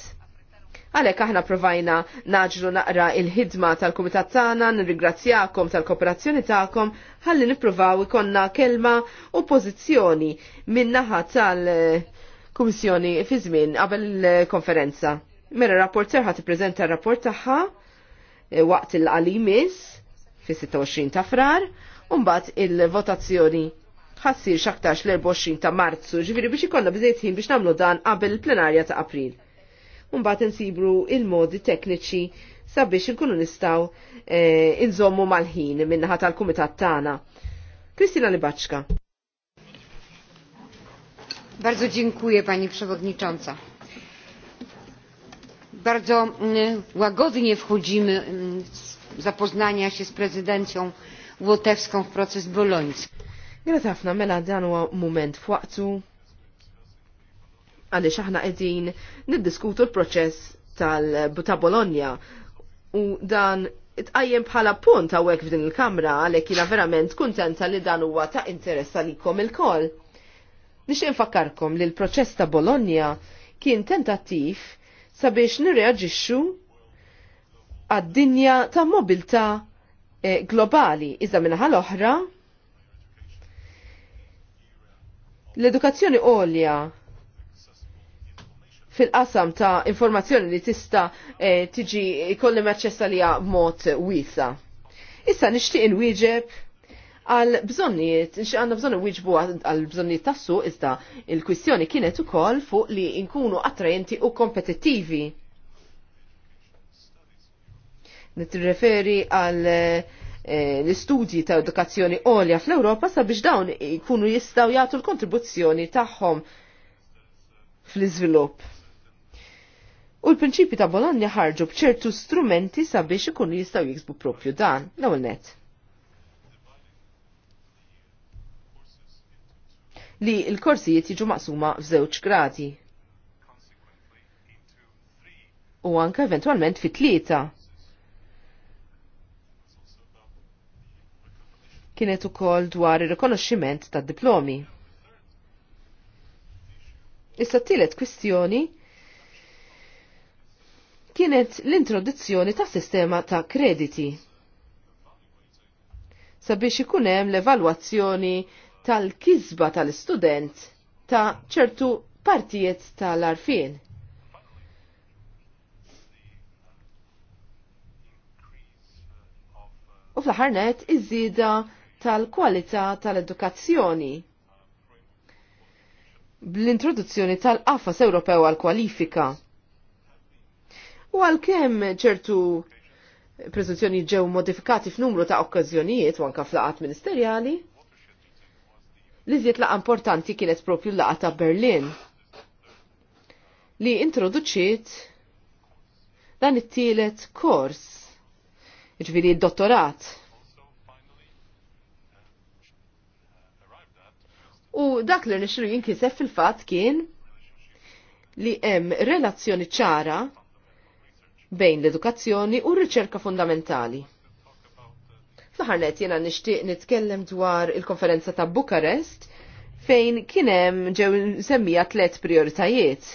S3: Għalek aħna provajna naġlu naqra il-ħidma tal-Kumitat tagħna, nirringrazzjakom tal-kooperazzjoni tagħkom, ħalli nippruvaw ikonna kelma u pożizzjoni min-naħa tal-Kummissjoni fi żmien qabel il-konferenza. Mera rapporter ħat ippreżenta r-rapport tagħha e, waqt il-qalimis fi 26 ta' frar, u mbagħad il-votazzjoni ħassir xaktax l-24 ta' marzu, ġviri biex ikonna bżejt ħin biex namlu dan qabel plenarja ta' april un bat insibru il-modi tekniċi sabiex inkunu nistaw eh, inżommu mal-ħin minnaħa tal-kumitat tana. Kristina Libaczka.
S2: Bardzo dziękuję Pani Przewodnicząca.
S3: Bardzo mm, łagodnie wchodzimy mm, z zapoznania się z prezydencją łotewską w proces boloński. Grazafna mela dan moment mument għaliex aħna qegħdin niddiskutu l-proċess tal-ta' Bologna u dan itqajjem bħala punt hawnhekk f'din il-kamra għalhekk kina verament kuntenta li dan huwa ta' interess kom il-koll. Nix nfakkarkom li l-proċess ta' Bologna kien tentattiv sabiex nirreaġixxu għad-dinja ta' mobilta eh, globali iżda l oħra l-edukazzjoni għolja fil-qasam ta' informazzjoni li tista' e, tiġi kollim aċċessa li mod wiesa. Issa nixtieq inwieġeb għal bżonniet, għanna bżonni wieġbu għal bżonniet tassu, iżda il-kwistjoni kienet ukoll fuq li nkunu attrajenti u kompetittivi. Nitreferi għal e, l-istudji ta' edukazzjoni għolja fl-Europa sabiex dawn ikunu jistaw jgħatu l-kontribuzzjoni tagħhom fl-iżvilupp. U l-prinċipi ta' Bologna ħarġu bċertu strumenti sabiex ikunu jistaw jiksbu propju dan, l-ewwel net. Li l-korsijiet jiġu maqsuma f'żewġ gradi. U anka eventualment fit tlieta. Kienet ukoll dwar ir-rikonoxximent tad-diplomi. Issa t-tielet kwistjoni kienet l-introduzzjoni ta' sistema ta' krediti. Sabiex ikun hemm l-evalwazzjoni tal-kizba tal-student ta' ċertu partijiet tal-arfin. u fl-ħarnet iż-żieda tal-kwalità tal-edukazzjoni. Bl-introduzzjoni tal-qafas Ewropew għal-kwalifika U għalkemm ċertu prezenzjoni ġew modifikati f'numru ta' okkażjonijiet u anka flaqat ministerjali, li ziet laqa importanti kienet propju laqa ta' Berlin li introduċiet dan it-tielet kors, ġviri dottorat. U dak li nixru jinkisef fil-fat kien li hemm relazzjoni ċara bejn l-edukazzjoni u r-riċerka fundamentali. fl jena nishtiq nitkellem dwar il-konferenza ta' Bukarest fejn kienem ġew semmija tlet prioritajiet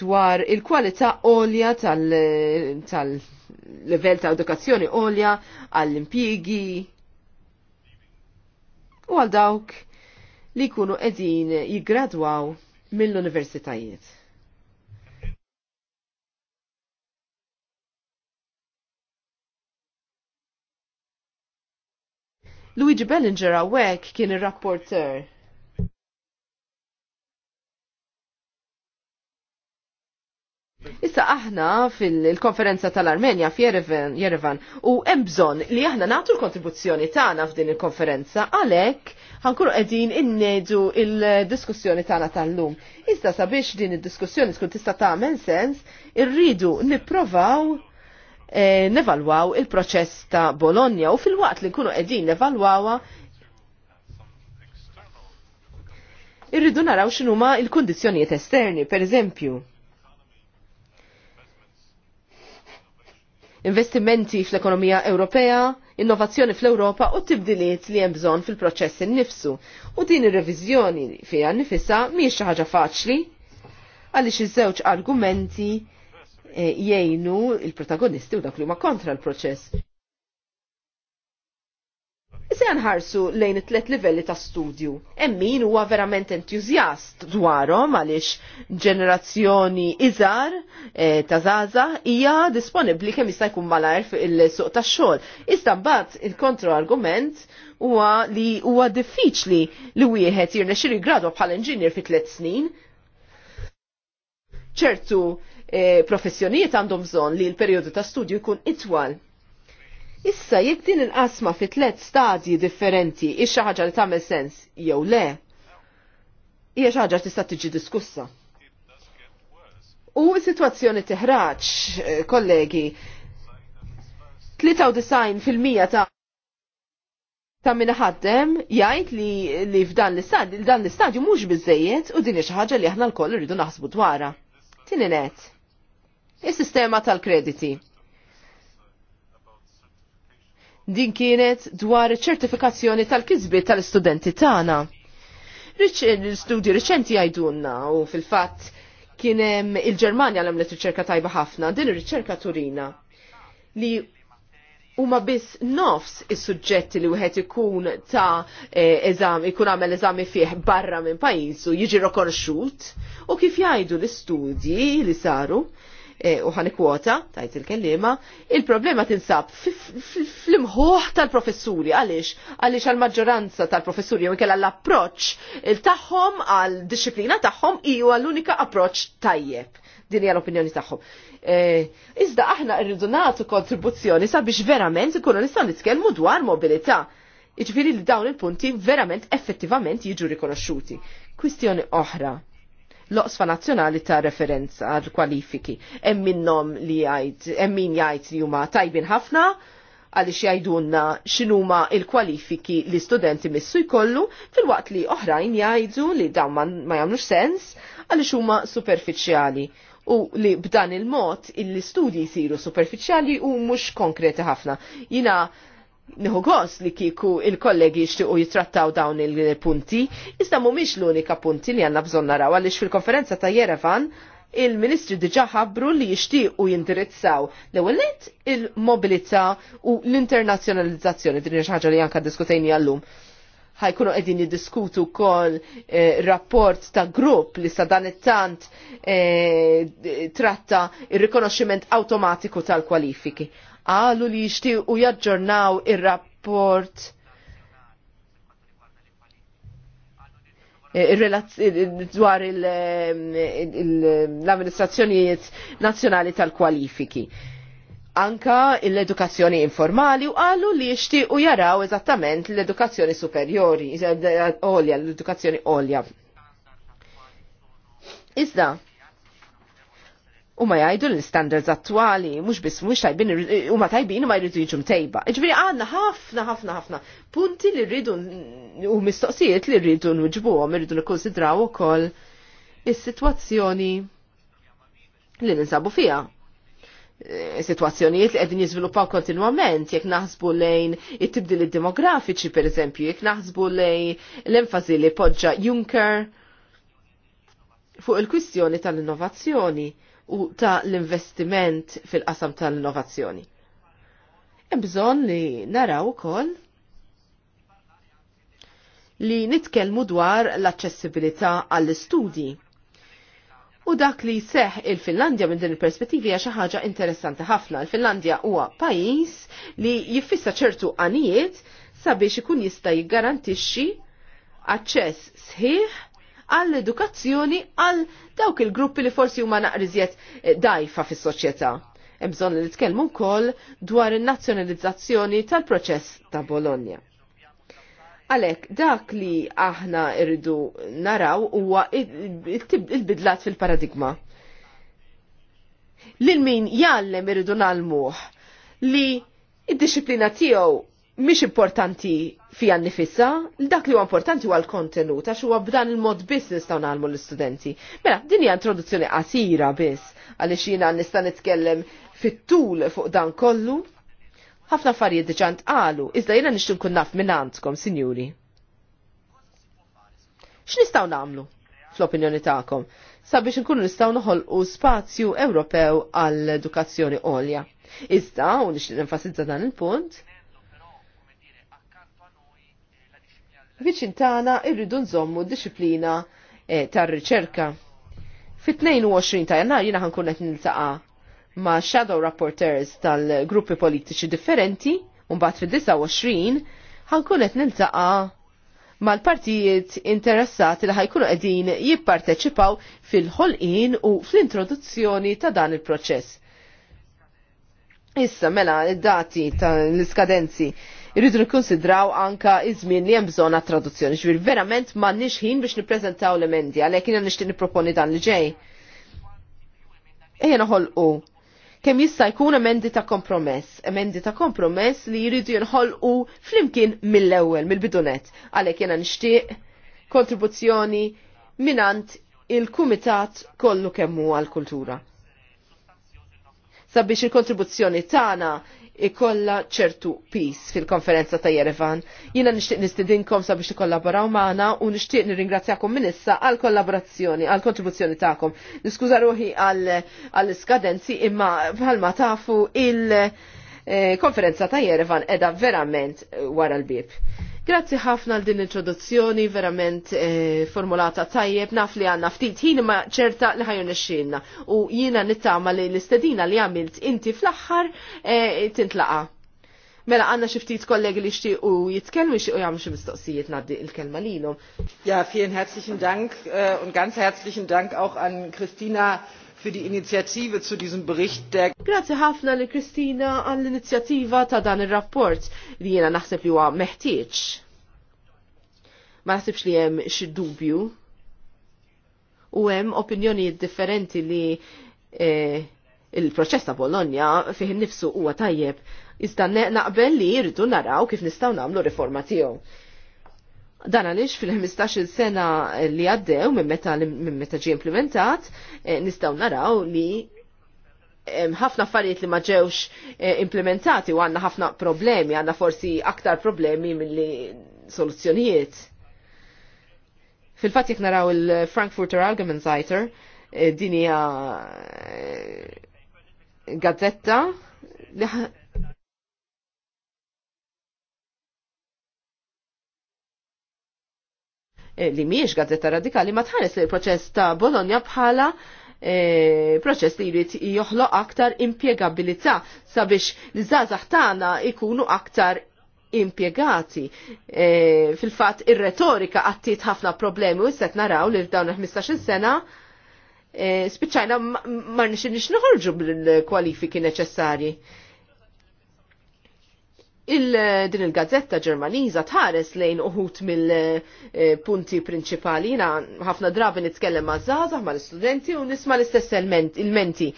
S3: dwar il-kwalità olja tal-level tal, ta' edukazzjoni olja għall-impjigi u għal dawk li kunu edin jigradwaw mill-universitajiet. Luigi Bellinger għawek kien ir-rapporter. Issa aħna fil-konferenza tal-Armenja f'Jerevan u hemm bżonn li aħna nagħtu l-kontribuzzjoni tagħna f'din il-konferenza għalhekk ħankunu qegħdin innedu il-diskussjoni tagħna tal-lum. Issa sabiex din id-diskussjoni skun tista' tagħmel sens, irridu nipprovaw Eh, nevalwaw il-proċess ta' Bologna u fil-waqt li nkunu qegħdin nevalwawa irridu naraw x'inhuma il-kundizzjonijiet esterni, per eżempju. Investimenti fl-ekonomija Ewropea, innovazzjoni fl-Ewropa u tibdiliet li hemm bżonn fil-proċess innifsu. U din ir-reviżjoni fiha nifisha mhijiex xi ħaġa faċli għaliex iż-żewġ argumenti E, jgħinu il-protagonisti u dak li huma kontra l-proċess. Issa nħarsu lejn it-tlet livelli ta' studju. Hemm min huwa verament entuzjast dwarhom għaliex ġenerazzjoni iżar e, ta' zaza hija disponibbli kemm jista' jkun malajr fil-suq tax-xogħol. Iżda mbagħad il-kontra argument huwa li huwa diffiċli li wieħed jirnexxi gradu bħala inġinier fi tliet snin. ċertu E, professjonijiet għandhom bżonn li l-perjodu ta' studju jkun itwal. Issa jekk din inqasma fi tliet stadji differenti ix xi ħaġa li tagħmel sens jew le, hija xi ħaġa tista' tiġi diskussa. U s-sitwazzjoni teħraġ, e, kollegi, 93% ta' ta' minna ħaddem jgħid li li f'dan l-istadju mhux biżejjed u din xi ħaġa li aħna lkoll irridu naħsbu dwarha. Tini net. Is-sistema tal-krediti. Din kienet dwar ċertifikazzjoni tal kizbi tal-istudenti tagħna. L-studju riċenti għajdunna u fil-fatt kienem il-Ġermanja l-għamlet riċerka tajba ħafna, din ir-riċerka turina li huma biss nofs is-suġġetti li wieħed ikun ta' eh, eżam, ikun għamel eżami fih barra minn pajizu jiġi rikonoxxut u kif jgħidu l-istudji li saru E, u kwota, tajt il-kellima, il-problema tinsab fl-imħuħ tal-professuri, għalix, għalix għal-maġġoranza tal-professuri, u kella l-approċ il-taħħom għal-disciplina taħħom iju għall-unika approċ tajjeb. Din hija l-opinjoni tagħhom. E, iżda aħna rridu nagħtu kontribuzzjoni sabiex verament ikunu nistgħu nitkellmu dwar mobilità. jiġifieri li dawn il-punti verament effettivament jiġu rikonoxxuti. Kwistjoni oħra l-oqsfa nazzjonali ta' referenza għal kwalifiki. Hemm minnhom li jgħid, hemm min jgħid li huma tajbin ħafna għaliex jgħidulna x'inhuma il-kwalifiki li studenti missu jkollu fil-waqt li oħrajn jgħidu li dawn ma jagħmlux sens għaliex huma superfiċjali u li b'dan il-mod il-studji jisiru superfiċjali u mhux konkreti ħafna. Jina Niħu għos li kiku il-kollegi jixtiqu jitrattaw dawn il-punti, iżda mumiex l-unika punti li għanna bżon naraw għaliex fil-konferenza ta' Jerevan il-ministri diġa ħabru li jixtiequ jindirizzaw l-ewwel il-mobilità u l-internazzjonalizzazzjoni din hija ħaġa li anka diskutajni għallum ħajkunu qegħdin jiddiskutu wkoll eh, rapport ta' grupp li sa dan it-tant eh, tratta ir-rikonoxximent awtomatiku tal-kwalifiki għalu li jixtiequ jaġġornaw ir-rapport eh, dwar eh, l-amministrazzjonijiet nazzjonali tal-kwalifiki. Anka l-edukazzjoni informali u għallu li jixtiequ jaraw eżattament l-edukazzjoni superjori, eh, l-edukazzjoni olja. Iżda, u ma jgħidu l-standards attwali, mux bis mux tajbin, u ma tajbin ma jridu jġum tejba. Iġbiri għanna ħafna, ħafna, ħafna. Punti li rridu, u mistoqsijiet li rridu nġbu u rridu nikonsidraw u koll il-situazzjoni li ninsabu fija. Eh, Situazzjonijiet li għedin jizviluppaw kontinuament, jek naħsbu lejn it-tibdili demografiċi, per eżempju, jek naħsbu lejn l-enfazi li podġa Juncker fuq il-kwistjoni tal-innovazzjoni u ta' l-investiment fil-qasam tal-innovazzjoni. Hemm bżonn li naraw ukoll li nitkellmu dwar l-aċċessibilità għall-istudji. U dak li seħ il-Finlandja minn din il-perspettivi hija xi ħaġa interessanti ħafna. Il-Finlandja huwa pajjiż li jiffissa ċertu għanijiet sabiex ikun jista' jiggarantixxi aċċess sħiħ għall-edukazzjoni għal dawk il-gruppi li forsi huma naqriżiet eh, dajfa fis-soċjetà. Hemm bżonn li nitkellmu wkoll dwar in-nazzjonalizzazzjoni tal-proċess ta' Bologna. Għalek, dak li aħna irridu naraw huwa il-bidlat fil-paradigma. Lil min jallem irridu nalmuħ li id-disciplina tiegħu mhix importanti fija nifissa, dak li huwa importanti huwa l-kontenut għax huwa b'dan il-mod biss nistgħu nagħmlu l-istudenti. Mela, din hija introduzzjoni qasira biss għaliex jiena nista' nitkellem fit-tul fuq dan kollu. Ħafna affarijiet diġà ntqalu, iżda jiena nixtieq nkun naf minn għandkom, sinjuri. X'nistgħu nagħmlu fl-opinjoni tagħkom sabiex nkunu nistgħu noħolqu spazju Ewropew għall-edukazzjoni għolja. Iżda, u nixtieq nenfasizza dan il-punt, viċintana irridu nżommu d-disciplina e, tar-riċerka. Fit-22 ta' jannar jiena ħankun qed niltaqa' ma' shadow rapporteurs tal-gruppi politiċi differenti u mbagħad fid-29 ħankun qed niltaqa' mal-partijiet interessati li ħajkunu qegħdin jipparteċipaw fil-ħolqien u fl-introduzzjoni ta' dan il-proċess. Issa mela id-dati tal-iskadenzi irridu nikkonsidraw anka iż-żmien li hemm bżonn għat-traduzzjoni. Ġifieri verament m'għandniex ħin biex nippreżentaw l-emendi għalhekk jiena nixtieq nipproponi dan li ġej. Ejja noħolqu kemm jista' jkun emendi ta' kompromess, emendi ta' kompromess li jridu jinħolqu flimkien mill-ewwel mill-bidunet. Għalhekk jiena nixtieq kontribuzzjoni minant il-kumitat kollu kemmu għal-kultura. Sabiex il-kontribuzzjoni tagħna ikolla ċertu peace fil-konferenza ta' Jerevan. Jina nishtiq nistidinkom sabiex tikollaboraw maħna u nishtiq nirringrazzjakom minissa għal kollaborazzjoni, għal kontribuzzjoni ta'kom. Niskuza ruħi għal skadenzi imma bħalma tafu il- eh, konferenza ta' Jerevan edha verament wara l-bib. Grazzi ħafna għal din introduzzjoni verament eh, formulata tajjeb, naf li għanna ftit ħin ma ċerta li ħajun xinna U jina nittama li l-istedina li għamilt inti fl-axħar eh, tintlaqa. Mela għanna xiftit kollegi li xti u jitkelmi xie u jgħam xie mistoqsijiet naddi il-kelma lilom. Ja, vielen herzlichen Dank uh, und ganz herzlichen Dank auch an Christina für die Initiative zu diesem Bericht. Der Grazie ħafna li Kristina għall-inizjattiva ta' dan ir-rapport li jiena naħseb li huwa meħtieġ. Ma naħsibx li hemm xi dubju u hemm opinjonijiet differenti li eh, il-proċess ta' Bologna fih nifsu huwa tajjeb. Iżda naqbel li jridu naraw kif nistgħu nagħmlu riforma tiegħu. Dan għaliex fil-15 sena li għaddew minn meta minn meta ġie implementat, eh, nistgħu naraw li eh, ħafna affarijiet li ma ġewx eh, implementati u għandna ħafna problemi, għandna forsi aktar problemi milli soluzzjonijiet. Fil-fatt jekk naraw il-Frankfurter Argument Zeiter, dinija gazzetta li Eh, li miex gazzetta radikali ma tħares li l-proċess ta' Bologna bħala eh, proċess li jrid joħloq aktar impjegabilità sabiex l żgħażagħ tagħna ikunu aktar impiegati. E, Fil-fatt ir-retorika għattit ħafna problemi u set naraw li f'dawn 15 sena e, spiċċajna ma nix nix noħorġu bil-kwalifiki neċessarji il-din il-gazzetta ġermaniza tħares lejn uħut mill-punti prinċipali. Jina ħafna drabi nitkellem ma' zazah ma' l-studenti u nisma l-istess il-menti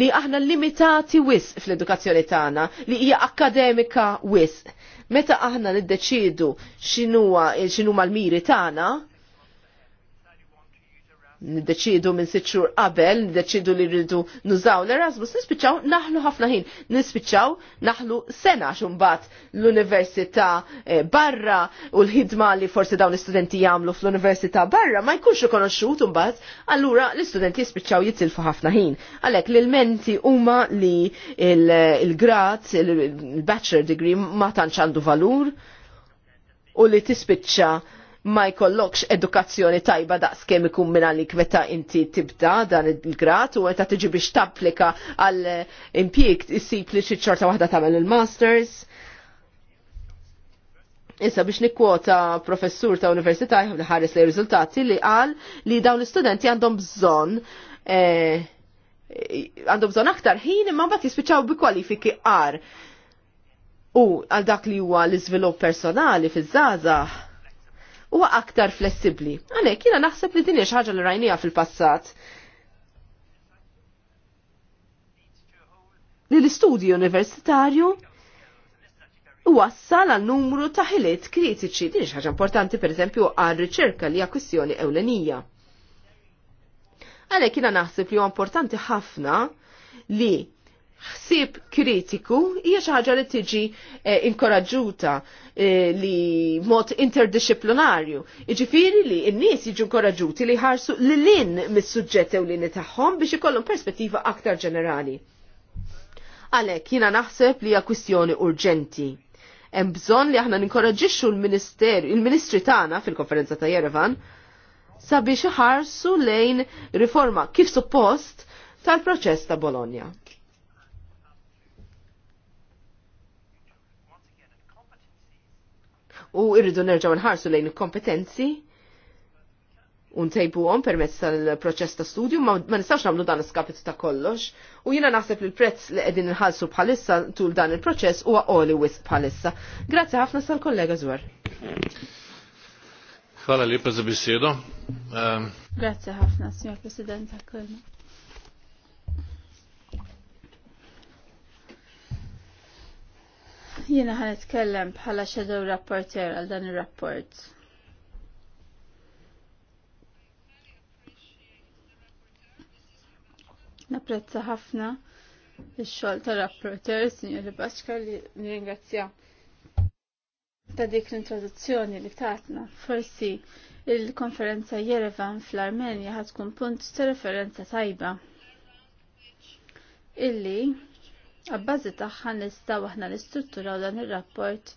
S3: li aħna limitati wis fl-edukazzjoni tagħna li hija akademika wis. Meta aħna niddeċidu x'inhuwa x'inhuma l-miri tagħna, niddeċidu minn sitt xhur qabel, niddeċidu li rridu nużaw l-Erasmus, nispiċċaw naħlu ħafna ħin, nispiċċaw naħlu sena xumbat l-Università eh, barra u l-ħidma li forsi dawn l-istudenti jagħmlu fl-Università barra ma jkunx ikonoxxut imbagħad, allura l-istudenti jispiċċaw jitilfu ħafna ħin. Għalhekk l-ilmenti huma li il-grad, il-bachelor degree ma tantx għandu valur u li tispiċċa ma jkollokx edukazzjoni tajba daqs kemm ikun minn għalik meta inti tibda dan il-grat u meta tiġi biex tapplika għal impjieg issib li xi ċorta waħda tagħmel il-masters. Issa biex nikkwota professur ta' università li ħares li riżultati li qal li dawn l-istudenti għandhom bżonn eh, għandhom bżonn aktar ħin imma mbagħad jispiċċaw bi kwalifiki għar U għal dak li huwa l-iżvilupp personali fiż-żgħażagħ huwa aktar flessibbli. Għalhekk jiena naħseb li din xaġa ħaġa li rajnija fil-passat. Li l studio universitarju wassal għal numru ta' kritiċi din ħaġa importanti pereżempju għal riċerka li għakwissjoni kwistjoni ewlenija. Għalhekk jiena naħseb li huwa importanti ħafna li ħsieb kritiku hija xi ħaġa li tiġi eh, inkoraġġuta eh, li mod interdisciplinarju. Jiġifieri li n-nies jiġu inkoraġġuti li ħarsu lil lil-in mis-suġġett ewlieni tagħhom biex ikollhom perspettiva aktar ġenerali. Għalhekk jiena naħseb li hija kwistjoni urġenti. Hemm bżonn li aħna ninkoraġġixxu l-Ministeru, il-Ministri tagħna fil-Konferenza ta' Jerevan sabiex iħarsu lejn riforma kif suppost tal-proċess ta' Bologna. u irridu nerġaw nħarsu lejn il-kompetenzi untejbuhom permezz tal-proċess ta' studju, ma, ma nistax nagħmlu dan skapit ta' kollox, u jiena naħseb li l-prezz li qegħdin inħallsu bħalissa tul dan il-proċess huwa qoli wisq bħalissa. Grazzi ħafna sal-kollega Zwar.
S2: Hvala li za
S1: Grazie ħafna, signor President, għal Jiena ħan nitkellem bħala shadow rapporter għal dan ir-rapport. Napprezza ħafna ix-xogħol tar-rapporter, Sinjur Baxka li nirringrazzja ta' dik l-introduzzjoni li tatna. Forsi il-konferenza Jerevan fl-Armenja ħatkun punt ta' referenza tajba. Illi Għabbażi tagħha nistgħu aħna nistrutturaw dan ir-rapport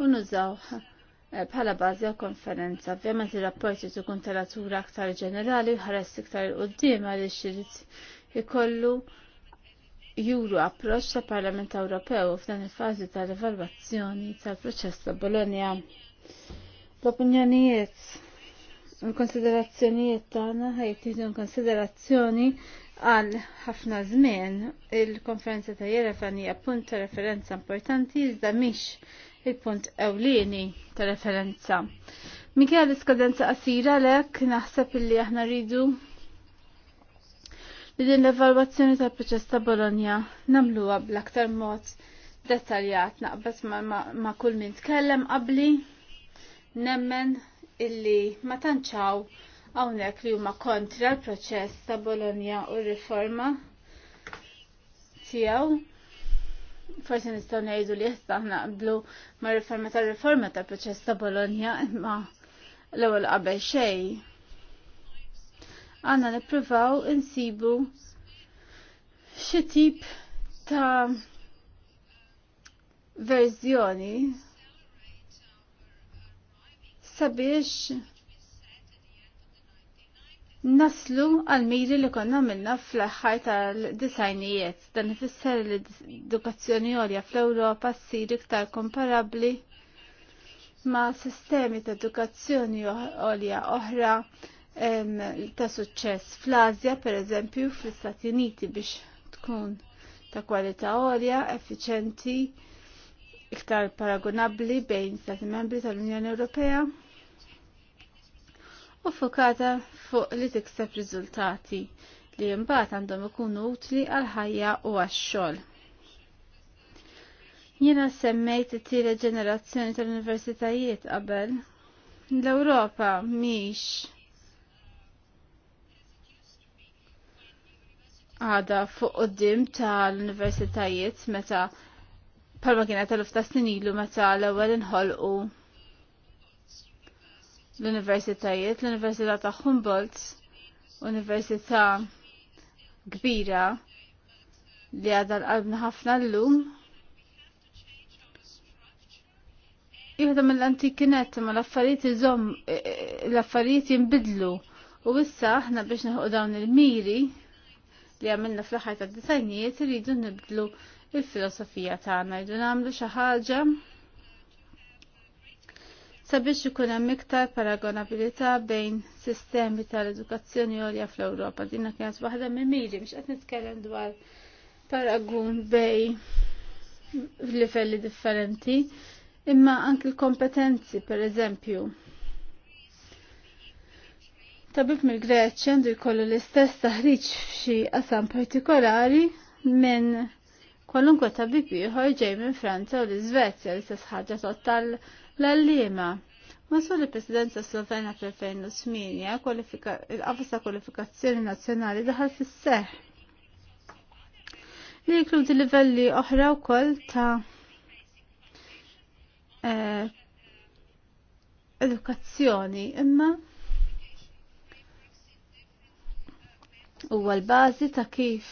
S1: u nużaw eh, bħala bażi għal konferenza. Ovvjament ir-rapport jrid ikun telatura aktar ġenerali u ħares iktar il-qudiem għaliex irid ikollu juru approċċ ta' Parlament Ewropew f'dan il-fażi tal-evalwazzjoni tal-proċess ta' Bologna. L-opinjonijiet, il-konsiderazzjonijiet tagħna ħajt konsiderazzjoni għal ħafna żmien il-konferenza ta' Jerevan hija punt ta' referenza importanti iżda mhix il-punt ewlieni ta' referenza. Mikja l-iskadenza qasira lek naħseb illi aħna rridu li din l-evalwazzjoni tal-proċess ta' Bologna nagħmluha bl-aktar mod dettaljat naqbas ma, ma, ma kull min tkellem qabli nemmen illi ma tantxaw hawnhekk li huma kontra l-proċess ta' Bologna u r-riforma tiegħu. Forsi nistgħu ngħidu li issa aħna qblu ma' riforma ta' riforma tal-proċess ta' Bologna imma l-ewwel qabel xej Għanna nippruvaw insibu xi tip ta' verżjoni sabiex naslu għal-miri li konna minna fl-ħaj tal-disajnijiet. Dan ifisser li l-edukazzjoni għolja fl-Europa s-sir iktar komparabli ma' sistemi ta' edukazzjoni għolja oħra ta' suċċess fl-Azja, per eżempju, fl-Stati Uniti biex tkun ta' kwalità għolja, effiċenti, iktar paragonabli bejn Stati membri tal-Unjoni Ewropea u fokata fuq li tikseb riżultati li mbagħad għandhom ikunu utli għal ħajja u għax-xogħol. Jiena semmejt it tieni ġenerazzjoni tal-universitajiet qabel. L-Ewropa mhix għada fuq qoddim tal-universitajiet meta palma kienet tal-ufta snin ilu meta l-ewwel inħolqu l-universitajiet, l-Università ta' Humboldt, Università kbira li għadha l-qalbna ħafna l-lum. Iħda mill-antikinet ma l-affarijiet iżom, l-affarijiet jinbidlu u issa aħna biex neħu dawn il-miri li għamilna fl-ħajta d-disajnijiet irridu nibdlu il-filosofija tagħna, jridu nagħmlu xi ħaġa sabiex ikun hemm iktar paragonabilità bejn sistemi tal-edukazzjoni għolja fl-Ewropa. Dinna kienet waħda minn miri, qed nitkellem dwar paragun bej livelli differenti, imma anki l-kompetenzi, per eżempju, tabib mill greċja għandu jkollu l-istess taħriġ f'xi qasam partikolari minn kwalunkwe tabib ieħor ġej minn Franza u l-Iżvezja li istess tal L-allima. sol il-presidenza slovena fl-2008, il-qafas kwalifikazzjoni nazzjonali daħal fis-seħ. Li jinkludi livelli oħra wkoll ta' eh, edukazzjoni imma u l-bażi ta' kif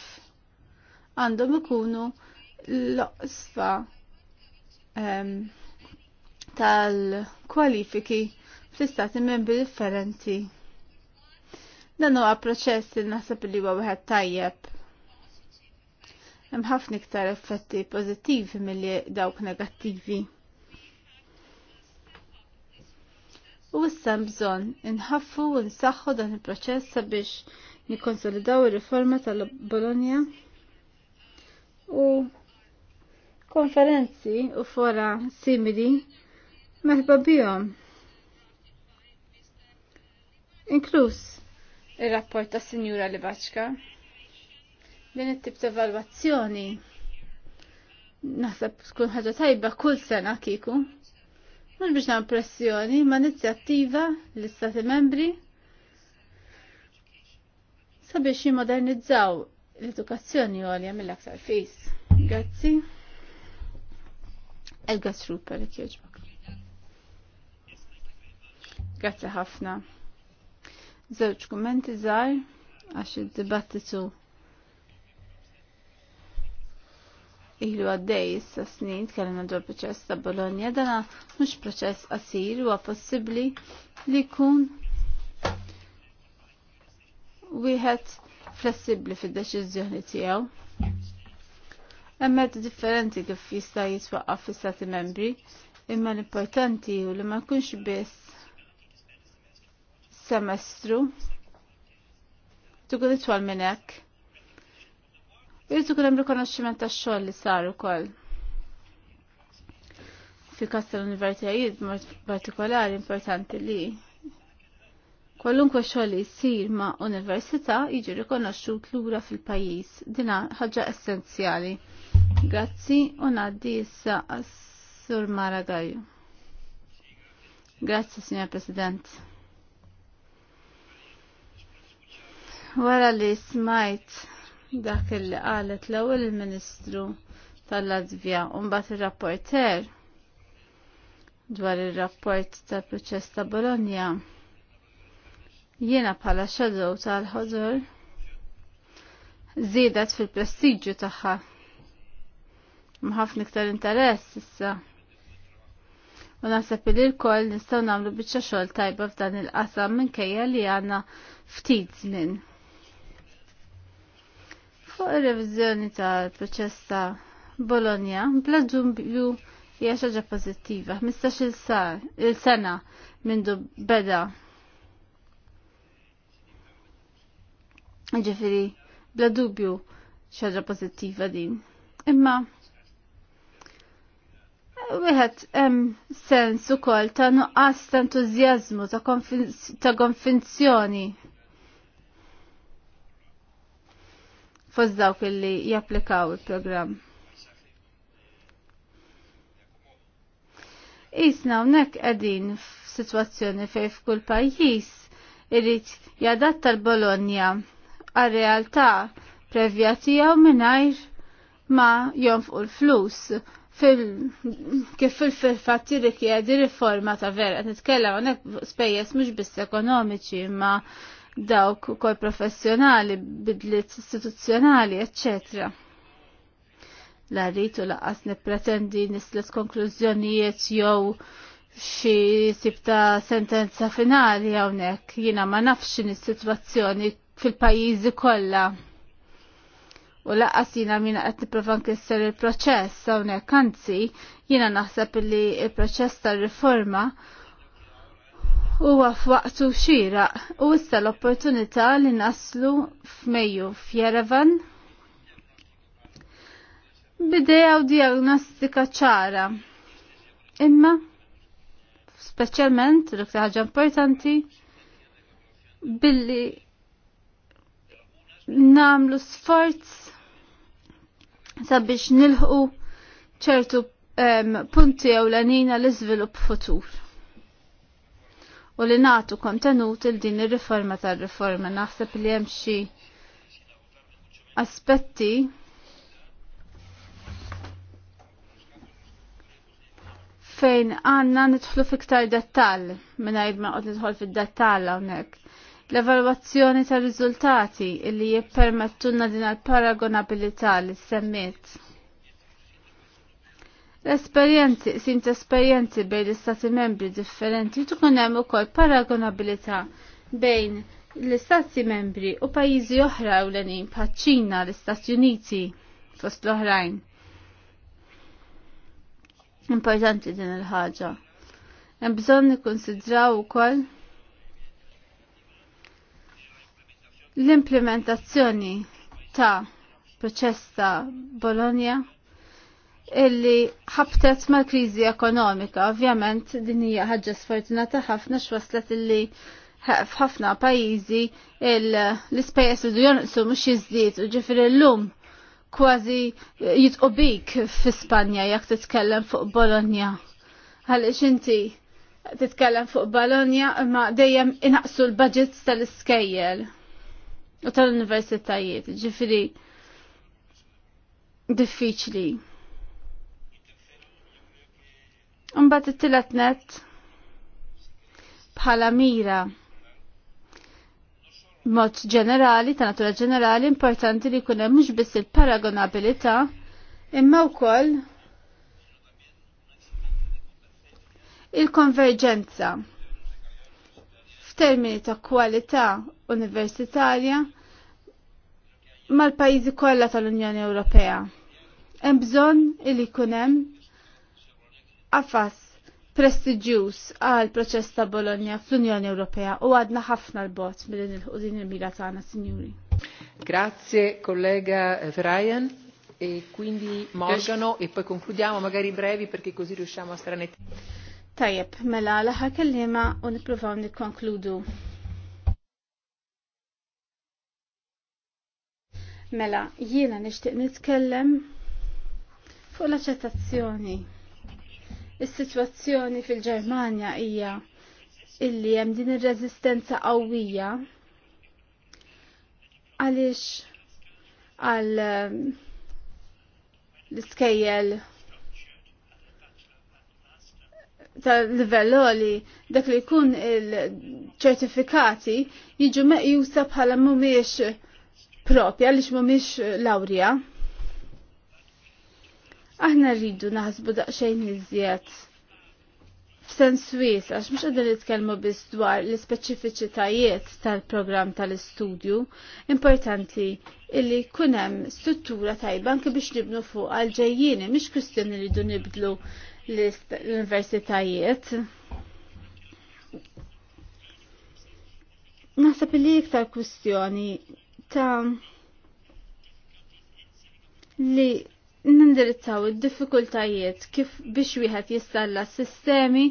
S1: għandhom ikunu l-oqsfa ehm, tal-kwalifiki fl-istati membri differenti. Dan huwa proċess li naħseb li huwa wieħed tajjeb. Hemm ħafna iktar effetti pożittivi milli dawk negattivi. u issa bżonn inħaffu u nsaħħu dan il-proċess sabiex nikkonsolidaw ir-riforma tal-Bologna u konferenzi u fora simili meħba bihom. Inkluż ir-rapport ta' Sinjura Libaċka. Din it-tip ta' valwazzjoni naħseb tkun ħaġa tajba kull sena kiku. Mux biex nagħmel pressjoni, ma' inizjattiva l-Istati membri sabiex jimmodernizzaw l-edukazzjoni għolja mill-aktar fis. Grazzi. Elga Trooper, kieġbak. Grazzi ħafna. Żewġ kummenti żgħar għax id-dibattitu ilu għaddej issa snin tkellimna dwar proċess ta' Bologna dana mhux proċess qasir huwa possibbli li jkun wieħed flessibbli fid-deċiżjoni tiegħu. Hemm differenti kif jista' jitwaqqaf fis-stati membri, imma l-importanti hu li ma jkunx biss semestru. Tukun itwal minn hekk. kunem rikonoċiment hemm rikonoxximent tax-xogħol li sar ukoll. Fi każ tal-universitajiet partikolari importanti li kwalunkwe xogħol li jsir ma' università jiġi rikonoxxut lura fil-pajjiż. Dina ħaġa essenzjali. Grazzi u ngħaddi issa għas-Sur Mara Gaju. Grazzi, Signor President. Wara li smajt dak li qalet l-ewwel il-Ministru tal-Latvja u mbagħad ir-rapporter dwar ir-rapport tal-proċess ta' Bologna. Jiena bħala xadow tal-ħodur żiedet fil-prestiġġju tagħha. Mħafna iktar interess issa. U naħseb li l-koll nistgħu nagħmlu biċċa xogħol tajba f'dan il-qasam minkejja li għandna ftit żmien fuq ir-reviżjoni tal-proċess ta' Bologna bla ġumbju hija xaġa pożittiva. il-sena du beda ġifiri bla dubju xaġa pożittiva din. Imma Wieħed hemm sens ukoll ta' nuqqas ta' entużjażmu ta' konfinzjoni fost dawk japplikaw il-programm. Isna unnek edin f-situazzjoni fej f'kull pajjiż irrit jadatta l-Bologna għal-realtà prevja tiegħu mingħajr ma jonfqu l-flus kif fil-fatti rikjedi riforma ta' vera, nitkellem għonek spejjes mux biss ekonomiċi, ma dawk ukoll professjonali, bidliet istituzzjonali, eccetera la rritu laqas pretendi nislet konklużjonijiet jew xi sibta sentenza finali hawnhekk jiena ma nafx is-sitwazzjoni fil-pajjiżi kollha. U laqas jiena mina qed nipprova nkisser il-proċess hawnhekk anzi jiena naħseb li l proċess tar-riforma huwa f'waqtu xira u issa l-opportunità li naslu f'Mejju f'Jerevan bidea u diagnostika ċara. Imma speċjalment l ħaġa importanti billi namlu sforz sabiex nilħu ċertu punti ewlenina l-iżvilupp futur u li natu kontenut il din ir-riforma tar-riforma. Naħseb li hemm xi aspetti fejn għanna nidħlu fiktar minn minna ma qod nidħol fid-dettall hawnhekk. L-evalwazzjoni tar riżultati illi jippermettunna din għal paragonabilità li semmiet l esperienzi sint esperienzi bejn l-istati membri differenti, tukun hemm ukoll paragonabilità bejn l-istati membri u pajjiżi oħra ewlenin bħaċ-Ċina, l-Istati Uniti fost l-oħrajn. Importanti din il-ħaġa. Hemm bżonn nikkunsidraw ukoll l-implementazzjoni ta' proċess ta' Bologna illi ħabtet mal kriżi ekonomika. Ovvjament din hija ħaġa sfortunata ħafna x'waslet illi f'ħafna pajjiżi l-ispejjeż li jonqsu mhux u ġifier illum kważi jitqobik f'Ispanja jekk titkellem fuq Bologna. Għaliex inti titkellem fuq Bologna imma dejjem inaqsu l-budgets tal-iskejjel u tal-universitajiet, ġifiri diffiċli. Mbagħad it-tielet net bħala mira mod ġenerali, ta' natura ġenerali, importanti li jkun hemm mhux biss il-paragonabilità, imma wkoll il-konverġenza f'termini ta' kwalità universitarja mal-pajjiżi kollha tal-Unjoni Ewropea. Hemm bżonn li jkun hemm qafas prestiġjuż għal proċess ta' Bologna fl-Unjoni Ewropea u għadna ħafna l-bot mill din il-mira tagħna, Sinjuri.
S3: Grazie kollega Brian eh, e quindi Morgano e poi concludiamo
S1: magari brevi perché così riusciamo a stranettare. Tajjeb, mela laħa aħħar kellima u nippruvaw nikkonkludu. Mela, jiena nixtieq nitkellem fuq l-aċċettazzjoni Is-sitwazzjoni fil-Ġermanja hija illi hemm din ir-reżistenza qawwija għaliex għal ehm, l-iskejjel tal livelloli dak li jkun il-ċertifikati jiġu meqjusa bħala mhumiex propja għaliex mhumiex lawrja. Aħna rridu naħsbu daqsxejn iżjed f'sens wies għax mhux qegħdin nitkellmu biss dwar l-ispeċifiċitajiet tal-programm tal-istudju, importanti illi jkun hemm struttura tajba anke biex nibnu fuq għal ġejjieni mhix kwistjoni li rridu nibdlu l-universitajiet. Naħseb li iktar kwistjoni ta' li nindirizzaw id-diffikultajiet kif biex wieħed jistalla sistemi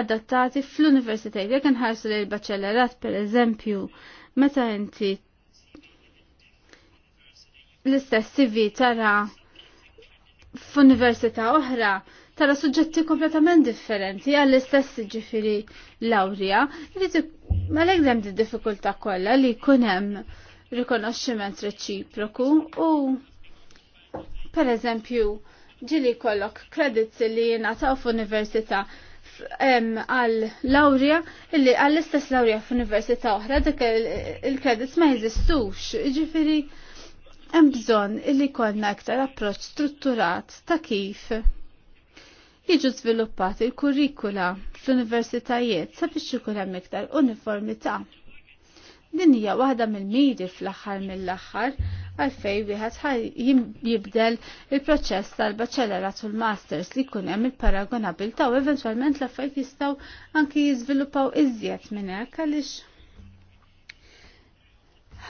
S1: adattati fl-universitajt. Jekk nħarsu l-bacċellerat, per eżempju, meta inti l-istess CV tara f'università oħra, tara suġġetti kompletament differenti għall-istess ġifiri lawrija, Malek dem di diffikulta kolla li kunem rikonoxximent reċiproku u Per eżempju, ġili kollok kredits li jenataw f'università għal laurja, illi għall istess laurea f'università oħra dak il-kredits ma jeżistux. Ġifiri, hemm bżonn illi kollna aktar approċċ strutturat ta' kif jiġu żviluppat il kurrikula fl-universitajiet sabiex ikun hemm iktar uniformità. Din hija waħda mill-miri fl-aħħar mill-aħħar għalfej wieħed jibdel il-proċess tal-baċċellerat u l-masters li jkun hemm il-paragonabilta u eventwalment l affajt jistgħu anki jiżviluppaw iżjed minn hekk għaliex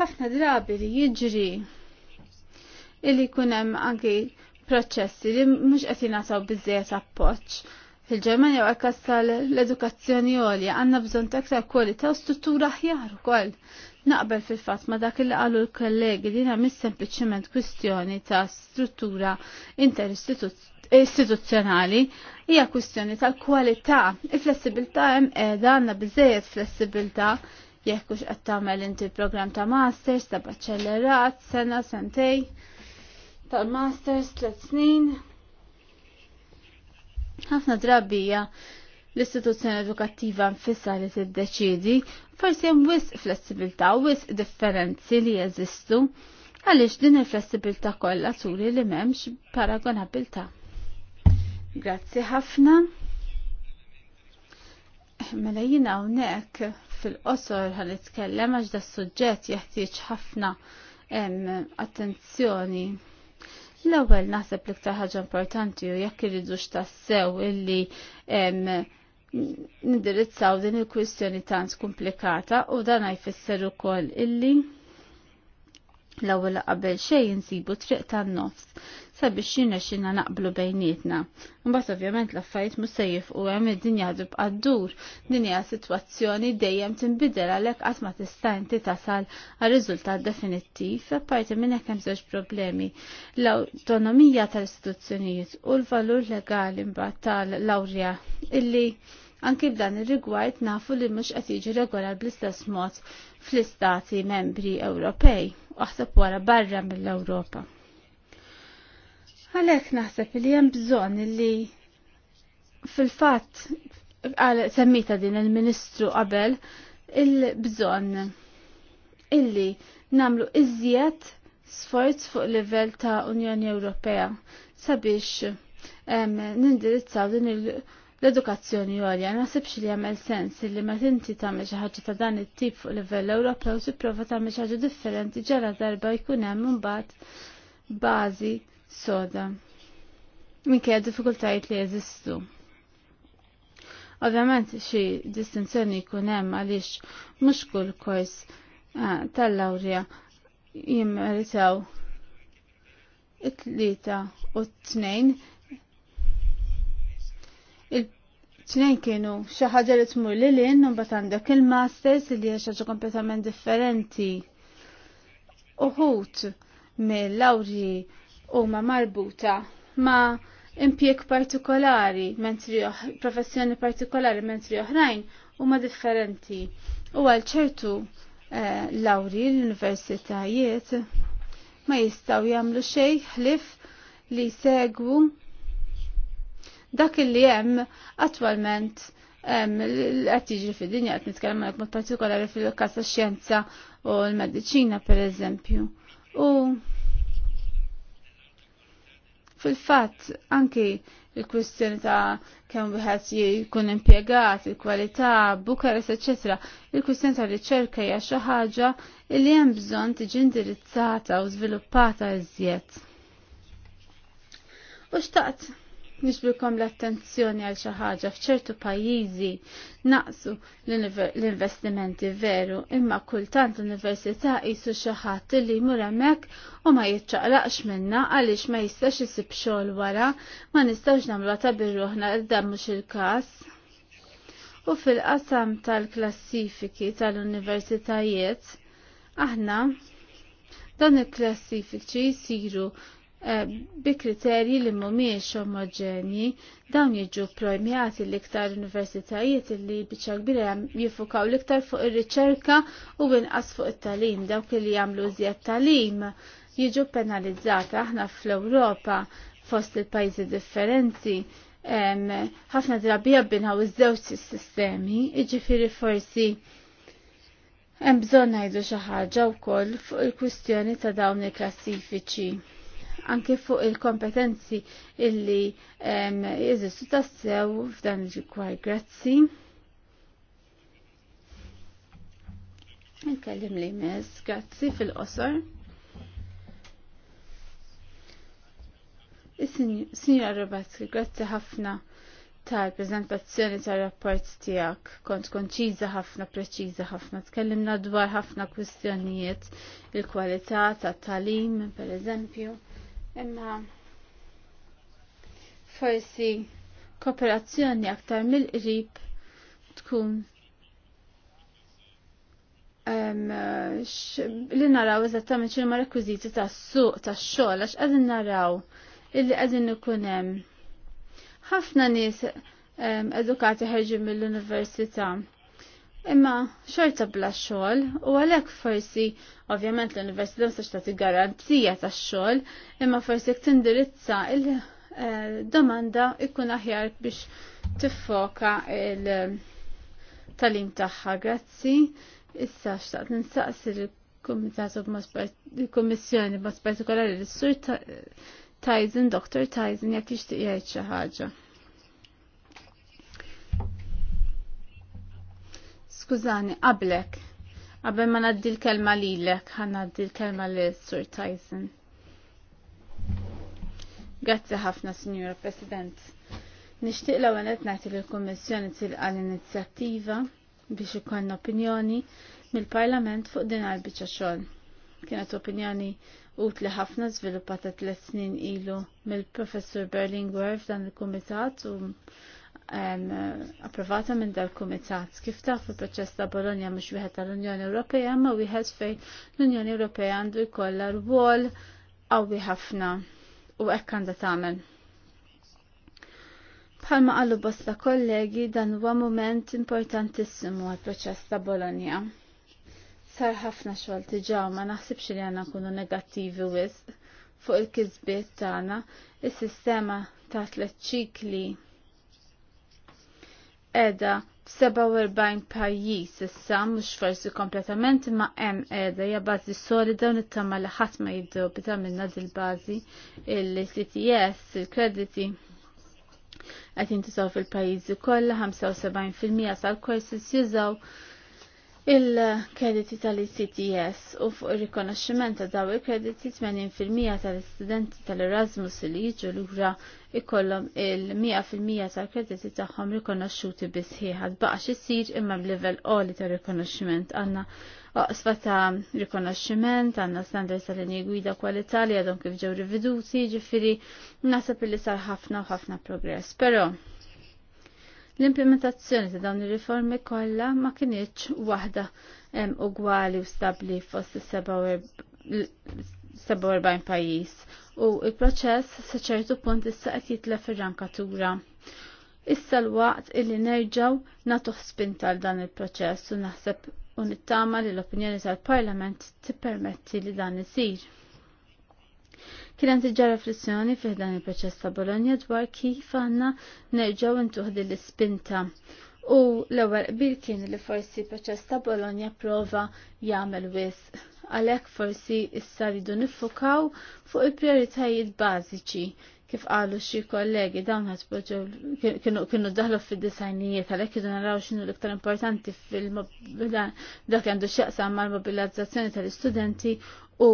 S1: ħafna drabi li jiġri illi jkun hemm anki proċessi li mhux qed jingħataw biżejjed appoġġ. Fil-Ġermanja u għakas tal-edukazzjoni għolja għanna bżon taktar kwalità u struttura ħjar ukoll Naqbel fil-fatt ma dak li qalu l-kollegi na hemm sempliċement kwistjoni ta' struttura interistituzzjonali hija kwistjoni tal-kwalità. Il-flessibilità hemm qiegħda għandna biżejjed flessibilità jekk hux qed tagħmel inti program ta' masters ta' baċċellerat sena sentej tal-masters tliet snin ħafna drabbija l-istituzzjoni edukattiva nfissa li t forsi hemm wisq flessibilità u wisq differenzi li jeżistu għaliex din il-flessibilità kollha turi li m'hemmx paragonabilità. Grazzi ħafna. Mela jina hawnhekk fil-qosor ħan tkellem għax da suġġett jeħtieġ ħafna attenzjoni. L-ewwel naħseb l-iktar ħaġa importanti u jekk irridu x'tassew illi nindirizzaw din il-kwistjoni tant komplikata u dan jfisser ukoll illi l-ewwel qabel xejn insibu triq tan-nofs sabiex jina xina naqblu bejnietna. Mbagħad ovvjament l-affarijiet mhux se jifqu hemm id-dinja tibqa' għaddur. Din hija sitwazzjoni dejjem tinbidel għalhekk qatt ma tista' inti tasal għal riżultat definittiv, apparti minn hekk hemm żewġ problemi. L-awtonomija tal-istituzzjonijiet u l-valur legali mbagħad tal laurja illi Anki b'dan ir-rigward nafu li mhux qed jiġi regolar bl-istess mod fl-istati membri Ewropej u aħseb wara barra mill-Ewropa. Għalhekk naħseb li hemm bżonn li fil-fatt għal semmita din il-Ministru qabel il-bżonn illi namlu iżjed sforz fuq livell ta' Unjoni Ewropea sabiex nindirizzaw din l-edukazzjoni għolja. Nasibx li għamel sens li ma tinti tagħmel xi ħaġa ta' dan it-tip fuq livell Ewropew si prova xi ħaġa differenti ġara darba jkun hemm imbagħad bażi soda minkejja diffikultajiet li jeżistu. Ovvjament xi distinzjoni jkun hemm għaliex mhux kull kors ah, tal-lawrja jimmeritaw it-tlieta u t-tnejn Tnejn kienu xi ħaġa li tmur lil in mbagħad għandek il-masters li hija xi kompletament differenti. Uħut mill-lawrji huma marbuta ma' impjeg partikolari, mentri professjoni partikolari, mentri oħrajn huma differenti. U għal ċertu eh, lawri l-universitajiet ma jistaw jagħmlu xejn ħlif li segwu dak li hemm attwalment qed jiġri fid-dinja qed nitkellem mod partikolari fil-każ tax-xjenza u l-mediċina pereżempju. U Fil-fatt, anki il-kwistjoni ta' kemm wieħed jkun impjegat, il-kwalità, Bukarest, etc. Il-kwistjoni ta' riċerka hija xi ħaġa li hemm bżonn tiġi indirizzata u żviluppata iżjed. U xtaqt nisbilkom l-attenzjoni għal xi ħaġa f'ċertu pajjiżi naqsu l-investimenti veru, imma kultant l-università jisu xi ħadd li jmur hemmhekk u ma jiċċaqlaqx minna għaliex ma jistax isib xogħol wara, ma nistgħux nagħmluha ta' birruħna qed mhux il-każ. U fil-qasam tal-klassifiki tal-universitajiet aħna dan il-klassifiċi jisiru Eh, bi kriterji li mhumiex omogeni, dawn jiġu premjati l-iktar universitajiet li biċa kbira jiffukaw l-iktar fuq ir-riċerka u inqas fuq it-talim dawk li jagħmlu iżjed talim jiġu penalizzata aħna fl-Ewropa fost il-pajzi differenti ħafna drabi jabbinaw iż-żewġ sistemi, iġifiri forsi hemm bżonn ngħidu xi ħaġa wkoll fuq il-kwistjoni ta' dawn il-klassifiċi anke fuq il-kompetenzi illi jeżistu tassew f'dan il-ġikwaj. Grazzi. Nkellim li mez, grazzi fil-qosor. Signora Robatski, grazzi ħafna tal-prezentazzjoni tal-rapport tijak. Kont konċiza ħafna, preċiza ħafna. Tkellimna dwar ħafna kwistjonijiet, il-kwalità ta' talim per eżempju. Imma forsi kooperazzjoni aktar mill-qrib tkun li naraw eżattament xinu ma rekwiżiti tas suq tax xogħol għax qegħdin naraw illi qegħdin ikun hemm. Ħafna nies edukati ħarġu mill-università imma xorta bla xogħol u għalhekk forsi ovvjament l-università mhux ta' garanzija tax-xogħol, imma forsi jekk tindirizza il-domanda eh, ikkun aħjar biex tiffoka il-talim tagħha. Grazzi. Issa xtaqt ninsaqsi l-Kumitatu b'mod partikolari l-Sur Tyson, Dr. Tyson, jekk jixtieq jgħid xi ħaġa. Skużani, qablek. Qabel ma naddi l-kelma lilek, ħan naddi l-kelma li Sur Tyson. Grazzi ħafna, Signor President. Nixtieq l-ewwel qed nagħti lill-Kummissjoni tilqa' l-inizjattiva biex ikollna opinjoni mill-Parlament fuq din għall-biċċa xogħol. Kienet opinjoni utli ħafna żviluppata tliet snin ilu mill-Professur Berlinguer f'dan il-Kumitat u approvata minn dal kumitat Kif taf il-proċess ta' Bologna mhux wieħed tal-Unjoni Ewropea ma wieħed fejn l-Unjoni Ewropea għandu jkollha rwol qawwi ħafna u hekk għandha tagħmel. Bħalma qalu bosta kollegi dan huwa mument importantissimu għal-proċess ta' Bologna. Sar ħafna xogħol diġà ma naħsibx li għandna nkunu negattivi wisq fuq il-kizbiet tagħna, is-sistema ta' tliet ċikli edha 47 pajjiż issa mhux forsi kompletament ma hemm edha hija bażi solida u nittama li ħadd ma jiddubita minna il bażi il-CTS, il-krediti qed jintużaw fil-pajjiżi kollha 75% sal-courses jużaw il-krediti tal-ICTS u fuq il-rikonoxximent ta' daw il-krediti 80% tal-istudenti tal-Erasmus li jiġu lura ikollhom il-100% tal-krediti tagħhom rikonoxxuti bisħieħ baqax isir imma b'livell qoli ta' rikonoxximent għandna oqsfa ta' rikonoxximent għandna standards tal-linji gwida kwalità li għadhom kif ġew riveduti, ġifiri, naħseb li sar ħafna u ħafna progress. Però L-implementazzjoni ta' dawn ir-riformi kollha ma kienieċ waħda ugwali u stabbli fost is-47 pajjiż u il-proċess sa ċertu punt issa qed jitlef fir rankatura Issa l-waqt illi nerġaw nagħtu spinta għal dan il-proċess u naħseb u nittama li l-opinjoni tal-Parlament tippermetti li dan isir. Kienet hemm diġà riflessjoni fih dan il-proċess ta' Bologna dwar kif għandna nerġgħu intuħdi l-ispinta. U l-ewwel qbil kien li forsi proċess ta' Bologna prova jagħmel wis, Għalhekk forsi issa rridu nifukaw fuq il-prijoritajiet bażiċi kif qalu xi kollegi dawn ħasboġew kienu daħlu fid-disajnijiet għalhekk kienu naraw x'inhu l-iktar importanti fil-dak għandu x'jaqsam mal-mobilizzazzjoni tal-istudenti u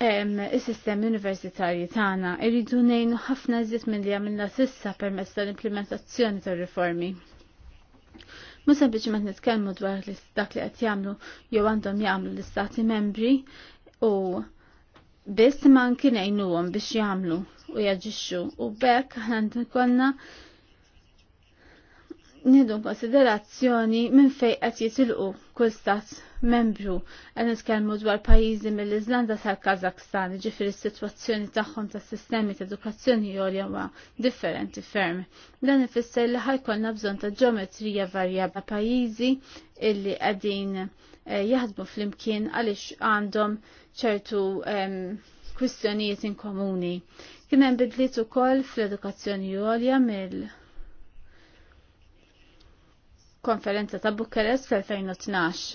S1: is-sistemi universitarji tagħna irridu ngħinu ħafna żied milli minna għamilna sissa permezz tal-implementazzjoni tar-riformi. Mhux sempliċement nitkellmu dwar dak li qed jagħmlu jew għandhom jagħmlu l-istati membri u biss ma anki ngħinuhom biex jagħmlu u jaġixxu u bekk aħna konna nidu konsiderazzjoni minn fejn qed jitilqu kull stat membru. Għan nitkellmu dwar pajjiżi mill-Iżlanda tal-Kazakstan, ġifiri s-sitwazzjoni tagħhom tas sistemi ta' edukazzjoni jolja ma' differenti ferm. Dan ifisser li ħajkolna bżonn ta' ġeometrija varjabla pajjiżi illi qegħdin eh, jaħdmu fl-imkien għaliex għandhom ċertu kwistjonijiet komuni. Kien hemm bidliet ukoll fl-edukazzjoni jolja mill- konferenza ta' Bukarest fl-2012.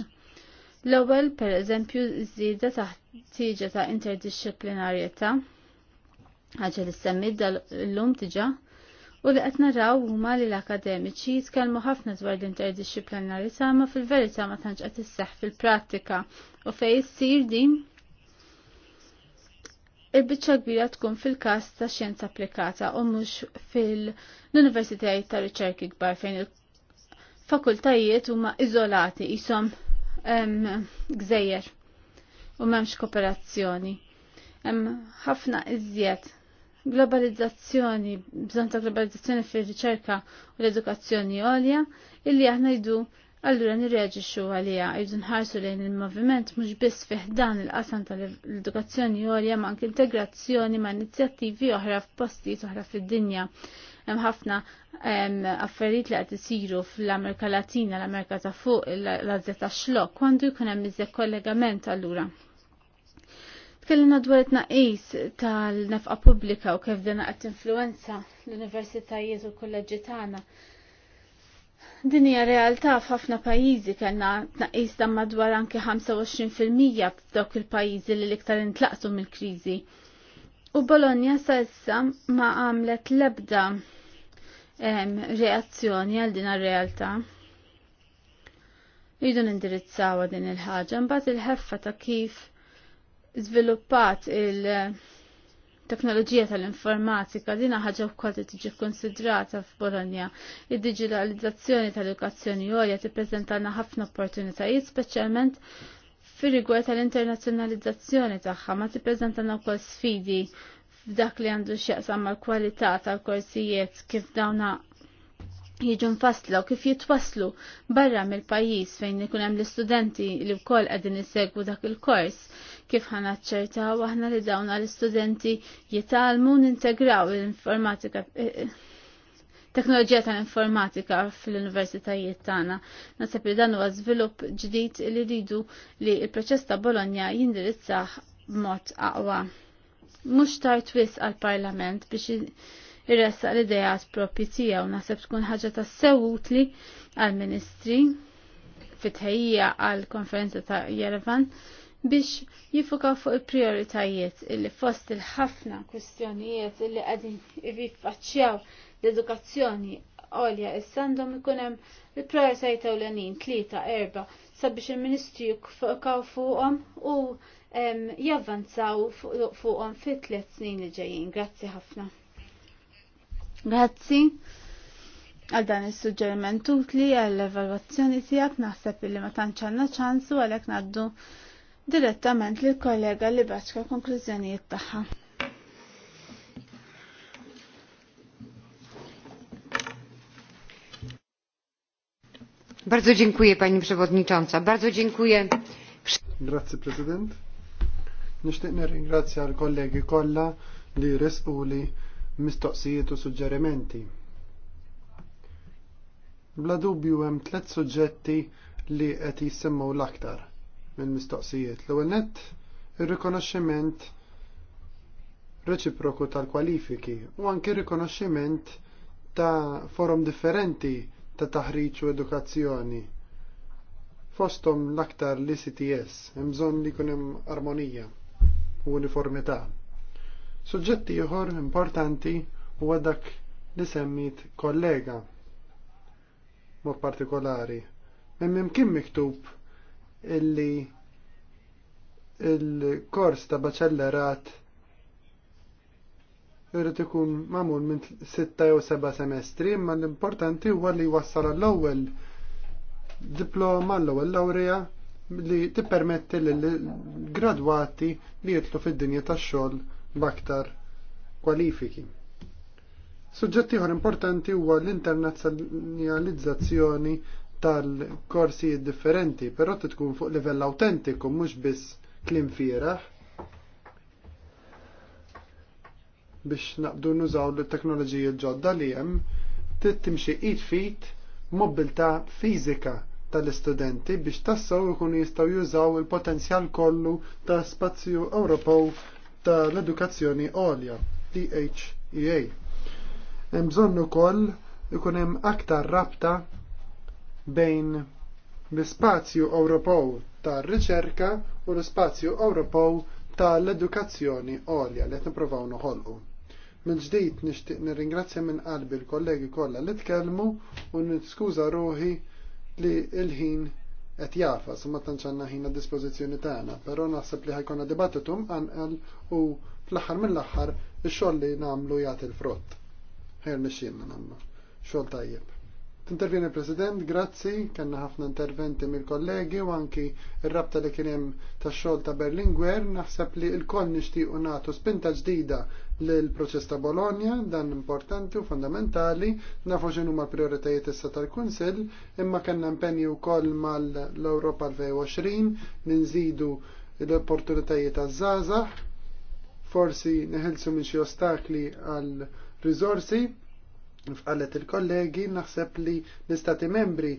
S1: L-ewwel pereżempju żieda ta' tiġa ta' interdisciplinarjetà ħaġa li semmi l-lum diġà u li qed naraw huma li l-akademiċi jitkellmu ħafna dwar l-interdisciplinarità ma fil-verità ma tantx qed isseħħ fil-prattika u fejn issir din il-bicċa kbira tkun fil-kas ta' xjenza applikata u mhux fil-Universitajiet ta' Riċerki Kbar fejn il fakultajiet huma iżolati isom gżejjer u m'hemmx kooperazzjoni. Hemm ħafna iżjed globalizzazzjoni, bżonn ta' globalizzazzjoni fir-riċerka u l-edukazzjoni għolja illi aħna jdu allura nirreġixxu għalija irdu nħarsu lejn il-moviment mhux biss fih dan il-qasam tal-edukazzjoni għolja ma' anke integrazzjoni ma' inizjattivi oħra f'postijiet oħra fid-dinja. Hemm ħafna affarijiet li qed isiru fl-Amerika Latina, l-Amerika ta' fuq, l-Azja ta' xlok, kontu jkun hemm iżjed kollegament allura. Tkellimna dwar it-naqis tal-nefqa pubblika u kif dena qed influenza l-universitajiet u l-kolleġġi tagħna Din hija realtà f'ħafna pajjiżi kellna tnaqqis ta' madwar anke 25% f'dawk il-pajjiżi li l-iktar intlaqtu mill-kriżi. U Bologna sa issa ma għamlet l-ebda reazzjoni għal din ar-realtà. Rridu nindirizzawa din il-ħaġa, mbagħad il-ħeffa ta' kif żviluppat il-, teknoloġija tal-informatika din ħaġa wkoll li tiġi konsidrata f'Bolonja. Id-diġitalizzazzjoni tal-edukazzjoni għolja tippreżentana ħafna opportunitajiet, speċjalment fir-rigward tal-internazzjonalizzazzjoni tagħha ma tippreżentana wkoll sfidi f'dak li għandu x'jaqsam mal-kwalità tal-korsijiet kif dawna jiġu nfasslu kif jitwaslu barra mill-pajjiż fejn ikun hemm l-istudenti li wkoll qegħdin isegwu dak il-kors kif ħana ċerta aħna li dawn l istudenti jitalmu nintegraw l-informatika eh, teknoloġija tal-informatika fl-universitajiet tagħna. Nasab li dan huwa żvilupp ġdid li ridu li l-proċess ta' Bologna jindirizzah b'mod aqwa. Mhux tard wisq għall-Parlament biex irressa l-idejat propri tiegħu naħseb tkun ħaġa ta' sewutli għal-Ministri fit għal-konferenza ta' Jerevan biex jifuka fuq il-prioritajiet illi fost il-ħafna kwestjonijiet illi għadin jiffaċċjaw l-edukazzjoni għolja il sandom ikunem il-prioritajiet ewlenin tlieta erba sabiex il-ministri jifukaw fuqhom u javvanzaw fuqhom fit tliet snin li ġejjin. Grazzi ħafna. Grazzi għal dan is-suġġeriment utli għall evalwazzjoni tiegħek naħseb illi ma tantx għandna ċansu għalhekk ngħaddu direttament lill kollega li baċka konklużjonijiet tagħha.
S3: Bardzo dziękuję Pani Przewodnicząca.
S2: Bardzo dziękuję. Grazie Prezydent. Nishtiq nirringrazzja l-kollegi kollha li resqu li mistoqsijiet u suġġerimenti. Bla dubju hemm tliet suġġetti li qed jisimgħu l-aktar minn mistoqsijiet L-ewwel nett ir-rikonoxximent reċiproku tal-kwalifiki u anke rikonoxximent ta' forum differenti ta' taħriġ u edukazzjoni. Fostom l-aktar l-ICTS, bżonn li kunem armonija u uniformità. Suġġetti ieħor importanti huwa dak li semmit kollega mod partikolari. Memmim kien miktub illi il-kors ta' baċellerat irrid ikun magħmul minn sitta jew seba' semestri, imma l-importanti huwa li wassal l-ewwel diploma l-ewwel lawrea li tippermetti lill gradwati li jitlu fid-dinja tax-xogħol b'aktar kwalifiki. Suġġett ieħor importanti huwa l-internazzjonalizzazzjoni tal korsi differenti, però tkun fuq livell autentiku mhux biss klim fieraħ. biex naqdu nużaw l teknoloġiji ġodda li hemm trid timxi id fit mobilità fiżika tal-istudenti biex tassaw ikunu jistgħu jużaw il-potenzjal kollu ta' spazju Ewropew tal-edukazzjoni għolja, THEA. Hemm bżonn ukoll ikun hemm aktar rabta bejn l-ispazju Ewropew tar-riċerka u l-ispazju Ewropew tal-edukazzjoni għolja li qed nippruvaw noħolqu. Minn ġdid nixtieq nirringrazzja minn qalbi l-kollegi kollha li tkellmu u niskuża ruħi li l-ħin qed jafa summa tanċanna ħina dispożizzjoni tagħna, però naħseb li ħajkonna għan għal u fl-aħħar mill-aħħar ix-xogħol li nagħmlu jagħti il frott Ħejr nixxin nagħmlu. Xogħol tajjeb. Tintervjeni President, grazzi, kanna ħafna interventi mill-kollegi u anki il-rabta li kienem ta' xol ta' Berlingwer, naħseb li il-koll nishtiq natu spinta ġdida l-proċess ta' Bologna, dan importanti u fondamentali, nafu ġinu ma' prioritajiet issa tal-Kunsil, imma kanna impenju koll mal-Europa 2020, ninżidu l-opportunitajiet ta' zazax, forsi neħelsu minn xi ostakli għal rizorsi f'qalet il-kollegi naħseb li l-istati membri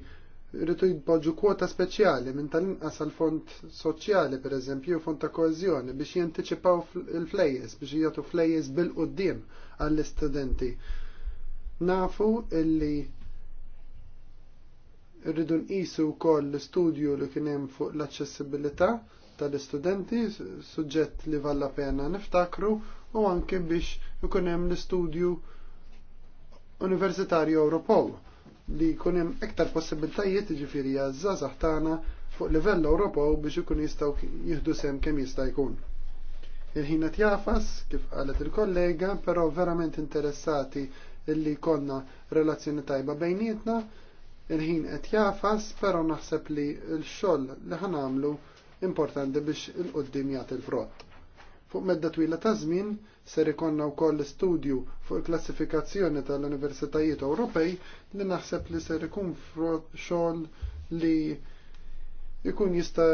S2: rritu jibboġu kwota speċjali minn tal-inqas għal fond soċjali per eżempju fond ta' koezjoni biex jantiċipaw il flejes biex jgħatu flejes bil-qoddim għall-istudenti. Nafu illi rridu nqisu wkoll l-studju li kien hemm fuq l-aċċessibilità tal-istudenti, suġġett li valla pena niftakru, u anke biex ikun hemm l-istudju Universitarju Ewropew li jkun hemm iktar possibbiltajiet jiġifieri għaż-żgħażagħ tagħna fuq livell Ewropew biex ikun jistgħu jieħdu sem kemm jista' jkun. Il-ħin qed jafas kif qalet il-kollega, però verament interessati illi konna relazzjoni tajba bejnietna, il-ħin qed jafas, però naħseb li l-xogħol li ħanamlu importanti biex il-qoddim jagħti l-frott. Fuq medda twila ta' żmien ser ikonna wkoll studju fuq il-klassifikazzjoni tal-Universitajiet Ewropej li naħseb li ser ikun xogħol li ikun jista'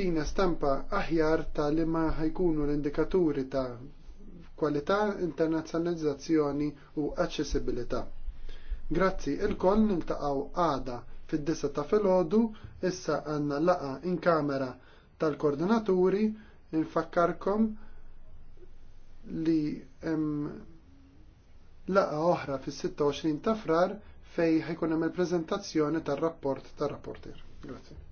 S2: tina stampa aħjar ta' li ma ħajkunu l-indikaturi ta' kwalità, internazzjonalizzazzjoni u aċċessibilità. Grazzi il-koll niltaqgħu għada fid-disa ta' filgħodu, issa għandna laqa in kamera tal-koordinaturi Nfakkarkom li hemm laqa oħra fis-26 ta' frar fejn ħajkun hemm il-preżentazzjoni tar-rapport tar-rapporter. Grazie.